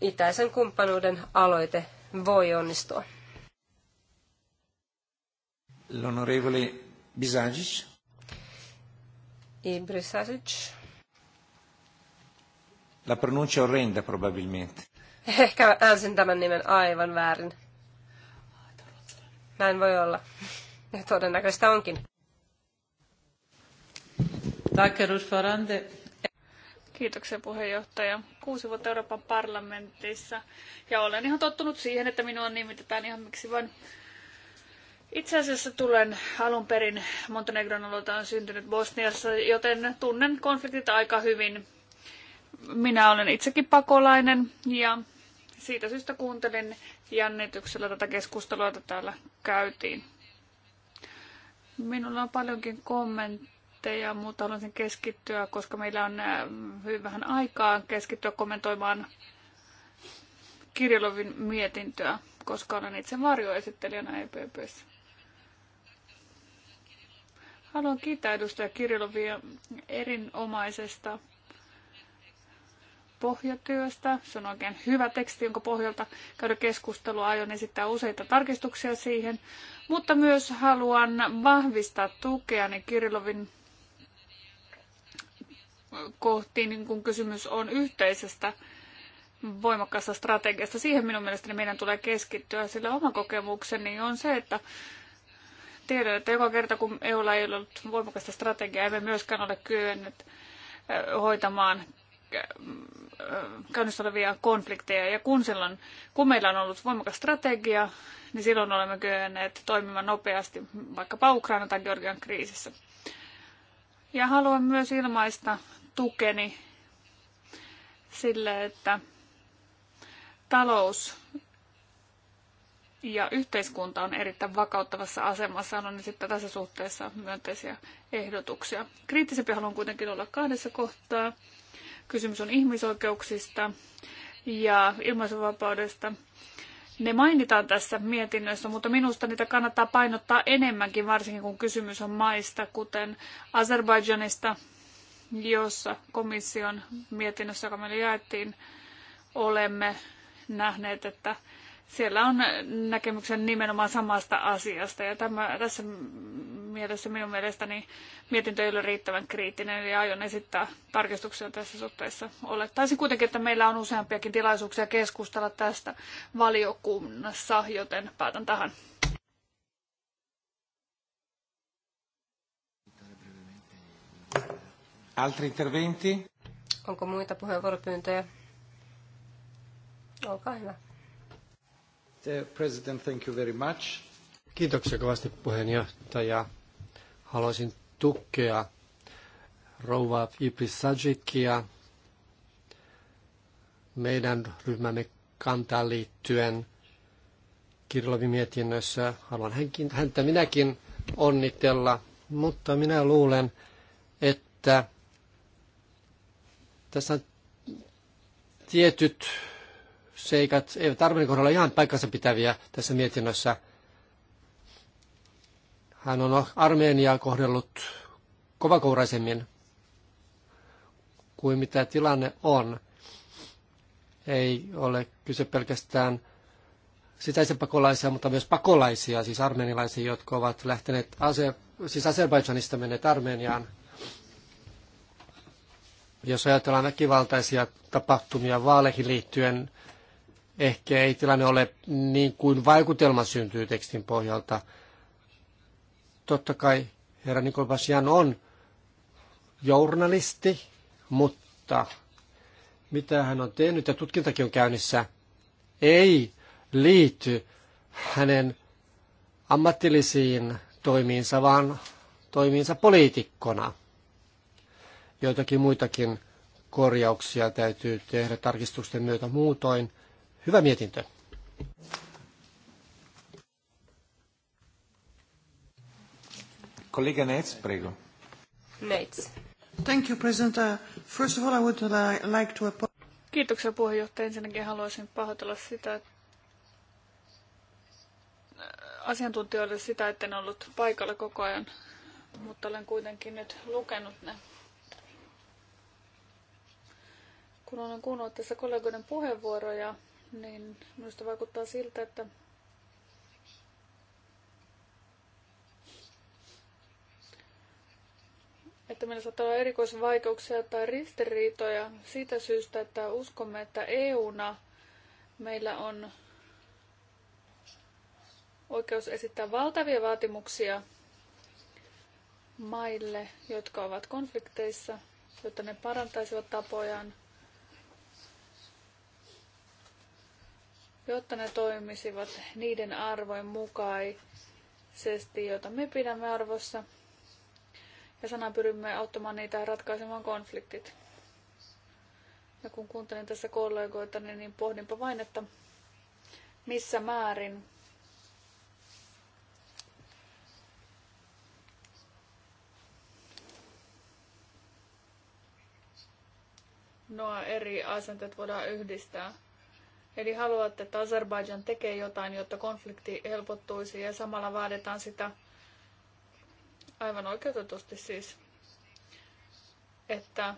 itäisen kumppanuuden aloite voi onnistua. L'onorevole Bisagic. Ibrisagic. La pronuncia orrenda probabilmente. *laughs* Ehkä äänsin tämän nimen aivan väärin. Näin voi olla. Ja todennäköistä onkin. Kiitoksia puheenjohtaja. Kuusi vuotta Euroopan parlamentissa ja olen ihan tottunut siihen, että minua nimitetään ihan miksi vain. Itse asiassa tulen alun perin Montenegron alueelta on syntynyt Bosniassa, joten tunnen konfliktit aika hyvin minä olen itsekin pakolainen ja siitä syystä kuuntelin jännityksellä tätä keskustelua, jota täällä käytiin. Minulla on paljonkin kommentteja, mutta haluaisin keskittyä, koska meillä on äh, hyvin vähän aikaa keskittyä kommentoimaan Kirjolovin mietintöä, koska olen itse varjoesittelijänä EPPssä. Haluan kiittää edustaja Kirjolovia erinomaisesta pohjatyöstä. Se on oikein hyvä teksti, jonka pohjalta käydä keskustelua. Aion esittää useita tarkistuksia siihen, mutta myös haluan vahvistaa tukeani Kirilovin kohtiin, niin kun kysymys on yhteisestä voimakkaasta strategiasta. Siihen minun mielestäni meidän tulee keskittyä, sillä oma kokemukseni on se, että tiedän, että joka kerta kun EUlla ei ollut voimakasta strategiaa, emme myöskään ole kyenneet hoitamaan käynnissä olevia konflikteja. Ja kun, silloin, kun meillä on ollut voimakas strategia, niin silloin olemme kyenneet toimimaan nopeasti vaikkapa Ukraina tai Georgian kriisissä. Ja haluan myös ilmaista tukeni sille, että talous ja yhteiskunta on erittäin vakauttavassa asemassa, on niin sitten tässä suhteessa myönteisiä ehdotuksia. Kriittisempi haluan kuitenkin olla kahdessa kohtaa kysymys on ihmisoikeuksista ja ilmaisuvapaudesta. Ne mainitaan tässä mietinnössä, mutta minusta niitä kannattaa painottaa enemmänkin, varsinkin kun kysymys on maista, kuten Azerbaidžanista, jossa komission mietinnössä, joka meille jaettiin, olemme nähneet, että siellä on näkemyksen nimenomaan samasta asiasta. Ja tämä, tässä mielessä minun mielestäni mietintö ei ole riittävän kriittinen ja aion esittää tarkistuksia tässä suhteessa. Olettaisin kuitenkin, että meillä on useampiakin tilaisuuksia keskustella tästä valiokunnassa, joten päätän tähän. Altri interventi? Onko muita puheenvuoropyyntöjä? Olkaa hyvä. President, thank you very much. Kiitoksia kovasti puheenjohtaja. Haluaisin tukea rouva Ibrisajikia meidän ryhmämme kantaan liittyen Kirlovin mietinnössä. Haluan hänkin, häntä minäkin onnitella, mutta minä luulen, että tässä on tietyt seikat eivät armenin kohdalla ihan paikkansa pitäviä tässä mietinnössä. Hän on Armeniaa kohdellut kovakouraisemmin kuin mitä tilanne on. Ei ole kyse pelkästään sisäisen pakolaisia, mutta myös pakolaisia, siis armenilaisia, jotka ovat lähteneet ase- siis Azerbaidžanista menneet Armeniaan. Jos ajatellaan väkivaltaisia tapahtumia vaaleihin liittyen, ehkä ei tilanne ole niin kuin vaikutelma syntyy tekstin pohjalta. Totta kai herra Nikolbasjan on journalisti, mutta mitä hän on tehnyt ja tutkintakin on käynnissä, ei liity hänen ammattilisiin toimiinsa, vaan toimiinsa poliitikkona. Joitakin muitakin korjauksia täytyy tehdä tarkistusten myötä muutoin – Hyvä mietintö. Kollega Neitz, prego. Neitz. Thank you, President. Uh, first of all, I would like to apologize. Kiitoksia puheenjohtaja. Ensinnäkin haluaisin pahoitella sitä, että äh, asiantuntijoille sitä, että en ollut paikalla koko ajan, mutta olen kuitenkin nyt lukenut ne. Kun olen kuunnellut tässä kollegoiden puheenvuoroja, niin minusta vaikuttaa siltä, että että meillä saattaa olla erikoisvaikeuksia tai ristiriitoja siitä syystä, että uskomme, että EUna meillä on oikeus esittää valtavia vaatimuksia maille, jotka ovat konflikteissa, jotta ne parantaisivat tapojaan jotta ne toimisivat niiden arvojen mukaisesti, joita me pidämme arvossa. Ja sana pyrimme auttamaan niitä ratkaisemaan konfliktit. Ja kun kuuntelin tässä kollegoita, niin, niin pohdinpa vain, että missä määrin nuo eri asenteet voidaan yhdistää. Eli haluatte, että Azerbaijan tekee jotain, jotta konflikti helpottuisi ja samalla vaaditaan sitä aivan oikeutetusti siis, että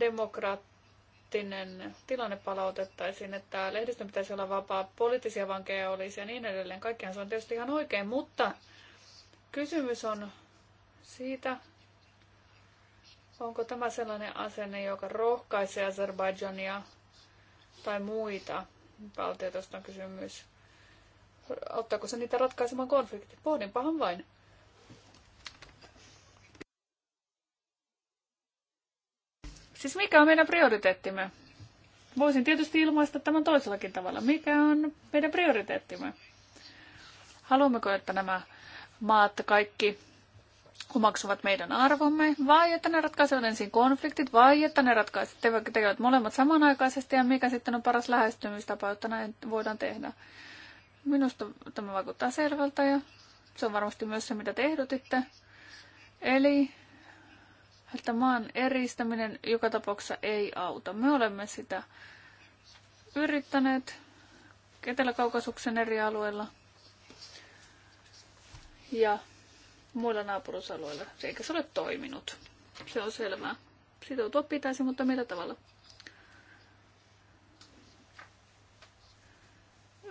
demokraattinen tilanne palautettaisiin, että lehdistön pitäisi olla vapaa, poliittisia vankeja olisi ja niin edelleen. Kaikkihan se on tietysti ihan oikein, mutta kysymys on siitä, Onko tämä sellainen asenne, joka rohkaisee Azerbaidžania tai muita valtioita, on kysymys? ottaako se niitä ratkaisemaan konflikti? Pohdinpahan vain. Siis mikä on meidän prioriteettimme? Voisin tietysti ilmaista tämän toisellakin tavalla. Mikä on meidän prioriteettimme? Haluammeko, että nämä maat kaikki omaksuvat meidän arvomme, vai että ne ratkaisevat ensin konfliktit, vai että ne ratkaisevat, tekevät molemmat samanaikaisesti, ja mikä sitten on paras lähestymistapa, jotta näin voidaan tehdä. Minusta tämä vaikuttaa selvältä, ja se on varmasti myös se, mitä te ehdotitte. Eli että maan eristäminen joka tapauksessa ei auta. Me olemme sitä yrittäneet Etelä-Kaukasuksen eri alueilla. Ja muilla naapurusalueilla, eikä se ole toiminut. Se on selvää. Sitoutua pitäisi, mutta millä tavalla?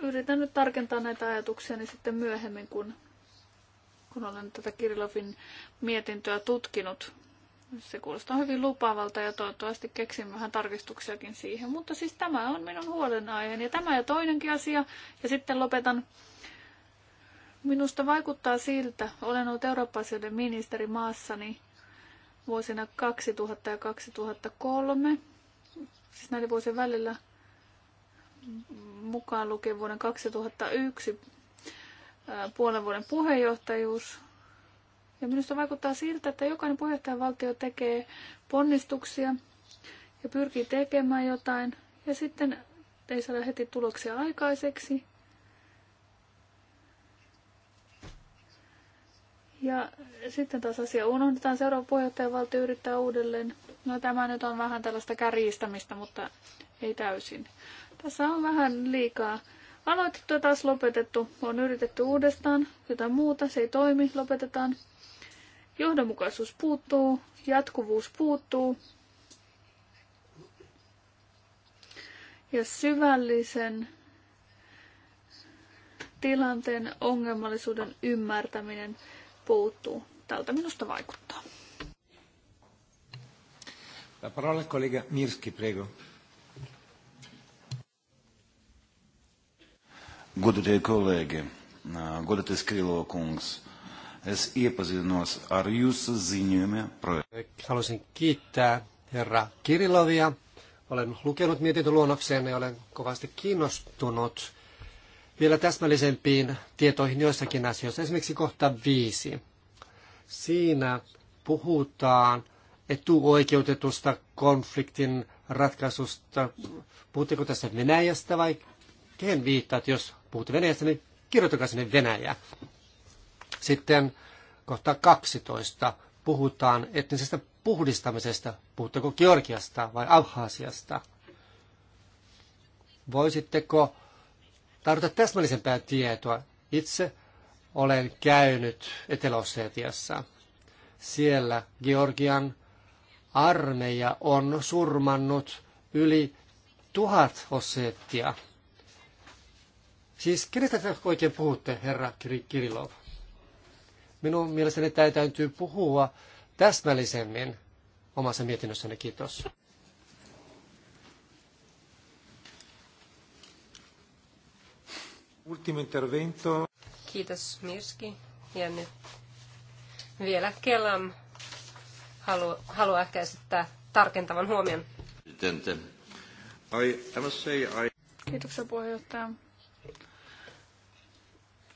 Yritän nyt tarkentaa näitä ajatuksia niin sitten myöhemmin, kun, kun olen tätä Kirilovin mietintöä tutkinut. Se kuulostaa hyvin lupaavalta ja toivottavasti keksin vähän tarkistuksiakin siihen. Mutta siis tämä on minun huolenaiheeni ja tämä ja toinenkin asia. Ja sitten lopetan Minusta vaikuttaa siltä, olen ollut eurooppa-asioiden ministeri maassani vuosina 2000 ja 2003, siis näiden vuosien välillä mukaan lukien vuoden 2001 puolen vuoden puheenjohtajuus. Ja minusta vaikuttaa siltä, että jokainen puheenjohtajavaltio tekee ponnistuksia ja pyrkii tekemään jotain ja sitten ei saada heti tuloksia aikaiseksi. Ja sitten taas asia unohdetaan. Seuraava puheenjohtajavaltio yrittää uudelleen. No tämä nyt on vähän tällaista kärjistämistä, mutta ei täysin. Tässä on vähän liikaa. Aloitettu ja taas lopetettu. On yritetty uudestaan. Jotain muuta. Se ei toimi. Lopetetaan. Johdonmukaisuus puuttuu. Jatkuvuus puuttuu. Ja syvällisen tilanteen ongelmallisuuden ymmärtäminen puuttuu. Tältä minusta vaikuttaa. La parola collega Mirski, prego. Godatie kolēģi, godaties Krilo kungs, es iepazinos ar jūsu ziņojumiem projektu. Haluaisin kiittää herra Kirilovia. Olen lukenut mietintöluonnokseen ja olen kovasti kiinnostunut vielä täsmällisempiin tietoihin joissakin asioissa. Esimerkiksi kohta viisi. Siinä puhutaan etuoikeutetusta konfliktin ratkaisusta. Puhutteko tässä Venäjästä vai kehen viittaat? Jos puhutte Venäjästä, niin kirjoitakaa sinne Venäjä. Sitten kohta 12 puhutaan etnisestä puhdistamisesta. Puhutteko Georgiasta vai Abhaasiasta? Voisitteko tarvita täsmällisempää tietoa. Itse olen käynyt Etelä-Ossetiassa. Siellä Georgian armeija on surmannut yli tuhat ossettia. Siis kenestä te oikein puhutte, herra Kirilov? Minun mielestäni täytyy puhua täsmällisemmin omassa mietinnössäni. Kiitos. Ultimo intervento. Kiitos Mirski. Ja nyt vielä Kelam halu, haluaa ehkä esittää tarkentavan huomion. Kiitoksia puheenjohtaja.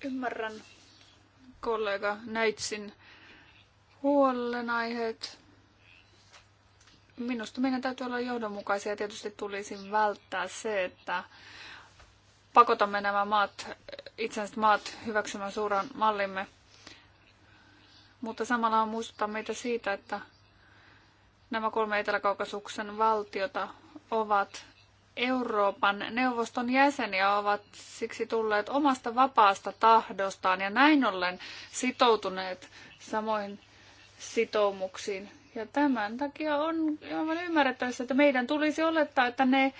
Ymmärrän kollega Neitsin huolenaiheet. Minusta meidän täytyy olla johdonmukaisia. Tietysti tulisi välttää se, että pakotamme nämä maat, itsenäiset maat hyväksymään suuran mallimme. Mutta samalla on muistuttaa meitä siitä, että nämä kolme Etelä-Kaukasuksen valtiota ovat Euroopan neuvoston jäseniä ovat siksi tulleet omasta vapaasta tahdostaan ja näin ollen sitoutuneet samoihin sitoumuksiin. Ja tämän takia on aivan ymmärrettävissä, että meidän tulisi olettaa, että ne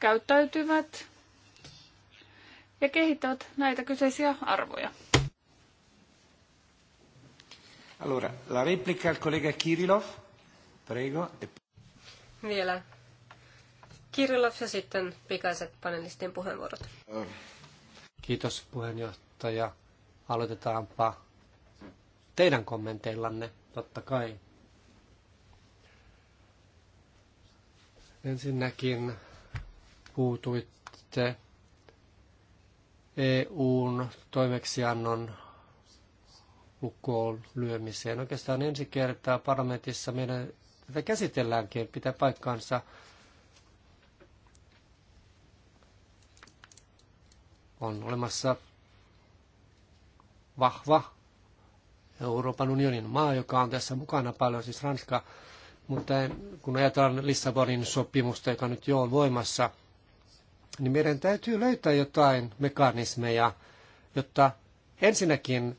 käyttäytyvät ja kehittävät näitä kyseisiä arvoja. Allora, la replica al collega Kirilov. Prego. Vielä Kirilov ja sitten pikaiset panelistien puheenvuorot. Kiitos puheenjohtaja. Aloitetaanpa teidän kommenteillanne, totta kai. Ensinnäkin puutuitte EUn toimeksiannon lukkoon lyömiseen. Oikeastaan ensi kertaa parlamentissa meidän tätä käsitelläänkin, pitää paikkaansa on olemassa vahva Euroopan unionin maa, joka on tässä mukana paljon, siis Ranska. Mutta kun ajatellaan Lissabonin sopimusta, joka nyt jo on voimassa – niin meidän täytyy löytää jotain mekanismeja, jotta ensinnäkin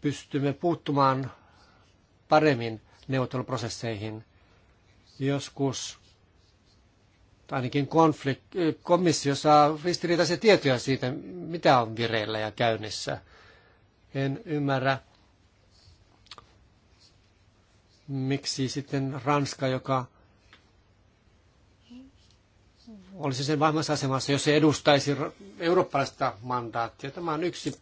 pystymme puuttumaan paremmin neuvotteluprosesseihin. Joskus ainakin konflikt, eh, komissio saa ristiriitaisia tietoja siitä, mitä on vireillä ja käynnissä. En ymmärrä, miksi sitten Ranska, joka olisi sen vahvassa asemassa, jos se edustaisi eurooppalaista mandaattia. Tämä on yksi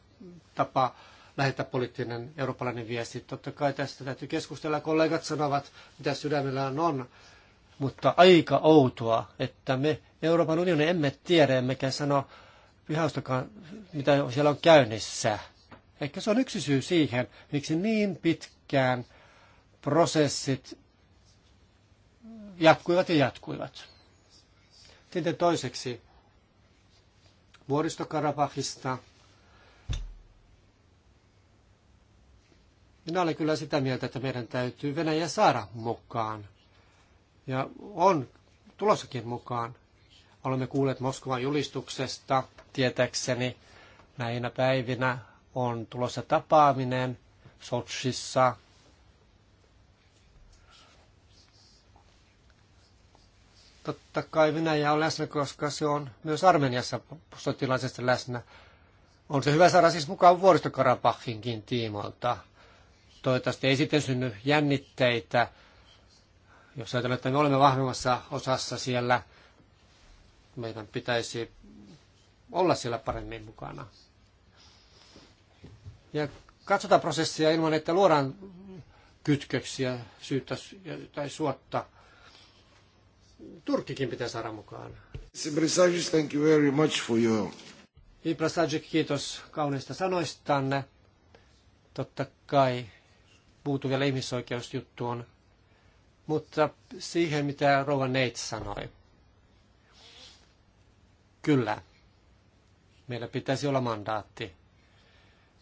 tapa lähettää poliittinen eurooppalainen viesti. Totta kai tästä täytyy keskustella. Kollegat sanovat, mitä sydämellään on, mutta aika outoa, että me Euroopan unioni emme tiedä, emmekä sano vihaustakaan, mitä siellä on käynnissä. Ehkä se on yksi syy siihen, miksi niin pitkään prosessit jatkuivat ja jatkuivat. Sitten toiseksi vuoristokarabahista. Minä olen kyllä sitä mieltä, että meidän täytyy Venäjä saada mukaan. Ja on tulossakin mukaan. Olemme kuulleet Moskovan julistuksesta tietäkseni. Näinä päivinä on tulossa tapaaminen Sotsissa Totta kai Venäjä on läsnä, koska se on myös Armeniassa sotilaisesti läsnä. On se hyvä saada siis mukaan vuoristokarapahinkin tiimoilta. Toivottavasti ei sitten synny jännitteitä, jos ajatellaan, että me olemme vahvemmassa osassa siellä. Meidän pitäisi olla siellä paremmin mukana. Ja katsotaan prosessia ilman, että luodaan kytköksiä syyttä tai suotta. Turkkikin pitää saada mukaan. Brisagis, thank you very much for Ibrasagic, kiitos kauniista sanoistanne. Totta kai puutu vielä ihmisoikeusjuttuun. Mutta siihen, mitä Rova Neitz sanoi. Kyllä, meillä pitäisi olla mandaatti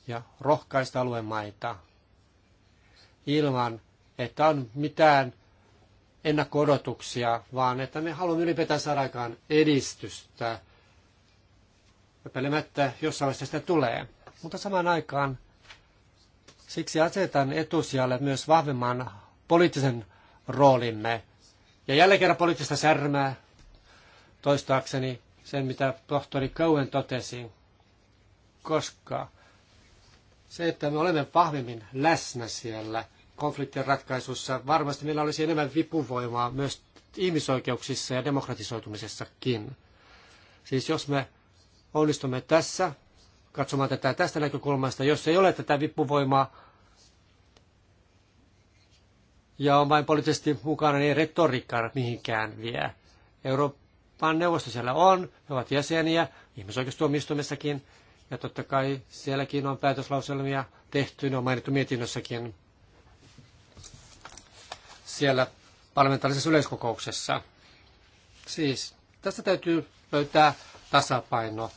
ja rohkaista alueen maita ilman, että on mitään ennakko-odotuksia, vaan että me haluamme ylipäätään saada aikaan edistystä. Epäilemättä jossain vaiheessa sitä tulee. Mutta samaan aikaan siksi asetan etusijalle myös vahvemman poliittisen roolimme. Ja jälleen kerran poliittista särmää toistaakseni sen, mitä tohtori Cowen totesi, koska se, että me olemme vahvemmin läsnä siellä – konfliktien ratkaisussa. Varmasti meillä olisi enemmän vipuvoimaa myös ihmisoikeuksissa ja demokratisoitumisessakin. Siis jos me onnistumme tässä katsomaan tätä tästä näkökulmasta, jos ei ole tätä vipuvoimaa ja on vain poliittisesti mukana, niin ei retoriikka mihinkään vie. Euroopan neuvosto siellä on, he ovat jäseniä, ihmisoikeustuomioistuimessakin, ja totta kai sielläkin on päätöslauselmia tehty, ne on mainittu mietinnössäkin siellä parlamentaarisessa yleiskokouksessa. Siis tästä täytyy löytää tasapaino.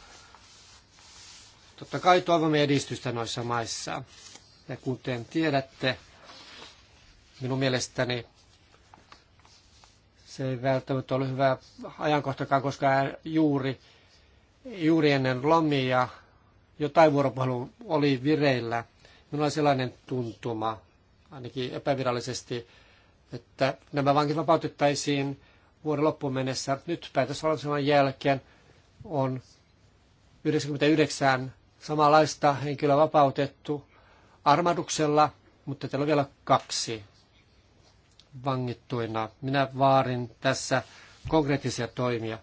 Totta kai toivomme edistystä noissa maissa. Ja kuten tiedätte, minun mielestäni se ei välttämättä ole hyvä ajankohtakaan, koska juuri, juuri ennen lomia jotain vuoropuhelu oli vireillä. Minulla on sellainen tuntuma, ainakin epävirallisesti, että nämä vankit vapautettaisiin vuoden loppuun mennessä. Nyt päätösvalmiselman jälkeen on 99 samanlaista henkilöä vapautettu armaduksella, mutta täällä on vielä kaksi vangittuina. Minä vaarin tässä konkreettisia toimia.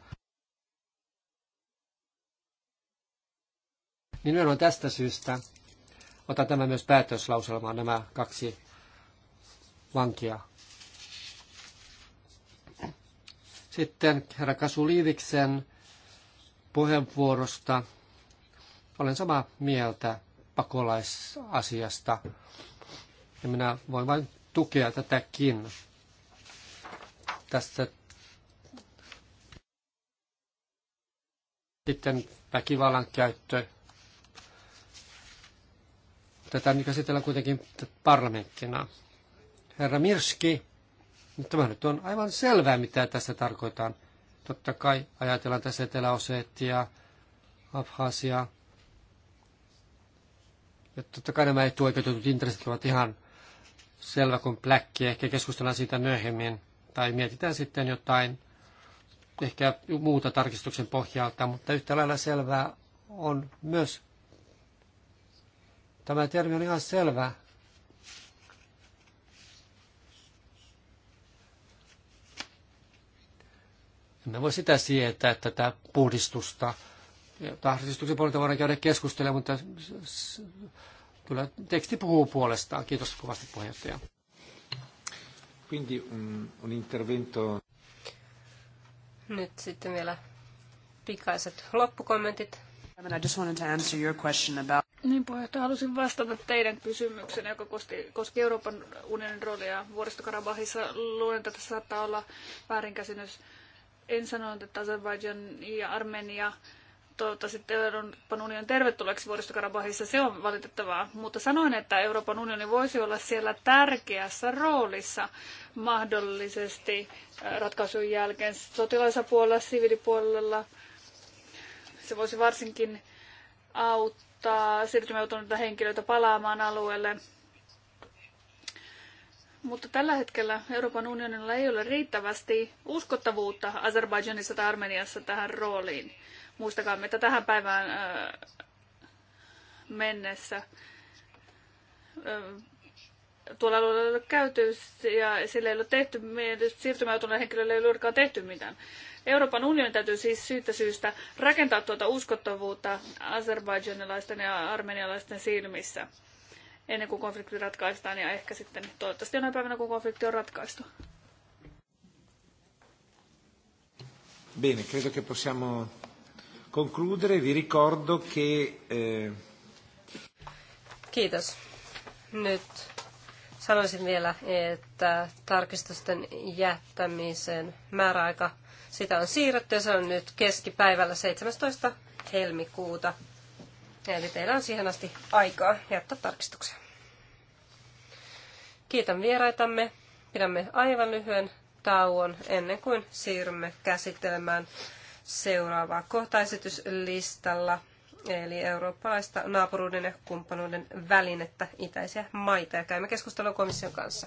Nimenomaan tästä syystä otan tämän myös päätöslauselmaan nämä kaksi vankia Sitten herra Liiviksen puheenvuorosta. Olen samaa mieltä pakolaisasiasta ja minä voin vain tukea tätäkin. Tässä sitten väkivallan käyttö. Tätä nyt käsitellään kuitenkin parlamenttina. Herra Mirski mutta tämä nyt on aivan selvää, mitä tässä tarkoitan. Totta kai ajatellaan tässä Etelä-Osetia, Abhasia. Ja totta kai nämä etuoikeutetut intressit ovat ihan selvä kuin pläkki. Ehkä keskustellaan siitä myöhemmin tai mietitään sitten jotain ehkä muuta tarkistuksen pohjalta, mutta yhtä lailla selvää on myös. Tämä termi on ihan selvä Emme voi sitä sietää, tätä puhdistusta. Tahdistuksen puolelta voidaan käydä keskustelemaan, mutta kyllä teksti puhuu puolestaan. Kiitos kovasti puheenjohtaja. Quindi un, intervento. Nyt sitten vielä pikaiset loppukommentit. I just wanted to answer your question about... Niin puheenjohtaja, halusin vastata teidän kysymykseen, joka koski, koski Euroopan unionin roolia vuoristokarabahissa. Luulen, että tässä saattaa olla väärinkäsitys en sanonut, että Azerbaijan ja Armenia toivottavasti Euroopan unionin tervetulleeksi vuoristokarabahissa, se on valitettavaa. Mutta sanoin, että Euroopan unioni voisi olla siellä tärkeässä roolissa mahdollisesti ratkaisun jälkeen sotilaisapuolella, siviilipuolella. Se voisi varsinkin auttaa siirtymäytyneitä henkilöitä palaamaan alueelle mutta tällä hetkellä Euroopan unionilla ei ole riittävästi uskottavuutta Azerbaidžanissa tai Armeniassa tähän rooliin. Muistakaa, että tähän päivään mennessä tuolla alueella ei ole käyty ja sille ei ole tehty, siirtymäytuneen henkilölle ei ole tehty mitään. Euroopan unionin täytyy siis syyttä syystä rakentaa tuota uskottavuutta azerbaiджanilaisten ja armenialaisten silmissä ennen kuin konflikti ratkaistaan ja ehkä sitten toivottavasti jonain päivänä, kun konflikti on ratkaistu. Bene, credo che possiamo concludere. Vi ricordo che... Eh... Kiitos. Nyt sanoisin vielä, että tarkistusten jättämisen määräaika sitä on siirretty ja se on nyt keskipäivällä 17. helmikuuta Eli teillä on siihen asti aikaa jättää tarkistuksia. Kiitän vieraitamme. Pidämme aivan lyhyen tauon ennen kuin siirrymme käsittelemään seuraavaa kohtaesityslistalla, eli eurooppalaista naapuruuden ja kumppanuuden välinettä itäisiä maita, ja käymme keskustelua komission kanssa.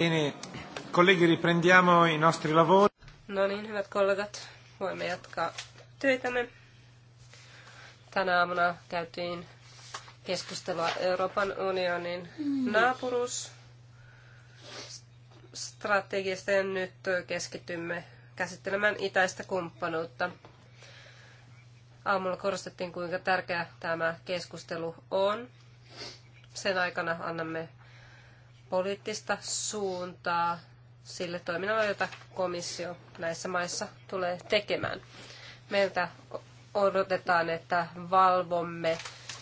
Bene, colleghi, riprendiamo i nostri lavori. No niin, hyvät kollegat, voimme jatkaa työtämme. Tänä aamuna käytiin keskustelua Euroopan unionin naapuruusstrategiasta ja nyt keskitymme käsittelemään itäistä kumppanuutta. Aamulla korostettiin, kuinka tärkeä tämä keskustelu on. Sen aikana annamme poliittista suuntaa sille toiminnalle, jota komissio näissä maissa tulee tekemään. Meiltä odotetaan, että valvomme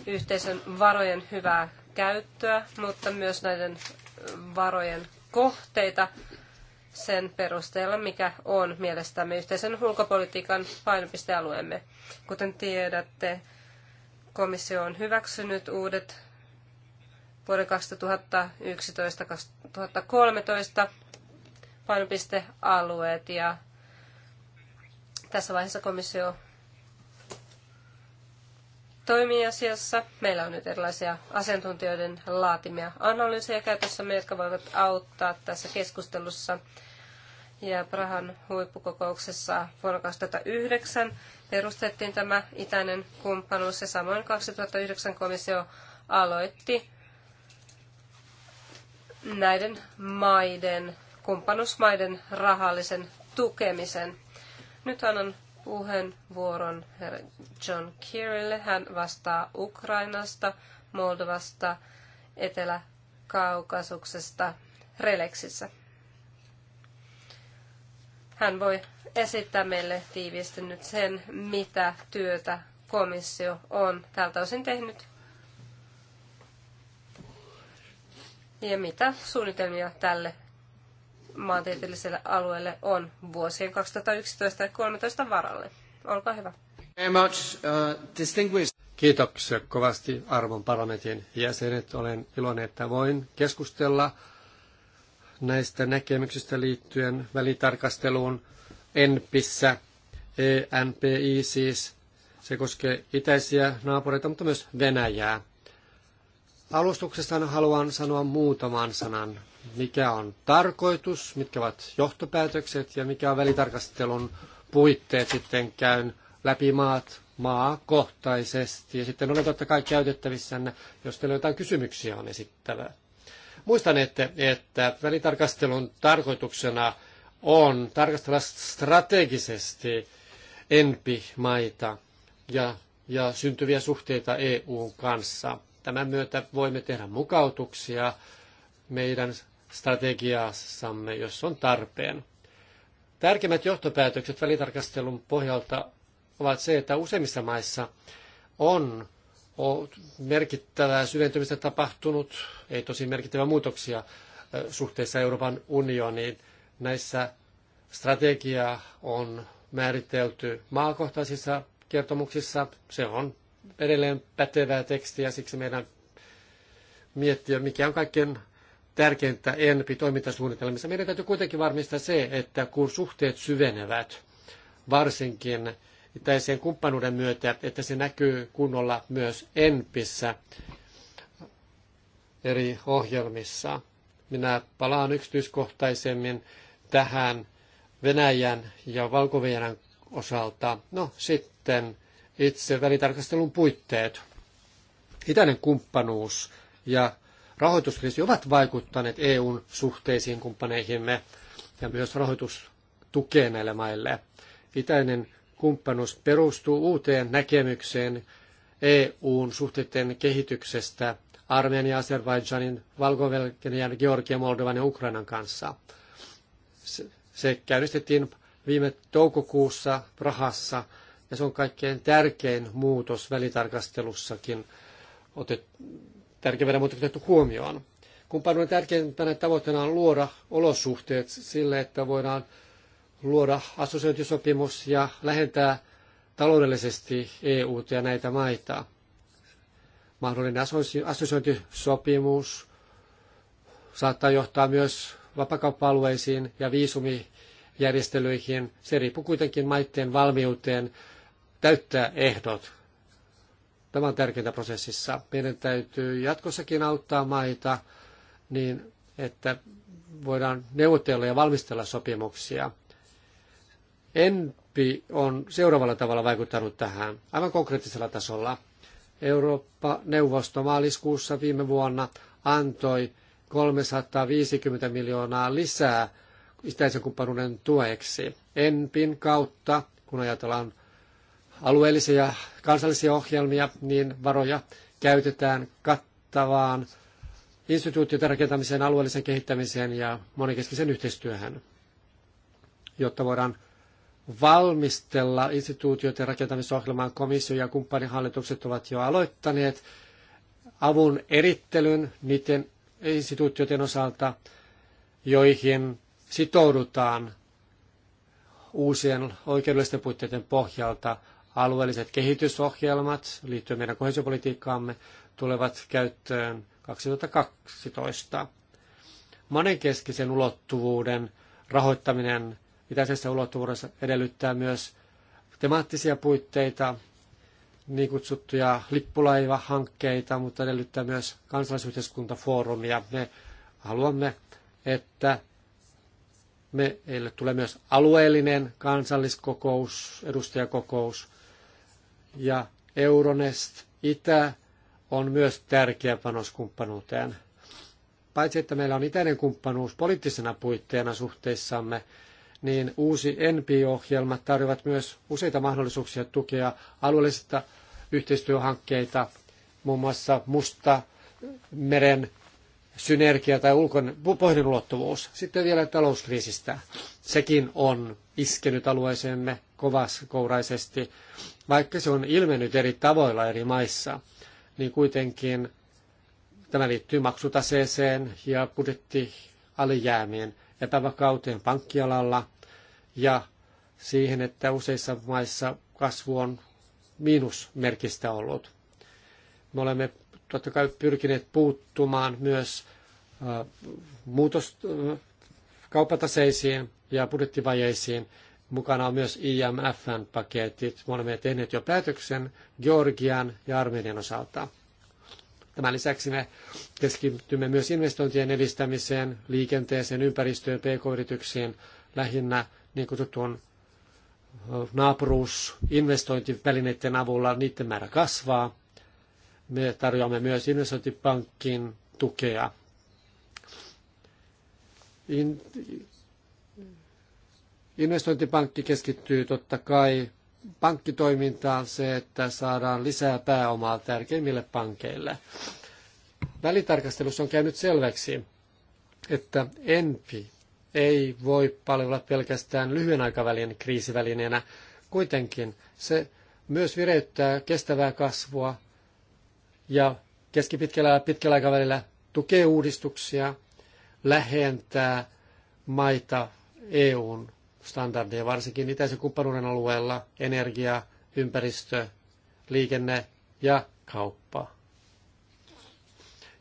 yhteisön varojen hyvää käyttöä, mutta myös näiden varojen kohteita sen perusteella, mikä on mielestämme yhteisen ulkopolitiikan painopistealueemme. Kuten tiedätte, komissio on hyväksynyt uudet vuoden 2011-2013 painopistealueet ja tässä vaiheessa komissio toimii asiassa. Meillä on nyt erilaisia asiantuntijoiden laatimia analyysejä käytössämme, jotka voivat auttaa tässä keskustelussa. Ja Prahan huippukokouksessa vuonna 2009 perustettiin tämä itäinen kumppanuus ja samoin 2009 komissio aloitti näiden maiden, kumppanusmaiden rahallisen tukemisen. Nyt annan puheenvuoron herra John Kirille. Hän vastaa Ukrainasta, Moldovasta, Etelä-Kaukasuksesta Relexissä. Hän voi esittää meille tiiviisti nyt sen, mitä työtä komissio on tältä osin tehnyt Ja mitä suunnitelmia tälle maantieteelliselle alueelle on vuosien 2011 ja 2013 varalle? Olkaa hyvä. Uh, Kiitoksia kovasti arvon parlamentin jäsenet. Olen iloinen, että voin keskustella näistä näkemyksistä liittyen välitarkasteluun ENPissä, ENPI siis. Se koskee itäisiä naapureita, mutta myös Venäjää. Alustuksestaan haluan sanoa muutaman sanan, mikä on tarkoitus, mitkä ovat johtopäätökset ja mikä on välitarkastelun puitteet. Sitten käyn läpi maat maakohtaisesti ja sitten olen totta kai käytettävissänne, jos teillä jotain kysymyksiä on esittävää. Muistan, että, että välitarkastelun tarkoituksena on tarkastella strategisesti enpi-maita ja, ja syntyviä suhteita EUn kanssa – Tämän myötä voimme tehdä mukautuksia meidän strategiassamme, jos on tarpeen. Tärkeimmät johtopäätökset välitarkastelun pohjalta ovat se, että useimmissa maissa on merkittävää syventymistä tapahtunut, ei tosi merkittäviä muutoksia suhteessa Euroopan unioniin. Näissä strategia on määritelty maakohtaisissa kertomuksissa. Se on edelleen pätevää tekstiä, siksi meidän miettiä, mikä on kaikkein tärkeintä ENPI-toimintasuunnitelmissa. Meidän täytyy kuitenkin varmistaa se, että kun suhteet syvenevät, varsinkin itäisen kumppanuuden myötä, että se näkyy kunnolla myös ENPissä eri ohjelmissa. Minä palaan yksityiskohtaisemmin tähän Venäjän ja valko osalta. No sitten itse välitarkastelun puitteet. Itäinen kumppanuus ja rahoituskriisi ovat vaikuttaneet EUn suhteisiin kumppaneihimme ja myös rahoitustukeen näille maille. Itäinen kumppanuus perustuu uuteen näkemykseen EUn suhteiden kehityksestä Armenia, Azerbaidžanin, valko Georgian, Moldovan ja Ukrainan kanssa. Se, se käynnistettiin viime toukokuussa Prahassa ja se on kaikkein tärkein muutos välitarkastelussakin otet, tärkeimpänä muutoksen otettu huomioon. Kumppanuuden tärkeimpänä tavoitteena on luoda olosuhteet sille, että voidaan luoda assosiointisopimus ja lähentää taloudellisesti EU ja näitä maita. Mahdollinen assosiointisopimus saattaa johtaa myös vapakauppa-alueisiin ja viisumijärjestelyihin. Se riippuu kuitenkin maiden valmiuteen täyttää ehdot. Tämä on tärkeintä prosessissa. Meidän täytyy jatkossakin auttaa maita niin, että voidaan neuvotella ja valmistella sopimuksia. Enpi on seuraavalla tavalla vaikuttanut tähän, aivan konkreettisella tasolla. Eurooppa-neuvosto maaliskuussa viime vuonna antoi 350 miljoonaa lisää itäisen kumppanuuden tueksi. Enpin kautta, kun ajatellaan alueellisia kansallisia ohjelmia, niin varoja käytetään kattavaan instituutioiden rakentamiseen, alueelliseen kehittämiseen ja monikeskisen yhteistyöhön, jotta voidaan valmistella instituutioiden rakentamisohjelmaan. Komissio ja kumppanihallitukset ovat jo aloittaneet avun erittelyn niiden instituutioiden osalta, joihin sitoudutaan uusien oikeudellisten puitteiden pohjalta Alueelliset kehitysohjelmat liittyen meidän kohesiopolitiikkaamme tulevat käyttöön 2012. Monenkeskisen ulottuvuuden rahoittaminen itäisessä ulottuvuudessa edellyttää myös temaattisia puitteita, niin kutsuttuja lippulaivahankkeita, mutta edellyttää myös kansalaisyhteiskuntafoorumia. Me haluamme, että meille tulee myös alueellinen kansalliskokous, edustajakokous, ja Euronest Itä on myös tärkeä panos kumppanuuteen. Paitsi että meillä on itäinen kumppanuus poliittisena puitteena suhteissamme, niin uusi NP-ohjelma tarjoavat myös useita mahdollisuuksia tukea alueellisista yhteistyöhankkeita, muun muassa Musta meren synergia tai ulkon, pohjoinen ulottuvuus. Sitten vielä talouskriisistä. Sekin on iskenyt alueeseemme kovaskouraisesti, vaikka se on ilmennyt eri tavoilla eri maissa, niin kuitenkin tämä liittyy maksutaseeseen ja budjettialijäämien epävakauteen pankkialalla ja siihen, että useissa maissa kasvu on miinusmerkistä ollut. Me olemme totta kai pyrkineet puuttumaan myös äh, muutos, äh, kauppataseisiin, ja budjettivajeisiin. Mukana on myös IMFn paketit. Me olemme tehneet jo päätöksen Georgian ja Armenian osalta. Tämän lisäksi me keskitymme myös investointien edistämiseen, liikenteeseen, ympäristöön, pk-yrityksiin, lähinnä niin kutsutun naapuruusinvestointivälineiden avulla niiden määrä kasvaa. Me tarjoamme myös investointipankkin tukea. Investointipankki keskittyy totta kai pankkitoimintaan se, että saadaan lisää pääomaa tärkeimmille pankeille. Välitarkastelussa on käynyt selväksi, että ENPI ei voi palvella pelkästään lyhyen aikavälin kriisivälineenä. Kuitenkin se myös vireyttää kestävää kasvua ja keskipitkällä ja pitkällä aikavälillä tukee uudistuksia, lähentää maita EUn standardeja, varsinkin itäisen kumppanuuden alueella, energia, ympäristö, liikenne ja kauppa.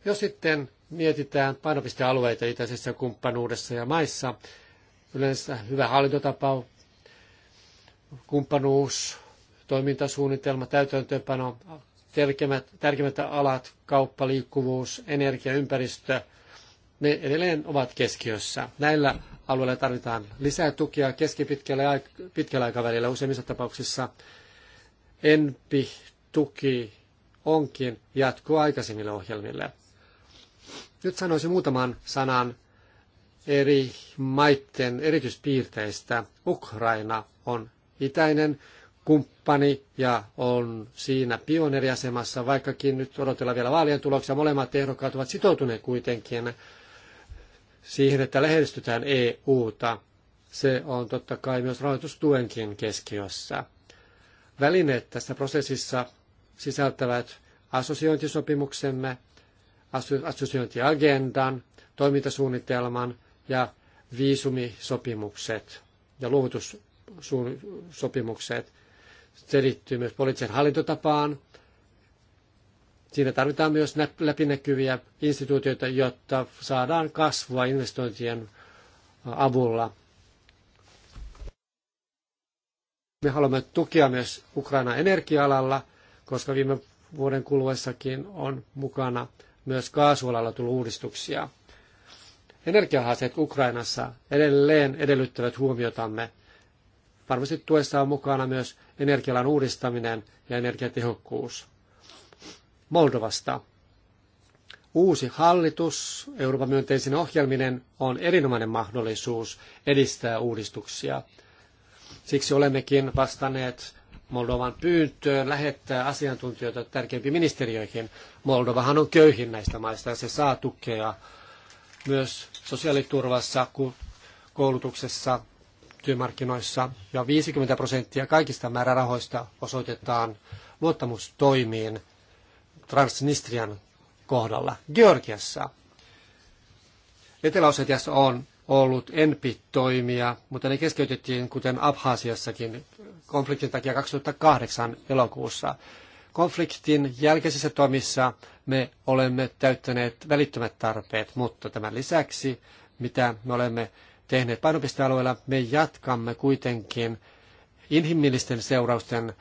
Jos sitten mietitään painopistealueita itäisessä kumppanuudessa ja maissa, yleensä hyvä hallintotapa, kumppanuus, toimintasuunnitelma, täytäntöönpano, tärkeimmät, tärkeimmät alat, kauppa, liikkuvuus, energia, ympäristö – ne edelleen ovat keskiössä. Näillä alueilla tarvitaan lisää tukia keskipitkällä pitkällä aikavälillä useimmissa tapauksissa. ENPI-tuki onkin jatkoa aikaisemmille ohjelmille. Nyt sanoisin muutaman sanan eri maiden erityispiirteistä. Ukraina on itäinen kumppani ja on siinä pioneeriasemassa, vaikkakin nyt odotellaan vielä vaalien tuloksia. Molemmat ehdokkaat ovat sitoutuneet kuitenkin siihen, että lähestytään EUta. Se on totta kai myös rahoitustuenkin keskiössä. Välineet tässä prosessissa sisältävät assosiointisopimuksemme, assosiointiagendan, toimintasuunnitelman ja viisumisopimukset ja luovutussopimukset. Se liittyy myös poliittiseen hallintotapaan, Siinä tarvitaan myös läpinäkyviä instituutioita, jotta saadaan kasvua investointien avulla. Me haluamme tukea myös Ukraina energia-alalla, koska viime vuoden kuluessakin on mukana myös kaasualalla tullut uudistuksia. Energiahaasteet Ukrainassa edelleen edellyttävät huomiotamme. Varmasti tuessa on mukana myös energialan uudistaminen ja energiatehokkuus. Moldovasta. Uusi hallitus Euroopan myönteisen ohjelminen on erinomainen mahdollisuus edistää uudistuksia. Siksi olemmekin vastanneet Moldovan pyyntöön lähettää asiantuntijoita tärkeimpiin ministeriöihin. Moldovahan on köyhin näistä maista ja se saa tukea myös sosiaaliturvassa, koulutuksessa, työmarkkinoissa ja 50 prosenttia kaikista määrärahoista osoitetaan luottamustoimiin Transnistrian kohdalla Georgiassa. etelä on ollut ENPI-toimia, mutta ne keskeytettiin, kuten Abhaasiassakin, konfliktin takia 2008 elokuussa. Konfliktin jälkeisissä toimissa me olemme täyttäneet välittömät tarpeet, mutta tämän lisäksi, mitä me olemme tehneet painopistealueella, me jatkamme kuitenkin inhimillisten seurausten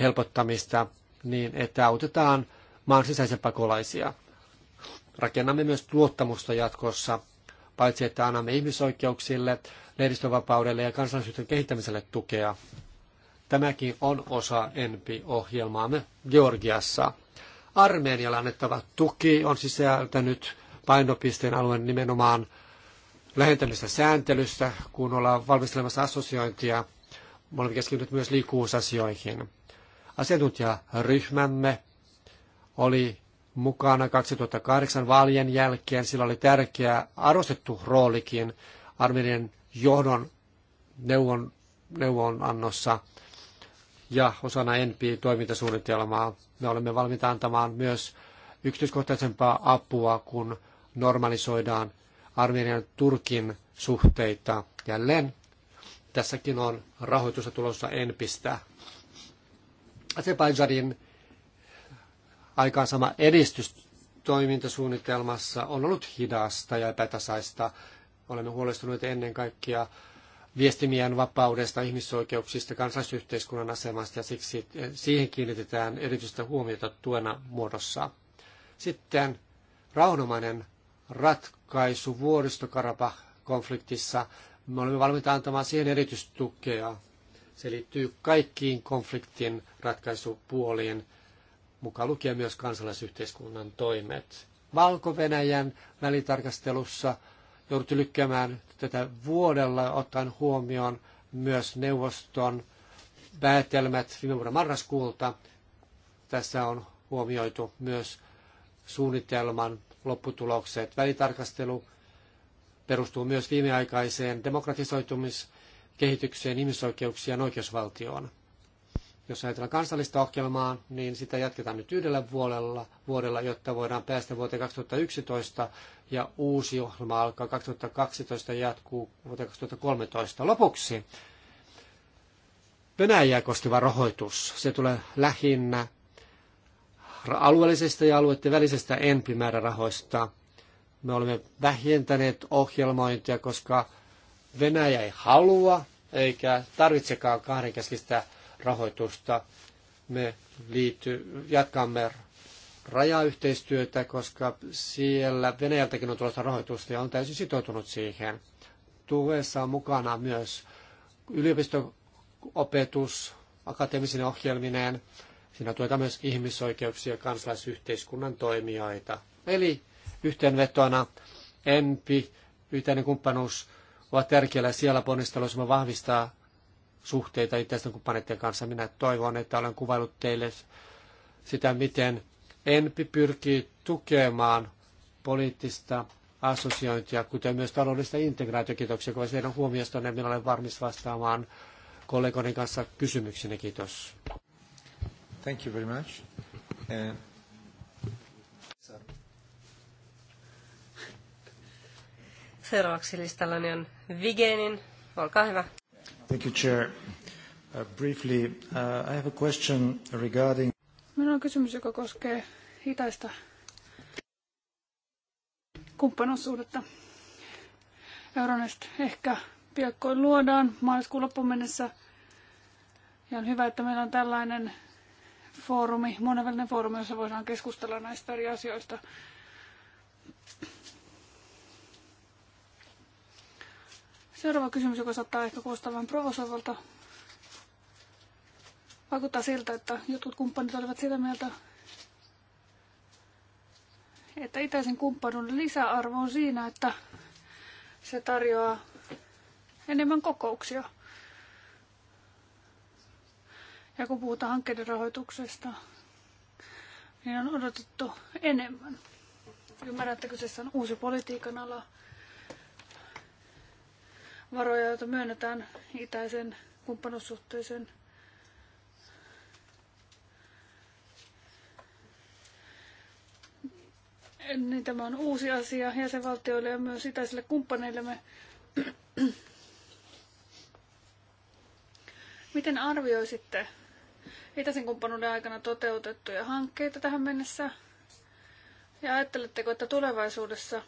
helpottamista niin, että autetaan – maan sisäisiä pakolaisia. Rakennamme myös luottamusta jatkossa, paitsi että annamme ihmisoikeuksille, lehdistönvapaudelle ja kansallisuuden kehittämiselle tukea. Tämäkin on osa ENPI-ohjelmaamme Georgiassa. Armeenialle annettava tuki on sisältänyt painopisteen alueen nimenomaan lähentämistä sääntelystä, kun ollaan valmistelemassa assosiointia. Me olemme keskittyneet myös liikkuvuusasioihin. Asiantuntijaryhmämme oli mukana 2008 vaalien jälkeen. Sillä oli tärkeä arvostettu roolikin armeijan johdon neuvon, neuvonannossa ja osana NP-toimintasuunnitelmaa. Me olemme valmiita antamaan myös yksityiskohtaisempaa apua, kun normalisoidaan armeijan Turkin suhteita. Jälleen tässäkin on rahoitusta tulossa NPistä. Azerbaijanin aikaansama edistys toimintasuunnitelmassa on ollut hidasta ja epätasaista. Olemme huolestuneet ennen kaikkea viestimien vapaudesta, ihmisoikeuksista, kansalaisyhteiskunnan asemasta ja siksi eh, siihen kiinnitetään erityistä huomiota tuena muodossa. Sitten rauhanomainen ratkaisu vuoristokarapa-konfliktissa. Me olemme valmiita antamaan siihen erityistukea. Se liittyy kaikkiin konfliktin ratkaisupuoliin mukaan lukien myös kansalaisyhteiskunnan toimet. Valko-Venäjän välitarkastelussa jouduttu lykkäämään tätä vuodella ottaen huomioon myös neuvoston päätelmät viime vuoden marraskuulta. Tässä on huomioitu myös suunnitelman lopputulokset. Välitarkastelu perustuu myös viimeaikaiseen demokratisoitumiskehitykseen, ihmisoikeuksien ja oikeusvaltioon. Jos ajatellaan kansallista ohjelmaa, niin sitä jatketaan nyt yhdellä vuodella, vuodella jotta voidaan päästä vuoteen 2011 ja uusi ohjelma alkaa 2012 ja jatkuu vuoteen 2013. Lopuksi Venäjää koskeva rahoitus. Se tulee lähinnä alueellisesta ja alueiden välisestä enpimäärärahoista. Me olemme vähentäneet ohjelmointia, koska Venäjä ei halua eikä tarvitsekaan kahdenkeskistä rahoitusta. Me liitty jatkamme rajayhteistyötä, koska siellä Venäjältäkin on tulossa rahoitusta ja on täysin sitoutunut siihen. Tuessa on mukana myös yliopistoopetus akateemisen ohjelmineen. Siinä tuetaan myös ihmisoikeuksia ja kansalaisyhteiskunnan toimijoita. Eli yhteenvetona EMPI, yhteinen kumppanuus, ovat tärkeällä siellä ponnistelussa vahvistaa suhteita itäisten kumppaneiden kanssa. Minä toivon, että olen kuvailut teille sitä, miten ENPI pyrkii tukemaan poliittista assosiointia, kuten myös taloudellista integraatiota. Kiitoksia kovasti teidän niin Minä olen varmis vastaamaan kollegoiden kanssa kysymyksiin. Kiitos. Thank you very much. And... Seuraavaksi listallani on Vigenin. Olkaa hyvä. Thank you, Chair. Uh, briefly, uh, I have a question regarding... Minulla on kysymys, joka koskee hitaista kumppanuussuhdetta. Euronest ehkä piakkoin luodaan maaliskuun loppuun mennessä. Ja on hyvä, että meillä on tällainen foorumi, monenvälinen foorumi, jossa voidaan keskustella näistä eri asioista. Seuraava kysymys, joka saattaa ehkä kuulostaa vähän provosoivalta. Vaikuttaa siltä, että jotkut kumppanit olivat sitä mieltä, että itäisen kumppanuuden lisäarvo on siinä, että se tarjoaa enemmän kokouksia. Ja kun puhutaan hankkeiden rahoituksesta, niin on odotettu enemmän. Ymmärrän, että kyseessä on uusi politiikan ala, varoja, joita myönnetään itäisen kumppanussuhteisen niin tämä on uusi asia jäsenvaltioille ja myös itäisille kumppaneillemme. Miten arvioisitte itäisen kumppanuuden aikana toteutettuja hankkeita tähän mennessä? Ja ajatteletteko, että tulevaisuudessa,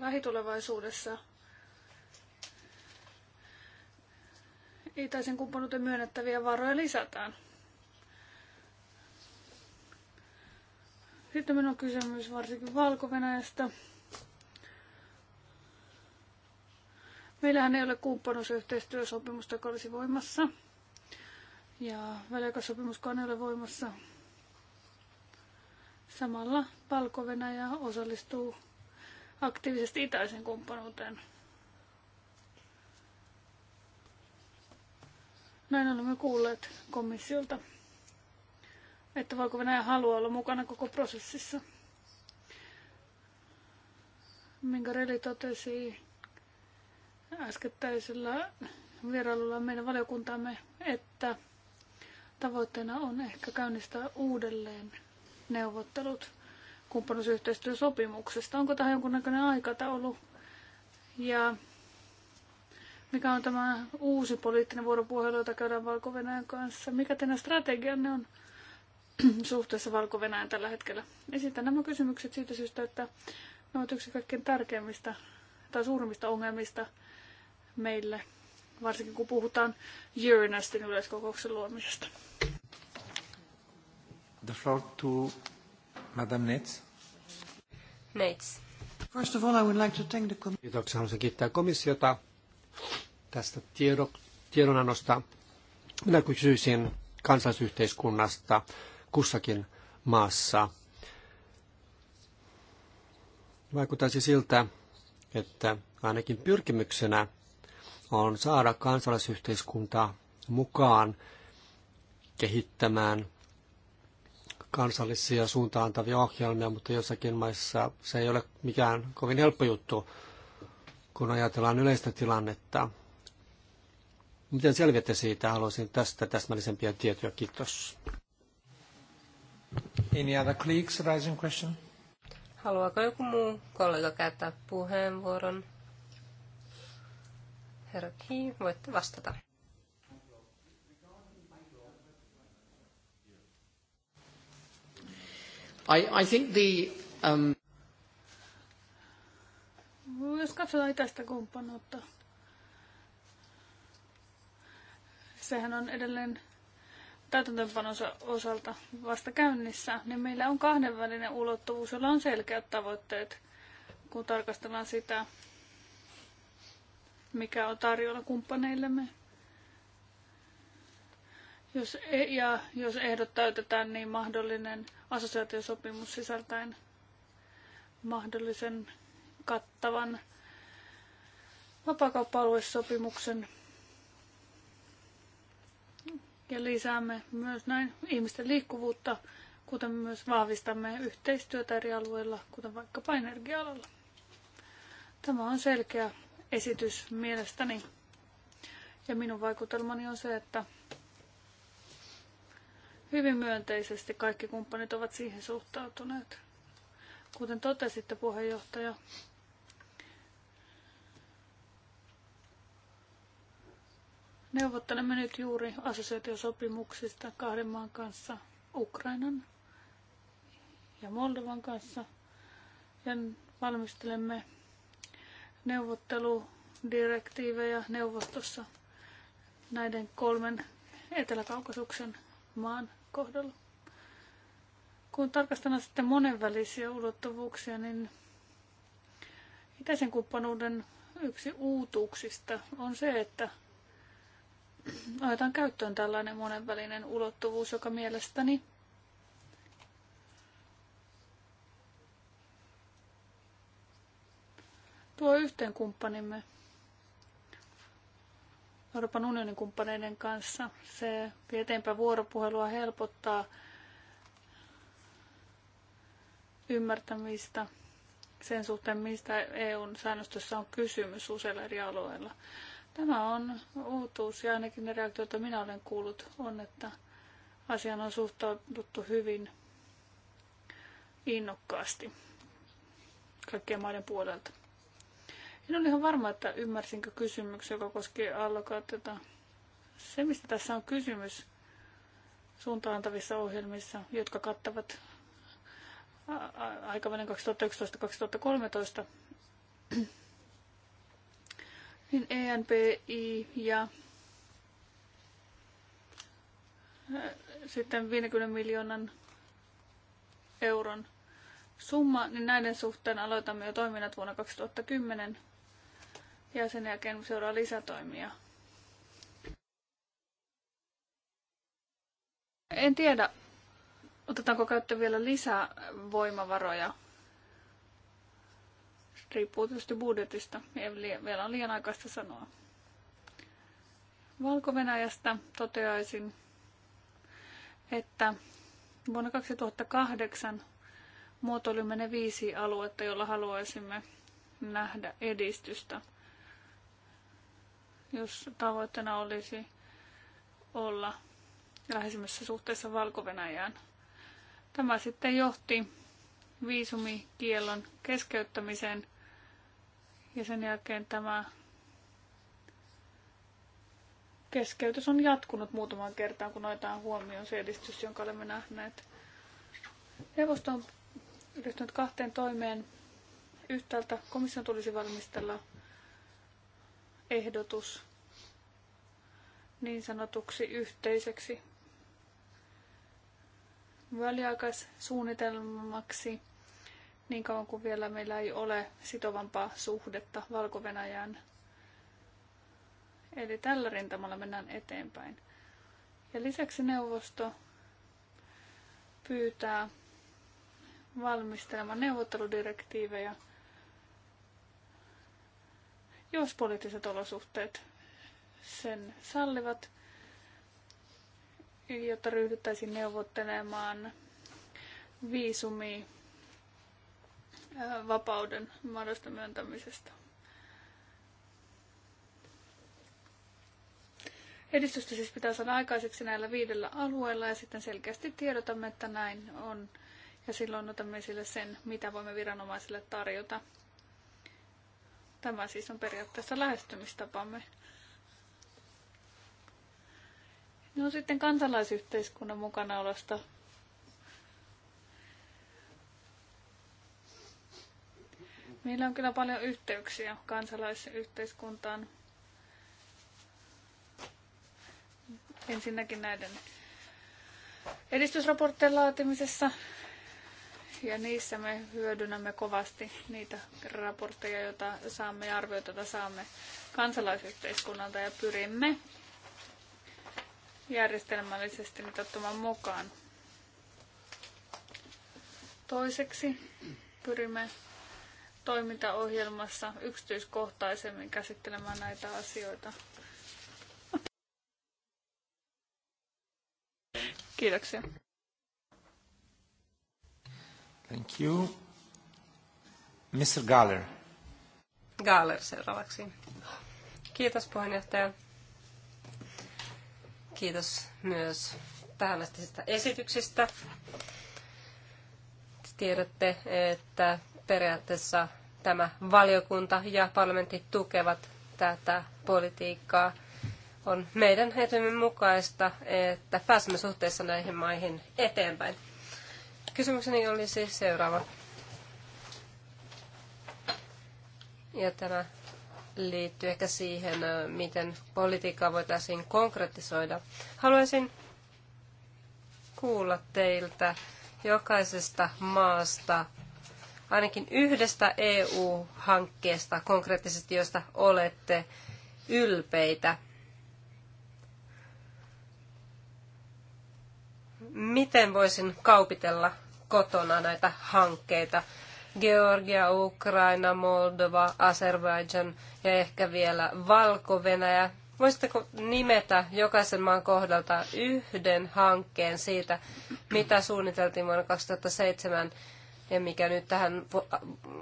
lähitulevaisuudessa, itäisen kumppanuuteen myönnettäviä varoja lisätään. Sitten minun on kysymys varsinkin valko -Venäjästä. Meillähän ei ole kumppanuusyhteistyösopimusta, joka olisi voimassa. Ja väliaikaissopimuskaan ei ole voimassa. Samalla valko osallistuu aktiivisesti itäisen kumppanuuteen. Näin olemme kuulleet komissiolta, että voiko Venäjä haluaa olla mukana koko prosessissa. Mingarelli totesi äskettäisellä vierailulla meidän valiokuntamme, että tavoitteena on ehkä käynnistää uudelleen neuvottelut kumppanuusyhteistyösopimuksesta. Onko tähän jonkunnäköinen aikataulu? Ja mikä on tämä uusi poliittinen vuoropuhelu, jota käydään valko kanssa? Mikä teidän strategianne on *clears throat* suhteessa valko tällä hetkellä? Esitän nämä kysymykset siitä syystä, että ne ovat yksi kaikkein tärkeimmistä tai suurimmista ongelmista meille, varsinkin kun puhutaan Euronastin yleiskokouksen luomisesta. The floor to Madame Nets. Nets. First of all, I would like to thank the Kiitoksia. Haluaisin kiittää komissiota tästä tiedonannosta. Minä kysyisin kansalaisyhteiskunnasta kussakin maassa. Vaikuttaisi siltä, että ainakin pyrkimyksenä on saada kansalaisyhteiskunta mukaan kehittämään kansallisia suuntaantavia ohjelmia, mutta jossakin maissa se ei ole mikään kovin helppo juttu, kun ajatellaan yleistä tilannetta. Miten selviätte siitä? Haluaisin tästä täsmällisempiä tietoja. Kiitos. Any other colleagues raising question? Haluaako joku muu kollega käyttää puheenvuoron? Herra Ki, voitte vastata. I, I think the, um... Jos katsotaan tästä kumppanuutta, sehän on edelleen täytäntöönpanonsa osalta vasta käynnissä, niin meillä on kahdenvälinen ulottuvuus, jolla on selkeät tavoitteet, kun tarkastellaan sitä, mikä on tarjolla kumppaneillemme. Jos, e- ja jos ehdot täytetään, niin mahdollinen assosiaatiosopimus sisältäen mahdollisen kattavan vapaakauppa-aluesopimuksen ja lisäämme myös näin ihmisten liikkuvuutta, kuten myös vahvistamme yhteistyötä eri alueilla, kuten vaikkapa energia-alalla. Tämä on selkeä esitys mielestäni. Ja minun vaikutelmani on se, että hyvin myönteisesti kaikki kumppanit ovat siihen suhtautuneet. Kuten totesitte, puheenjohtaja, Neuvottelemme nyt juuri assosiaatiosopimuksista kahden maan kanssa, Ukrainan ja Moldovan kanssa. Ja valmistelemme neuvotteludirektiivejä neuvostossa näiden kolmen Etelä-Kaukasuksen maan kohdalla. Kun tarkastellaan sitten monenvälisiä ulottuvuuksia, niin itäisen kumppanuuden yksi uutuuksista on se, että otetaan käyttöön tällainen monenvälinen ulottuvuus, joka mielestäni tuo yhteen kumppanimme Euroopan unionin kumppaneiden kanssa. Se vie eteenpäin vuoropuhelua, helpottaa ymmärtämistä sen suhteen, mistä EUn säännöstössä on kysymys useilla eri alueilla. Tämä on uutuus ja ainakin ne reaktiot, joita minä olen kuullut, on, että asiaan on suhtauduttu hyvin innokkaasti kaikkien maiden puolelta. En ole ihan varma, että ymmärsinkö kysymyksen, joka koski allokaatiota. Se, mistä tässä on kysymys suuntaantavissa ohjelmissa, jotka kattavat aikavälin 2011-2013, niin ENPI ja äh, sitten 50 miljoonan euron summa, niin näiden suhteen aloitamme jo toiminnat vuonna 2010 ja sen jälkeen seuraa lisätoimia. En tiedä, otetaanko käyttö vielä lisää voimavaroja Riippuu tietysti budjetista, ei vielä on liian aikaista sanoa. Valko-Venäjästä toteaisin, että vuonna 2008 muotoilimme ne viisi aluetta, joilla haluaisimme nähdä edistystä. Jos tavoitteena olisi olla lähesimmässä suhteessa valko -Venäjään. Tämä sitten johti viisumikielon keskeyttämiseen ja sen jälkeen tämä keskeytys on jatkunut muutaman kertaan, kun noita on huomioon se edistys, jonka olemme nähneet. Neuvosto on ryhtynyt kahteen toimeen. Yhtäältä komission tulisi valmistella ehdotus niin sanotuksi yhteiseksi väliaikaissuunnitelmaksi – niin kauan kuin vielä meillä ei ole sitovampaa suhdetta valko -Venäjään. Eli tällä rintamalla mennään eteenpäin. Ja lisäksi neuvosto pyytää valmistelemaan neuvotteludirektiivejä, jos poliittiset olosuhteet sen sallivat, jotta ryhdyttäisiin neuvottelemaan viisumi Äh, vapauden mahdollista myöntämisestä. Edistystä siis pitää saada aikaiseksi näillä viidellä alueella ja sitten selkeästi tiedotamme, että näin on. Ja silloin otamme esille sen, mitä voimme viranomaisille tarjota. Tämä siis on periaatteessa lähestymistapamme. No sitten kansalaisyhteiskunnan mukanaolosta Niillä on kyllä paljon yhteyksiä kansalaisyhteiskuntaan. Ensinnäkin näiden edistysraporttien laatimisessa. Ja niissä me hyödynnämme kovasti niitä raportteja, joita saamme ja arvioita, joita saamme kansalaisyhteiskunnalta ja pyrimme järjestelmällisesti niitä ottamaan mukaan. Toiseksi pyrimme toimintaohjelmassa yksityiskohtaisemmin käsittelemään näitä asioita. Kiitoksia. Thank you. Mr. Galler. Galler seuraavaksi. Kiitos puheenjohtaja. Kiitos myös tähän esityksistä. Tiedätte, että periaatteessa tämä valiokunta ja parlamentti tukevat tätä politiikkaa. On meidän etymme mukaista, että pääsemme suhteessa näihin maihin eteenpäin. Kysymykseni olisi seuraava. Ja tämä liittyy ehkä siihen, miten politiikkaa voitaisiin konkretisoida. Haluaisin kuulla teiltä jokaisesta maasta ainakin yhdestä EU-hankkeesta konkreettisesti, josta olette ylpeitä. Miten voisin kaupitella kotona näitä hankkeita? Georgia, Ukraina, Moldova, Azerbaijan ja ehkä vielä Valko-Venäjä. Voisitteko nimetä jokaisen maan kohdalta yhden hankkeen siitä, mitä suunniteltiin vuonna 2007 ja mikä nyt tähän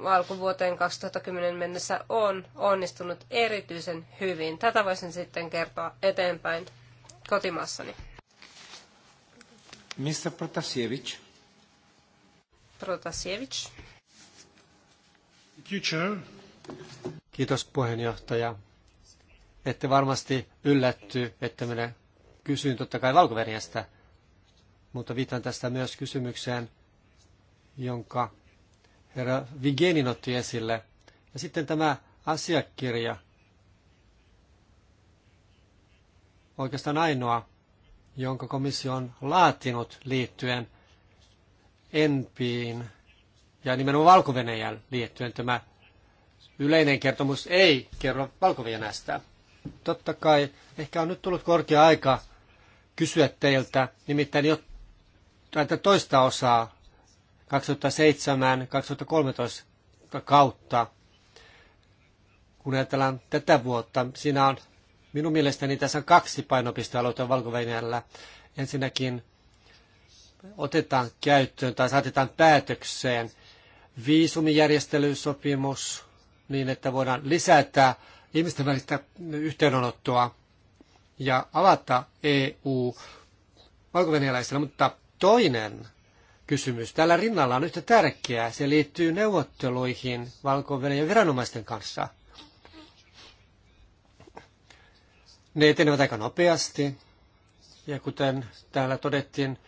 alkuvuoteen 2010 mennessä on onnistunut erityisen hyvin. Tätä voisin sitten kertoa eteenpäin kotimaassani. Mr. Protasiewicz. Protasiewicz. Kiitos puheenjohtaja. Ette varmasti ylletty, että minä kysyin totta kai valko mutta viitan tästä myös kysymykseen, jonka herra Vigenin otti esille. Ja sitten tämä asiakirja, oikeastaan ainoa, jonka komissio on laatinut liittyen ENPiin ja nimenomaan valko liittyen tämä yleinen kertomus ei kerro valko Totta kai ehkä on nyt tullut korkea aika kysyä teiltä nimittäin jo tätä toista osaa 2007-2013 kautta, kun ajatellaan tätä vuotta, siinä on minun mielestäni tässä on kaksi painopistealuetta valko -Venäjällä. Ensinnäkin otetaan käyttöön tai saatetaan päätökseen viisumijärjestelysopimus niin, että voidaan lisätä ihmisten välistä yhteydenottoa ja avata EU valko mutta toinen kysymys tällä rinnalla on yhtä tärkeää. Se liittyy neuvotteluihin valko viranomaisten kanssa. Ne etenevät aika nopeasti ja kuten täällä todettiin,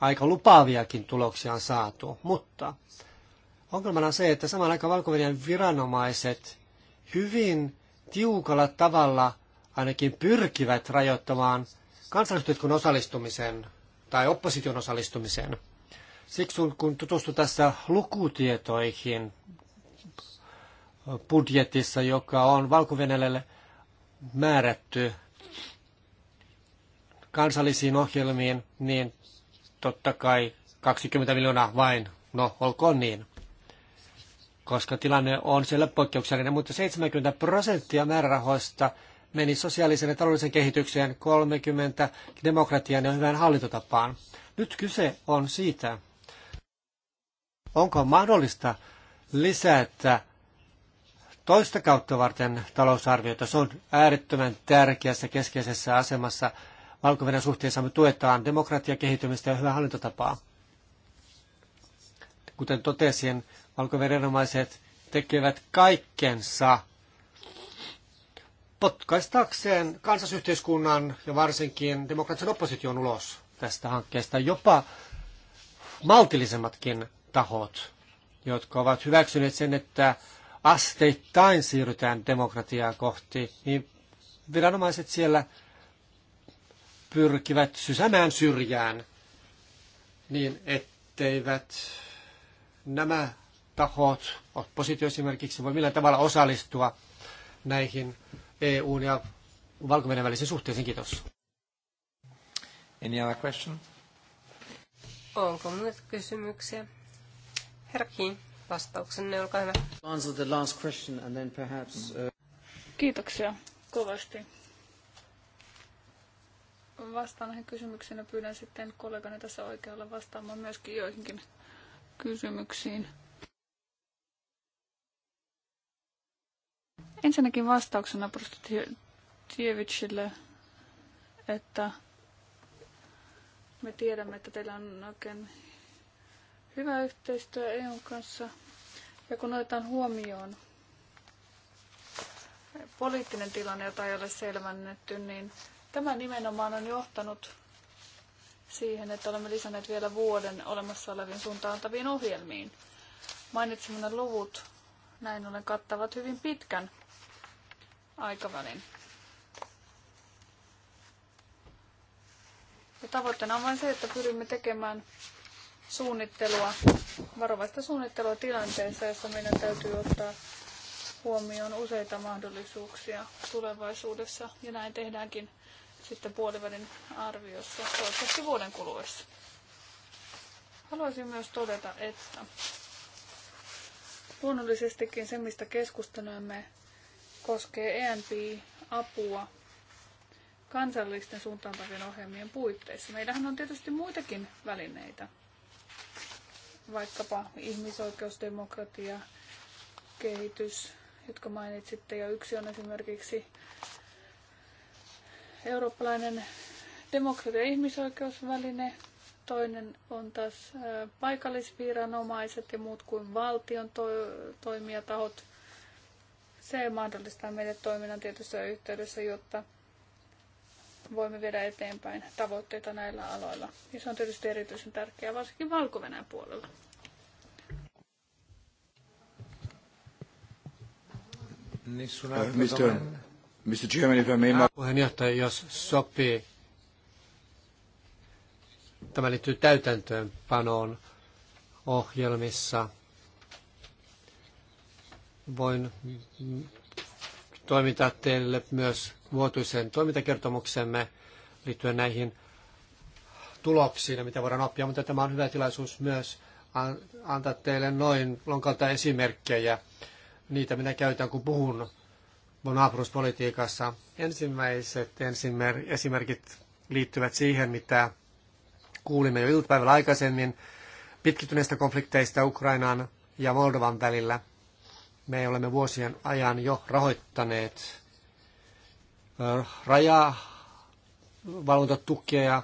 aika lupaaviakin tuloksia on saatu. Mutta ongelmana on se, että samalla aikaan valko viranomaiset hyvin tiukalla tavalla ainakin pyrkivät rajoittamaan kansalaisyhteiskunnan osallistumisen tai opposition osallistumiseen. Siksi kun tutustu tässä lukutietoihin budjetissa, joka on valko määrätty kansallisiin ohjelmiin, niin totta kai 20 miljoonaa vain, no olkoon niin, koska tilanne on siellä poikkeuksellinen, mutta 70 prosenttia määrärahoista – meni sosiaalisen ja taloudellisen kehitykseen 30 demokratian ja hyvään hallintotapaan. Nyt kyse on siitä, onko mahdollista lisätä toista kautta varten talousarviota. Se on äärettömän tärkeässä keskeisessä asemassa valko suhteessa. Me tuetaan demokratia kehittymistä ja hyvää hallintotapaa. Kuten totesin, valko tekevät kaikkensa – potkaistakseen kansasyhteiskunnan ja varsinkin demokraattisen opposition ulos tästä hankkeesta. Jopa maltillisemmatkin tahot, jotka ovat hyväksyneet sen, että asteittain siirrytään demokratiaa kohti, niin viranomaiset siellä pyrkivät sysämään syrjään niin, etteivät nämä tahot, oppositio esimerkiksi, voi millään tavalla osallistua näihin EUn ja valko välisiin suhteisiin. Kiitos. Any other question? Onko muita kysymyksiä? Herra Kiin, vastauksenne, olkaa hyvä. Answer the last question and then perhaps, uh... Kiitoksia kovasti. Vastaan näihin kysymyksiin ja pyydän sitten kollegani tässä oikealla vastaamaan myöskin joihinkin kysymyksiin. Ensinnäkin vastauksena Prostitutievicille, että me tiedämme, että teillä on oikein hyvä yhteistyö EUn kanssa. Ja kun otetaan huomioon poliittinen tilanne, jota ei ole selvännetty, niin tämä nimenomaan on johtanut siihen, että olemme lisänneet vielä vuoden olemassa oleviin suuntaantaviin ohjelmiin. Mainitsemme luvut näin ollen kattavat hyvin pitkän aikavälin. Ja tavoitteena on vain se, että pyrimme tekemään suunnittelua, varovaista suunnittelua tilanteessa, jossa meidän täytyy ottaa huomioon useita mahdollisuuksia tulevaisuudessa. Ja näin tehdäänkin sitten puolivälin arviossa, toivottavasti vuoden kuluessa. Haluaisin myös todeta, että luonnollisestikin se, mistä keskustelemme koskee ENP-apua kansallisten suuntaantavien ohjelmien puitteissa. Meillähän on tietysti muitakin välineitä, vaikkapa ihmisoikeusdemokratia, kehitys, jotka mainitsitte, ja yksi on esimerkiksi eurooppalainen demokratia- ja ihmisoikeusväline, toinen on taas paikallisviranomaiset ja muut kuin valtion to- toimijatahot, se mahdollistaa meille toiminnan tietyssä yhteydessä, jotta voimme viedä eteenpäin tavoitteita näillä aloilla. Ja se on tietysti erityisen tärkeää, varsinkin valko puolella. Äh, Mr. Chairman, if I may... Puheenjohtaja, jos sopii. Tämä liittyy täytäntöönpanoon ohjelmissa voin toimittaa teille myös vuotuisen toimintakertomuksemme liittyen näihin tuloksiin, mitä voidaan oppia, mutta tämä on hyvä tilaisuus myös antaa teille noin lonkalta esimerkkejä. Niitä minä käytän, kun puhun naapuruspolitiikassa. Ensimmäiset ensimer- esimerkit liittyvät siihen, mitä kuulimme jo iltapäivällä aikaisemmin pitkittyneistä konflikteista Ukrainan ja Moldovan välillä – me olemme vuosien ajan jo rahoittaneet rajavalvontatukia ja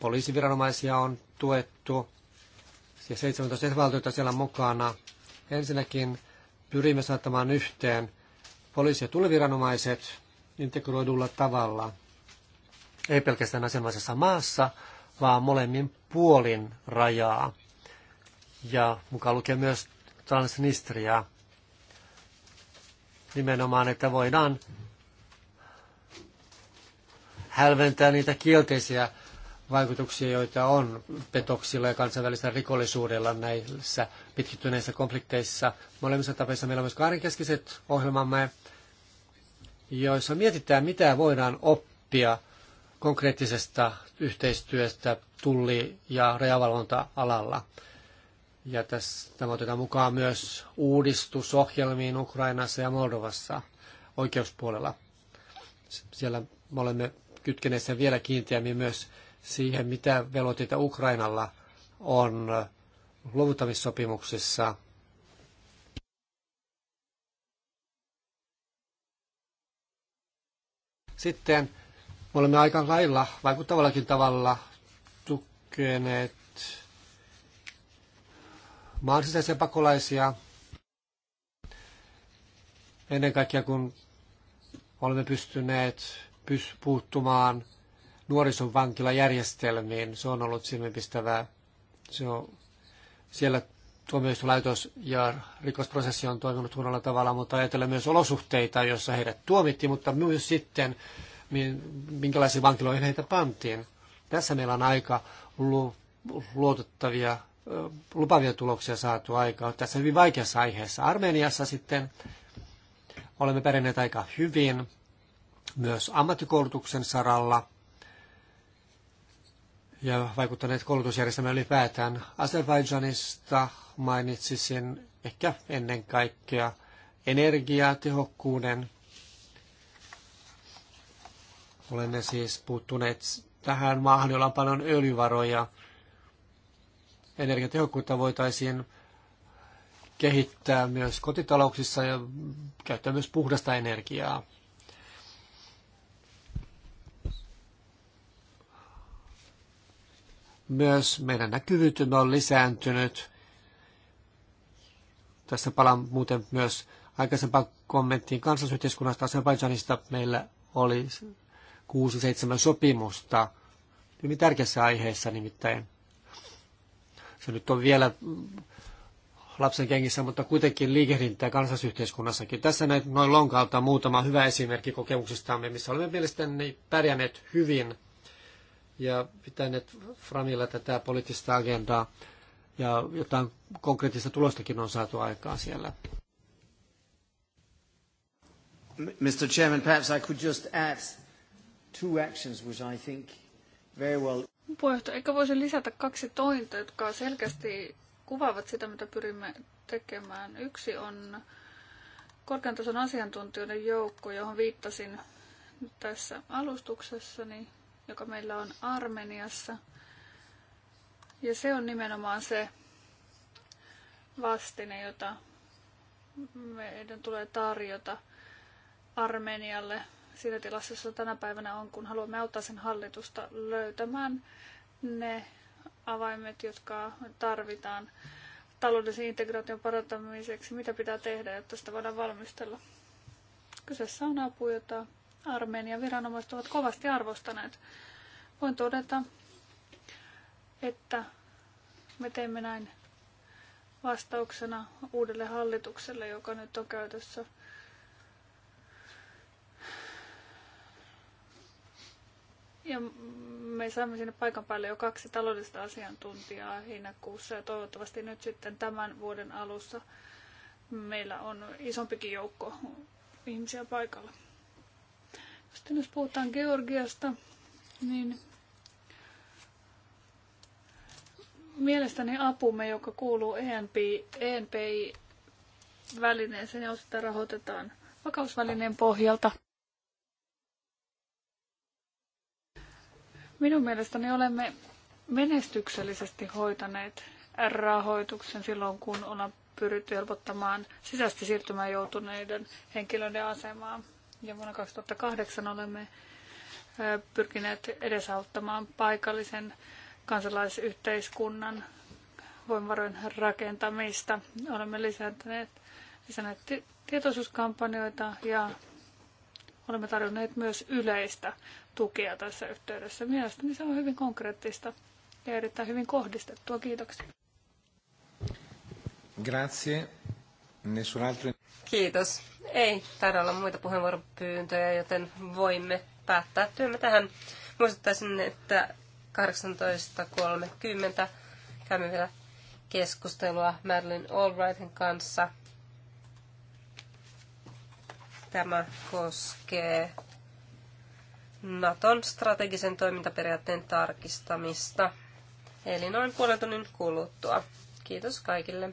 poliisiviranomaisia on tuettu ja 17 valtiota siellä mukana. Ensinnäkin pyrimme saattamaan yhteen poliisi- ja tuliviranomaiset integroidulla tavalla, ei pelkästään asianomaisessa maassa, vaan molemmin puolin rajaa ja mukaan lukee myös Transnistria nimenomaan, että voidaan hälventää niitä kielteisiä vaikutuksia, joita on petoksilla ja kansainvälisellä rikollisuudella näissä pitkittyneissä konflikteissa. Molemmissa tapeissa meillä on myös kahdenkeskiset ohjelmamme, joissa mietitään, mitä voidaan oppia konkreettisesta yhteistyöstä tulli- ja rajavalvonta-alalla. Ja tässä otetaan mukaan myös uudistusohjelmiin Ukrainassa ja Moldovassa oikeuspuolella. Siellä me olemme kytkeneet sen vielä kiinteämmin myös siihen, mitä velvoitteita Ukrainalla on luvuttamissopimuksessa. Sitten me olemme aika lailla vaikuttavallakin tavalla tukeneet maan sisäisiä pakolaisia. Ennen kaikkea kun olemme pystyneet puuttumaan nuorison vankilajärjestelmiin, se on ollut silmipistävää. Se on, siellä tuomioistuinlaitos ja rikosprosessi on toiminut huonolla tavalla, mutta ajatellaan myös olosuhteita, joissa heidät tuomittiin, mutta myös sitten, minkälaisiin vankiloihin heitä pantiin. Tässä meillä on aika luotettavia lupavia tuloksia saatu aikaan tässä hyvin vaikeassa aiheessa. Armeniassa sitten olemme pärjänneet aika hyvin myös ammattikoulutuksen saralla ja vaikuttaneet koulutusjärjestelmään ylipäätään. Azerbaijanista mainitsisin ehkä ennen kaikkea energiatehokkuuden. Olemme siis puuttuneet tähän maahan, jolla on paljon öljyvaroja – energiatehokkuutta voitaisiin kehittää myös kotitalouksissa ja käyttää myös puhdasta energiaa. Myös meidän näkyvyytymme on lisääntynyt. Tässä palaan muuten myös aikaisempaan kommenttiin kansallisyhteiskunnasta Azerbaijanista. Meillä oli 6-7 sopimusta hyvin tärkeässä aiheessa nimittäin se nyt on vielä lapsen kengissä, mutta kuitenkin liikehdintää kansallisyhteiskunnassakin. Tässä näin noin lonkalta muutama hyvä esimerkki kokemuksistamme, missä olemme mielestäni pärjänneet hyvin ja pitäneet Framilla tätä poliittista agendaa ja jotain konkreettista tulostakin on saatu aikaan siellä. Mr. Chairman, perhaps I could just add two actions which I think very well... Puheenjohtaja, eikö voisi lisätä kaksi tointa, jotka selkeästi kuvaavat sitä, mitä pyrimme tekemään. Yksi on korkean tason asiantuntijoiden joukko, johon viittasin tässä alustuksessani, joka meillä on Armeniassa. Ja se on nimenomaan se vastine, jota meidän tulee tarjota Armenialle – siinä tilassa, jossa tänä päivänä on, kun haluamme auttaa sen hallitusta löytämään ne avaimet, jotka tarvitaan taloudellisen integraation parantamiseksi, mitä pitää tehdä, jotta sitä voidaan valmistella. Kyseessä on apu, jota Armenian viranomaiset ovat kovasti arvostaneet. Voin todeta, että me teemme näin vastauksena uudelle hallitukselle, joka nyt on käytössä – Ja me saimme sinne paikan päälle jo kaksi taloudellista asiantuntijaa heinäkuussa ja toivottavasti nyt sitten tämän vuoden alussa meillä on isompikin joukko ihmisiä paikalla. Sitten jos puhutaan Georgiasta, niin mielestäni apumme, joka kuuluu ENPI-välineeseen e ja osittain rahoitetaan vakausvälineen pohjalta – Minun mielestäni olemme menestyksellisesti hoitaneet rahoituksen silloin, kun ollaan pyritty helpottamaan sisäisesti siirtymään joutuneiden henkilöiden asemaa. Ja vuonna 2008 olemme pyrkineet edesauttamaan paikallisen kansalaisyhteiskunnan voimavarojen rakentamista. Olemme lisänneet, lisänneet tietoisuuskampanjoita ja Olemme tarjonneet myös yleistä tukea tässä yhteydessä. Mielestäni se on hyvin konkreettista ja erittäin hyvin kohdistettua. Kiitoksia. Grazie. Nessun altro... Kiitos. Ei taida olla muita puheenvuoropyyntöjä, joten voimme päättää työmme tähän. Muistuttaisin, että 18.30 käymme vielä keskustelua Madeline Albrightin kanssa – Tämä koskee Naton strategisen toimintaperiaatteen tarkistamista. Eli noin puolen tunnin kuluttua. Kiitos kaikille.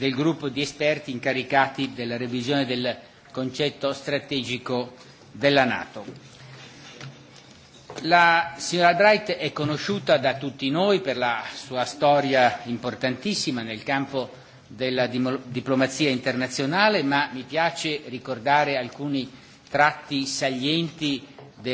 del gruppo di esperti incaricati della revisione del concetto strategico della Nato. La signora Albright è conosciuta da tutti noi per la sua storia importantissima nel campo della diplomazia internazionale, ma mi piace ricordare alcuni tratti salienti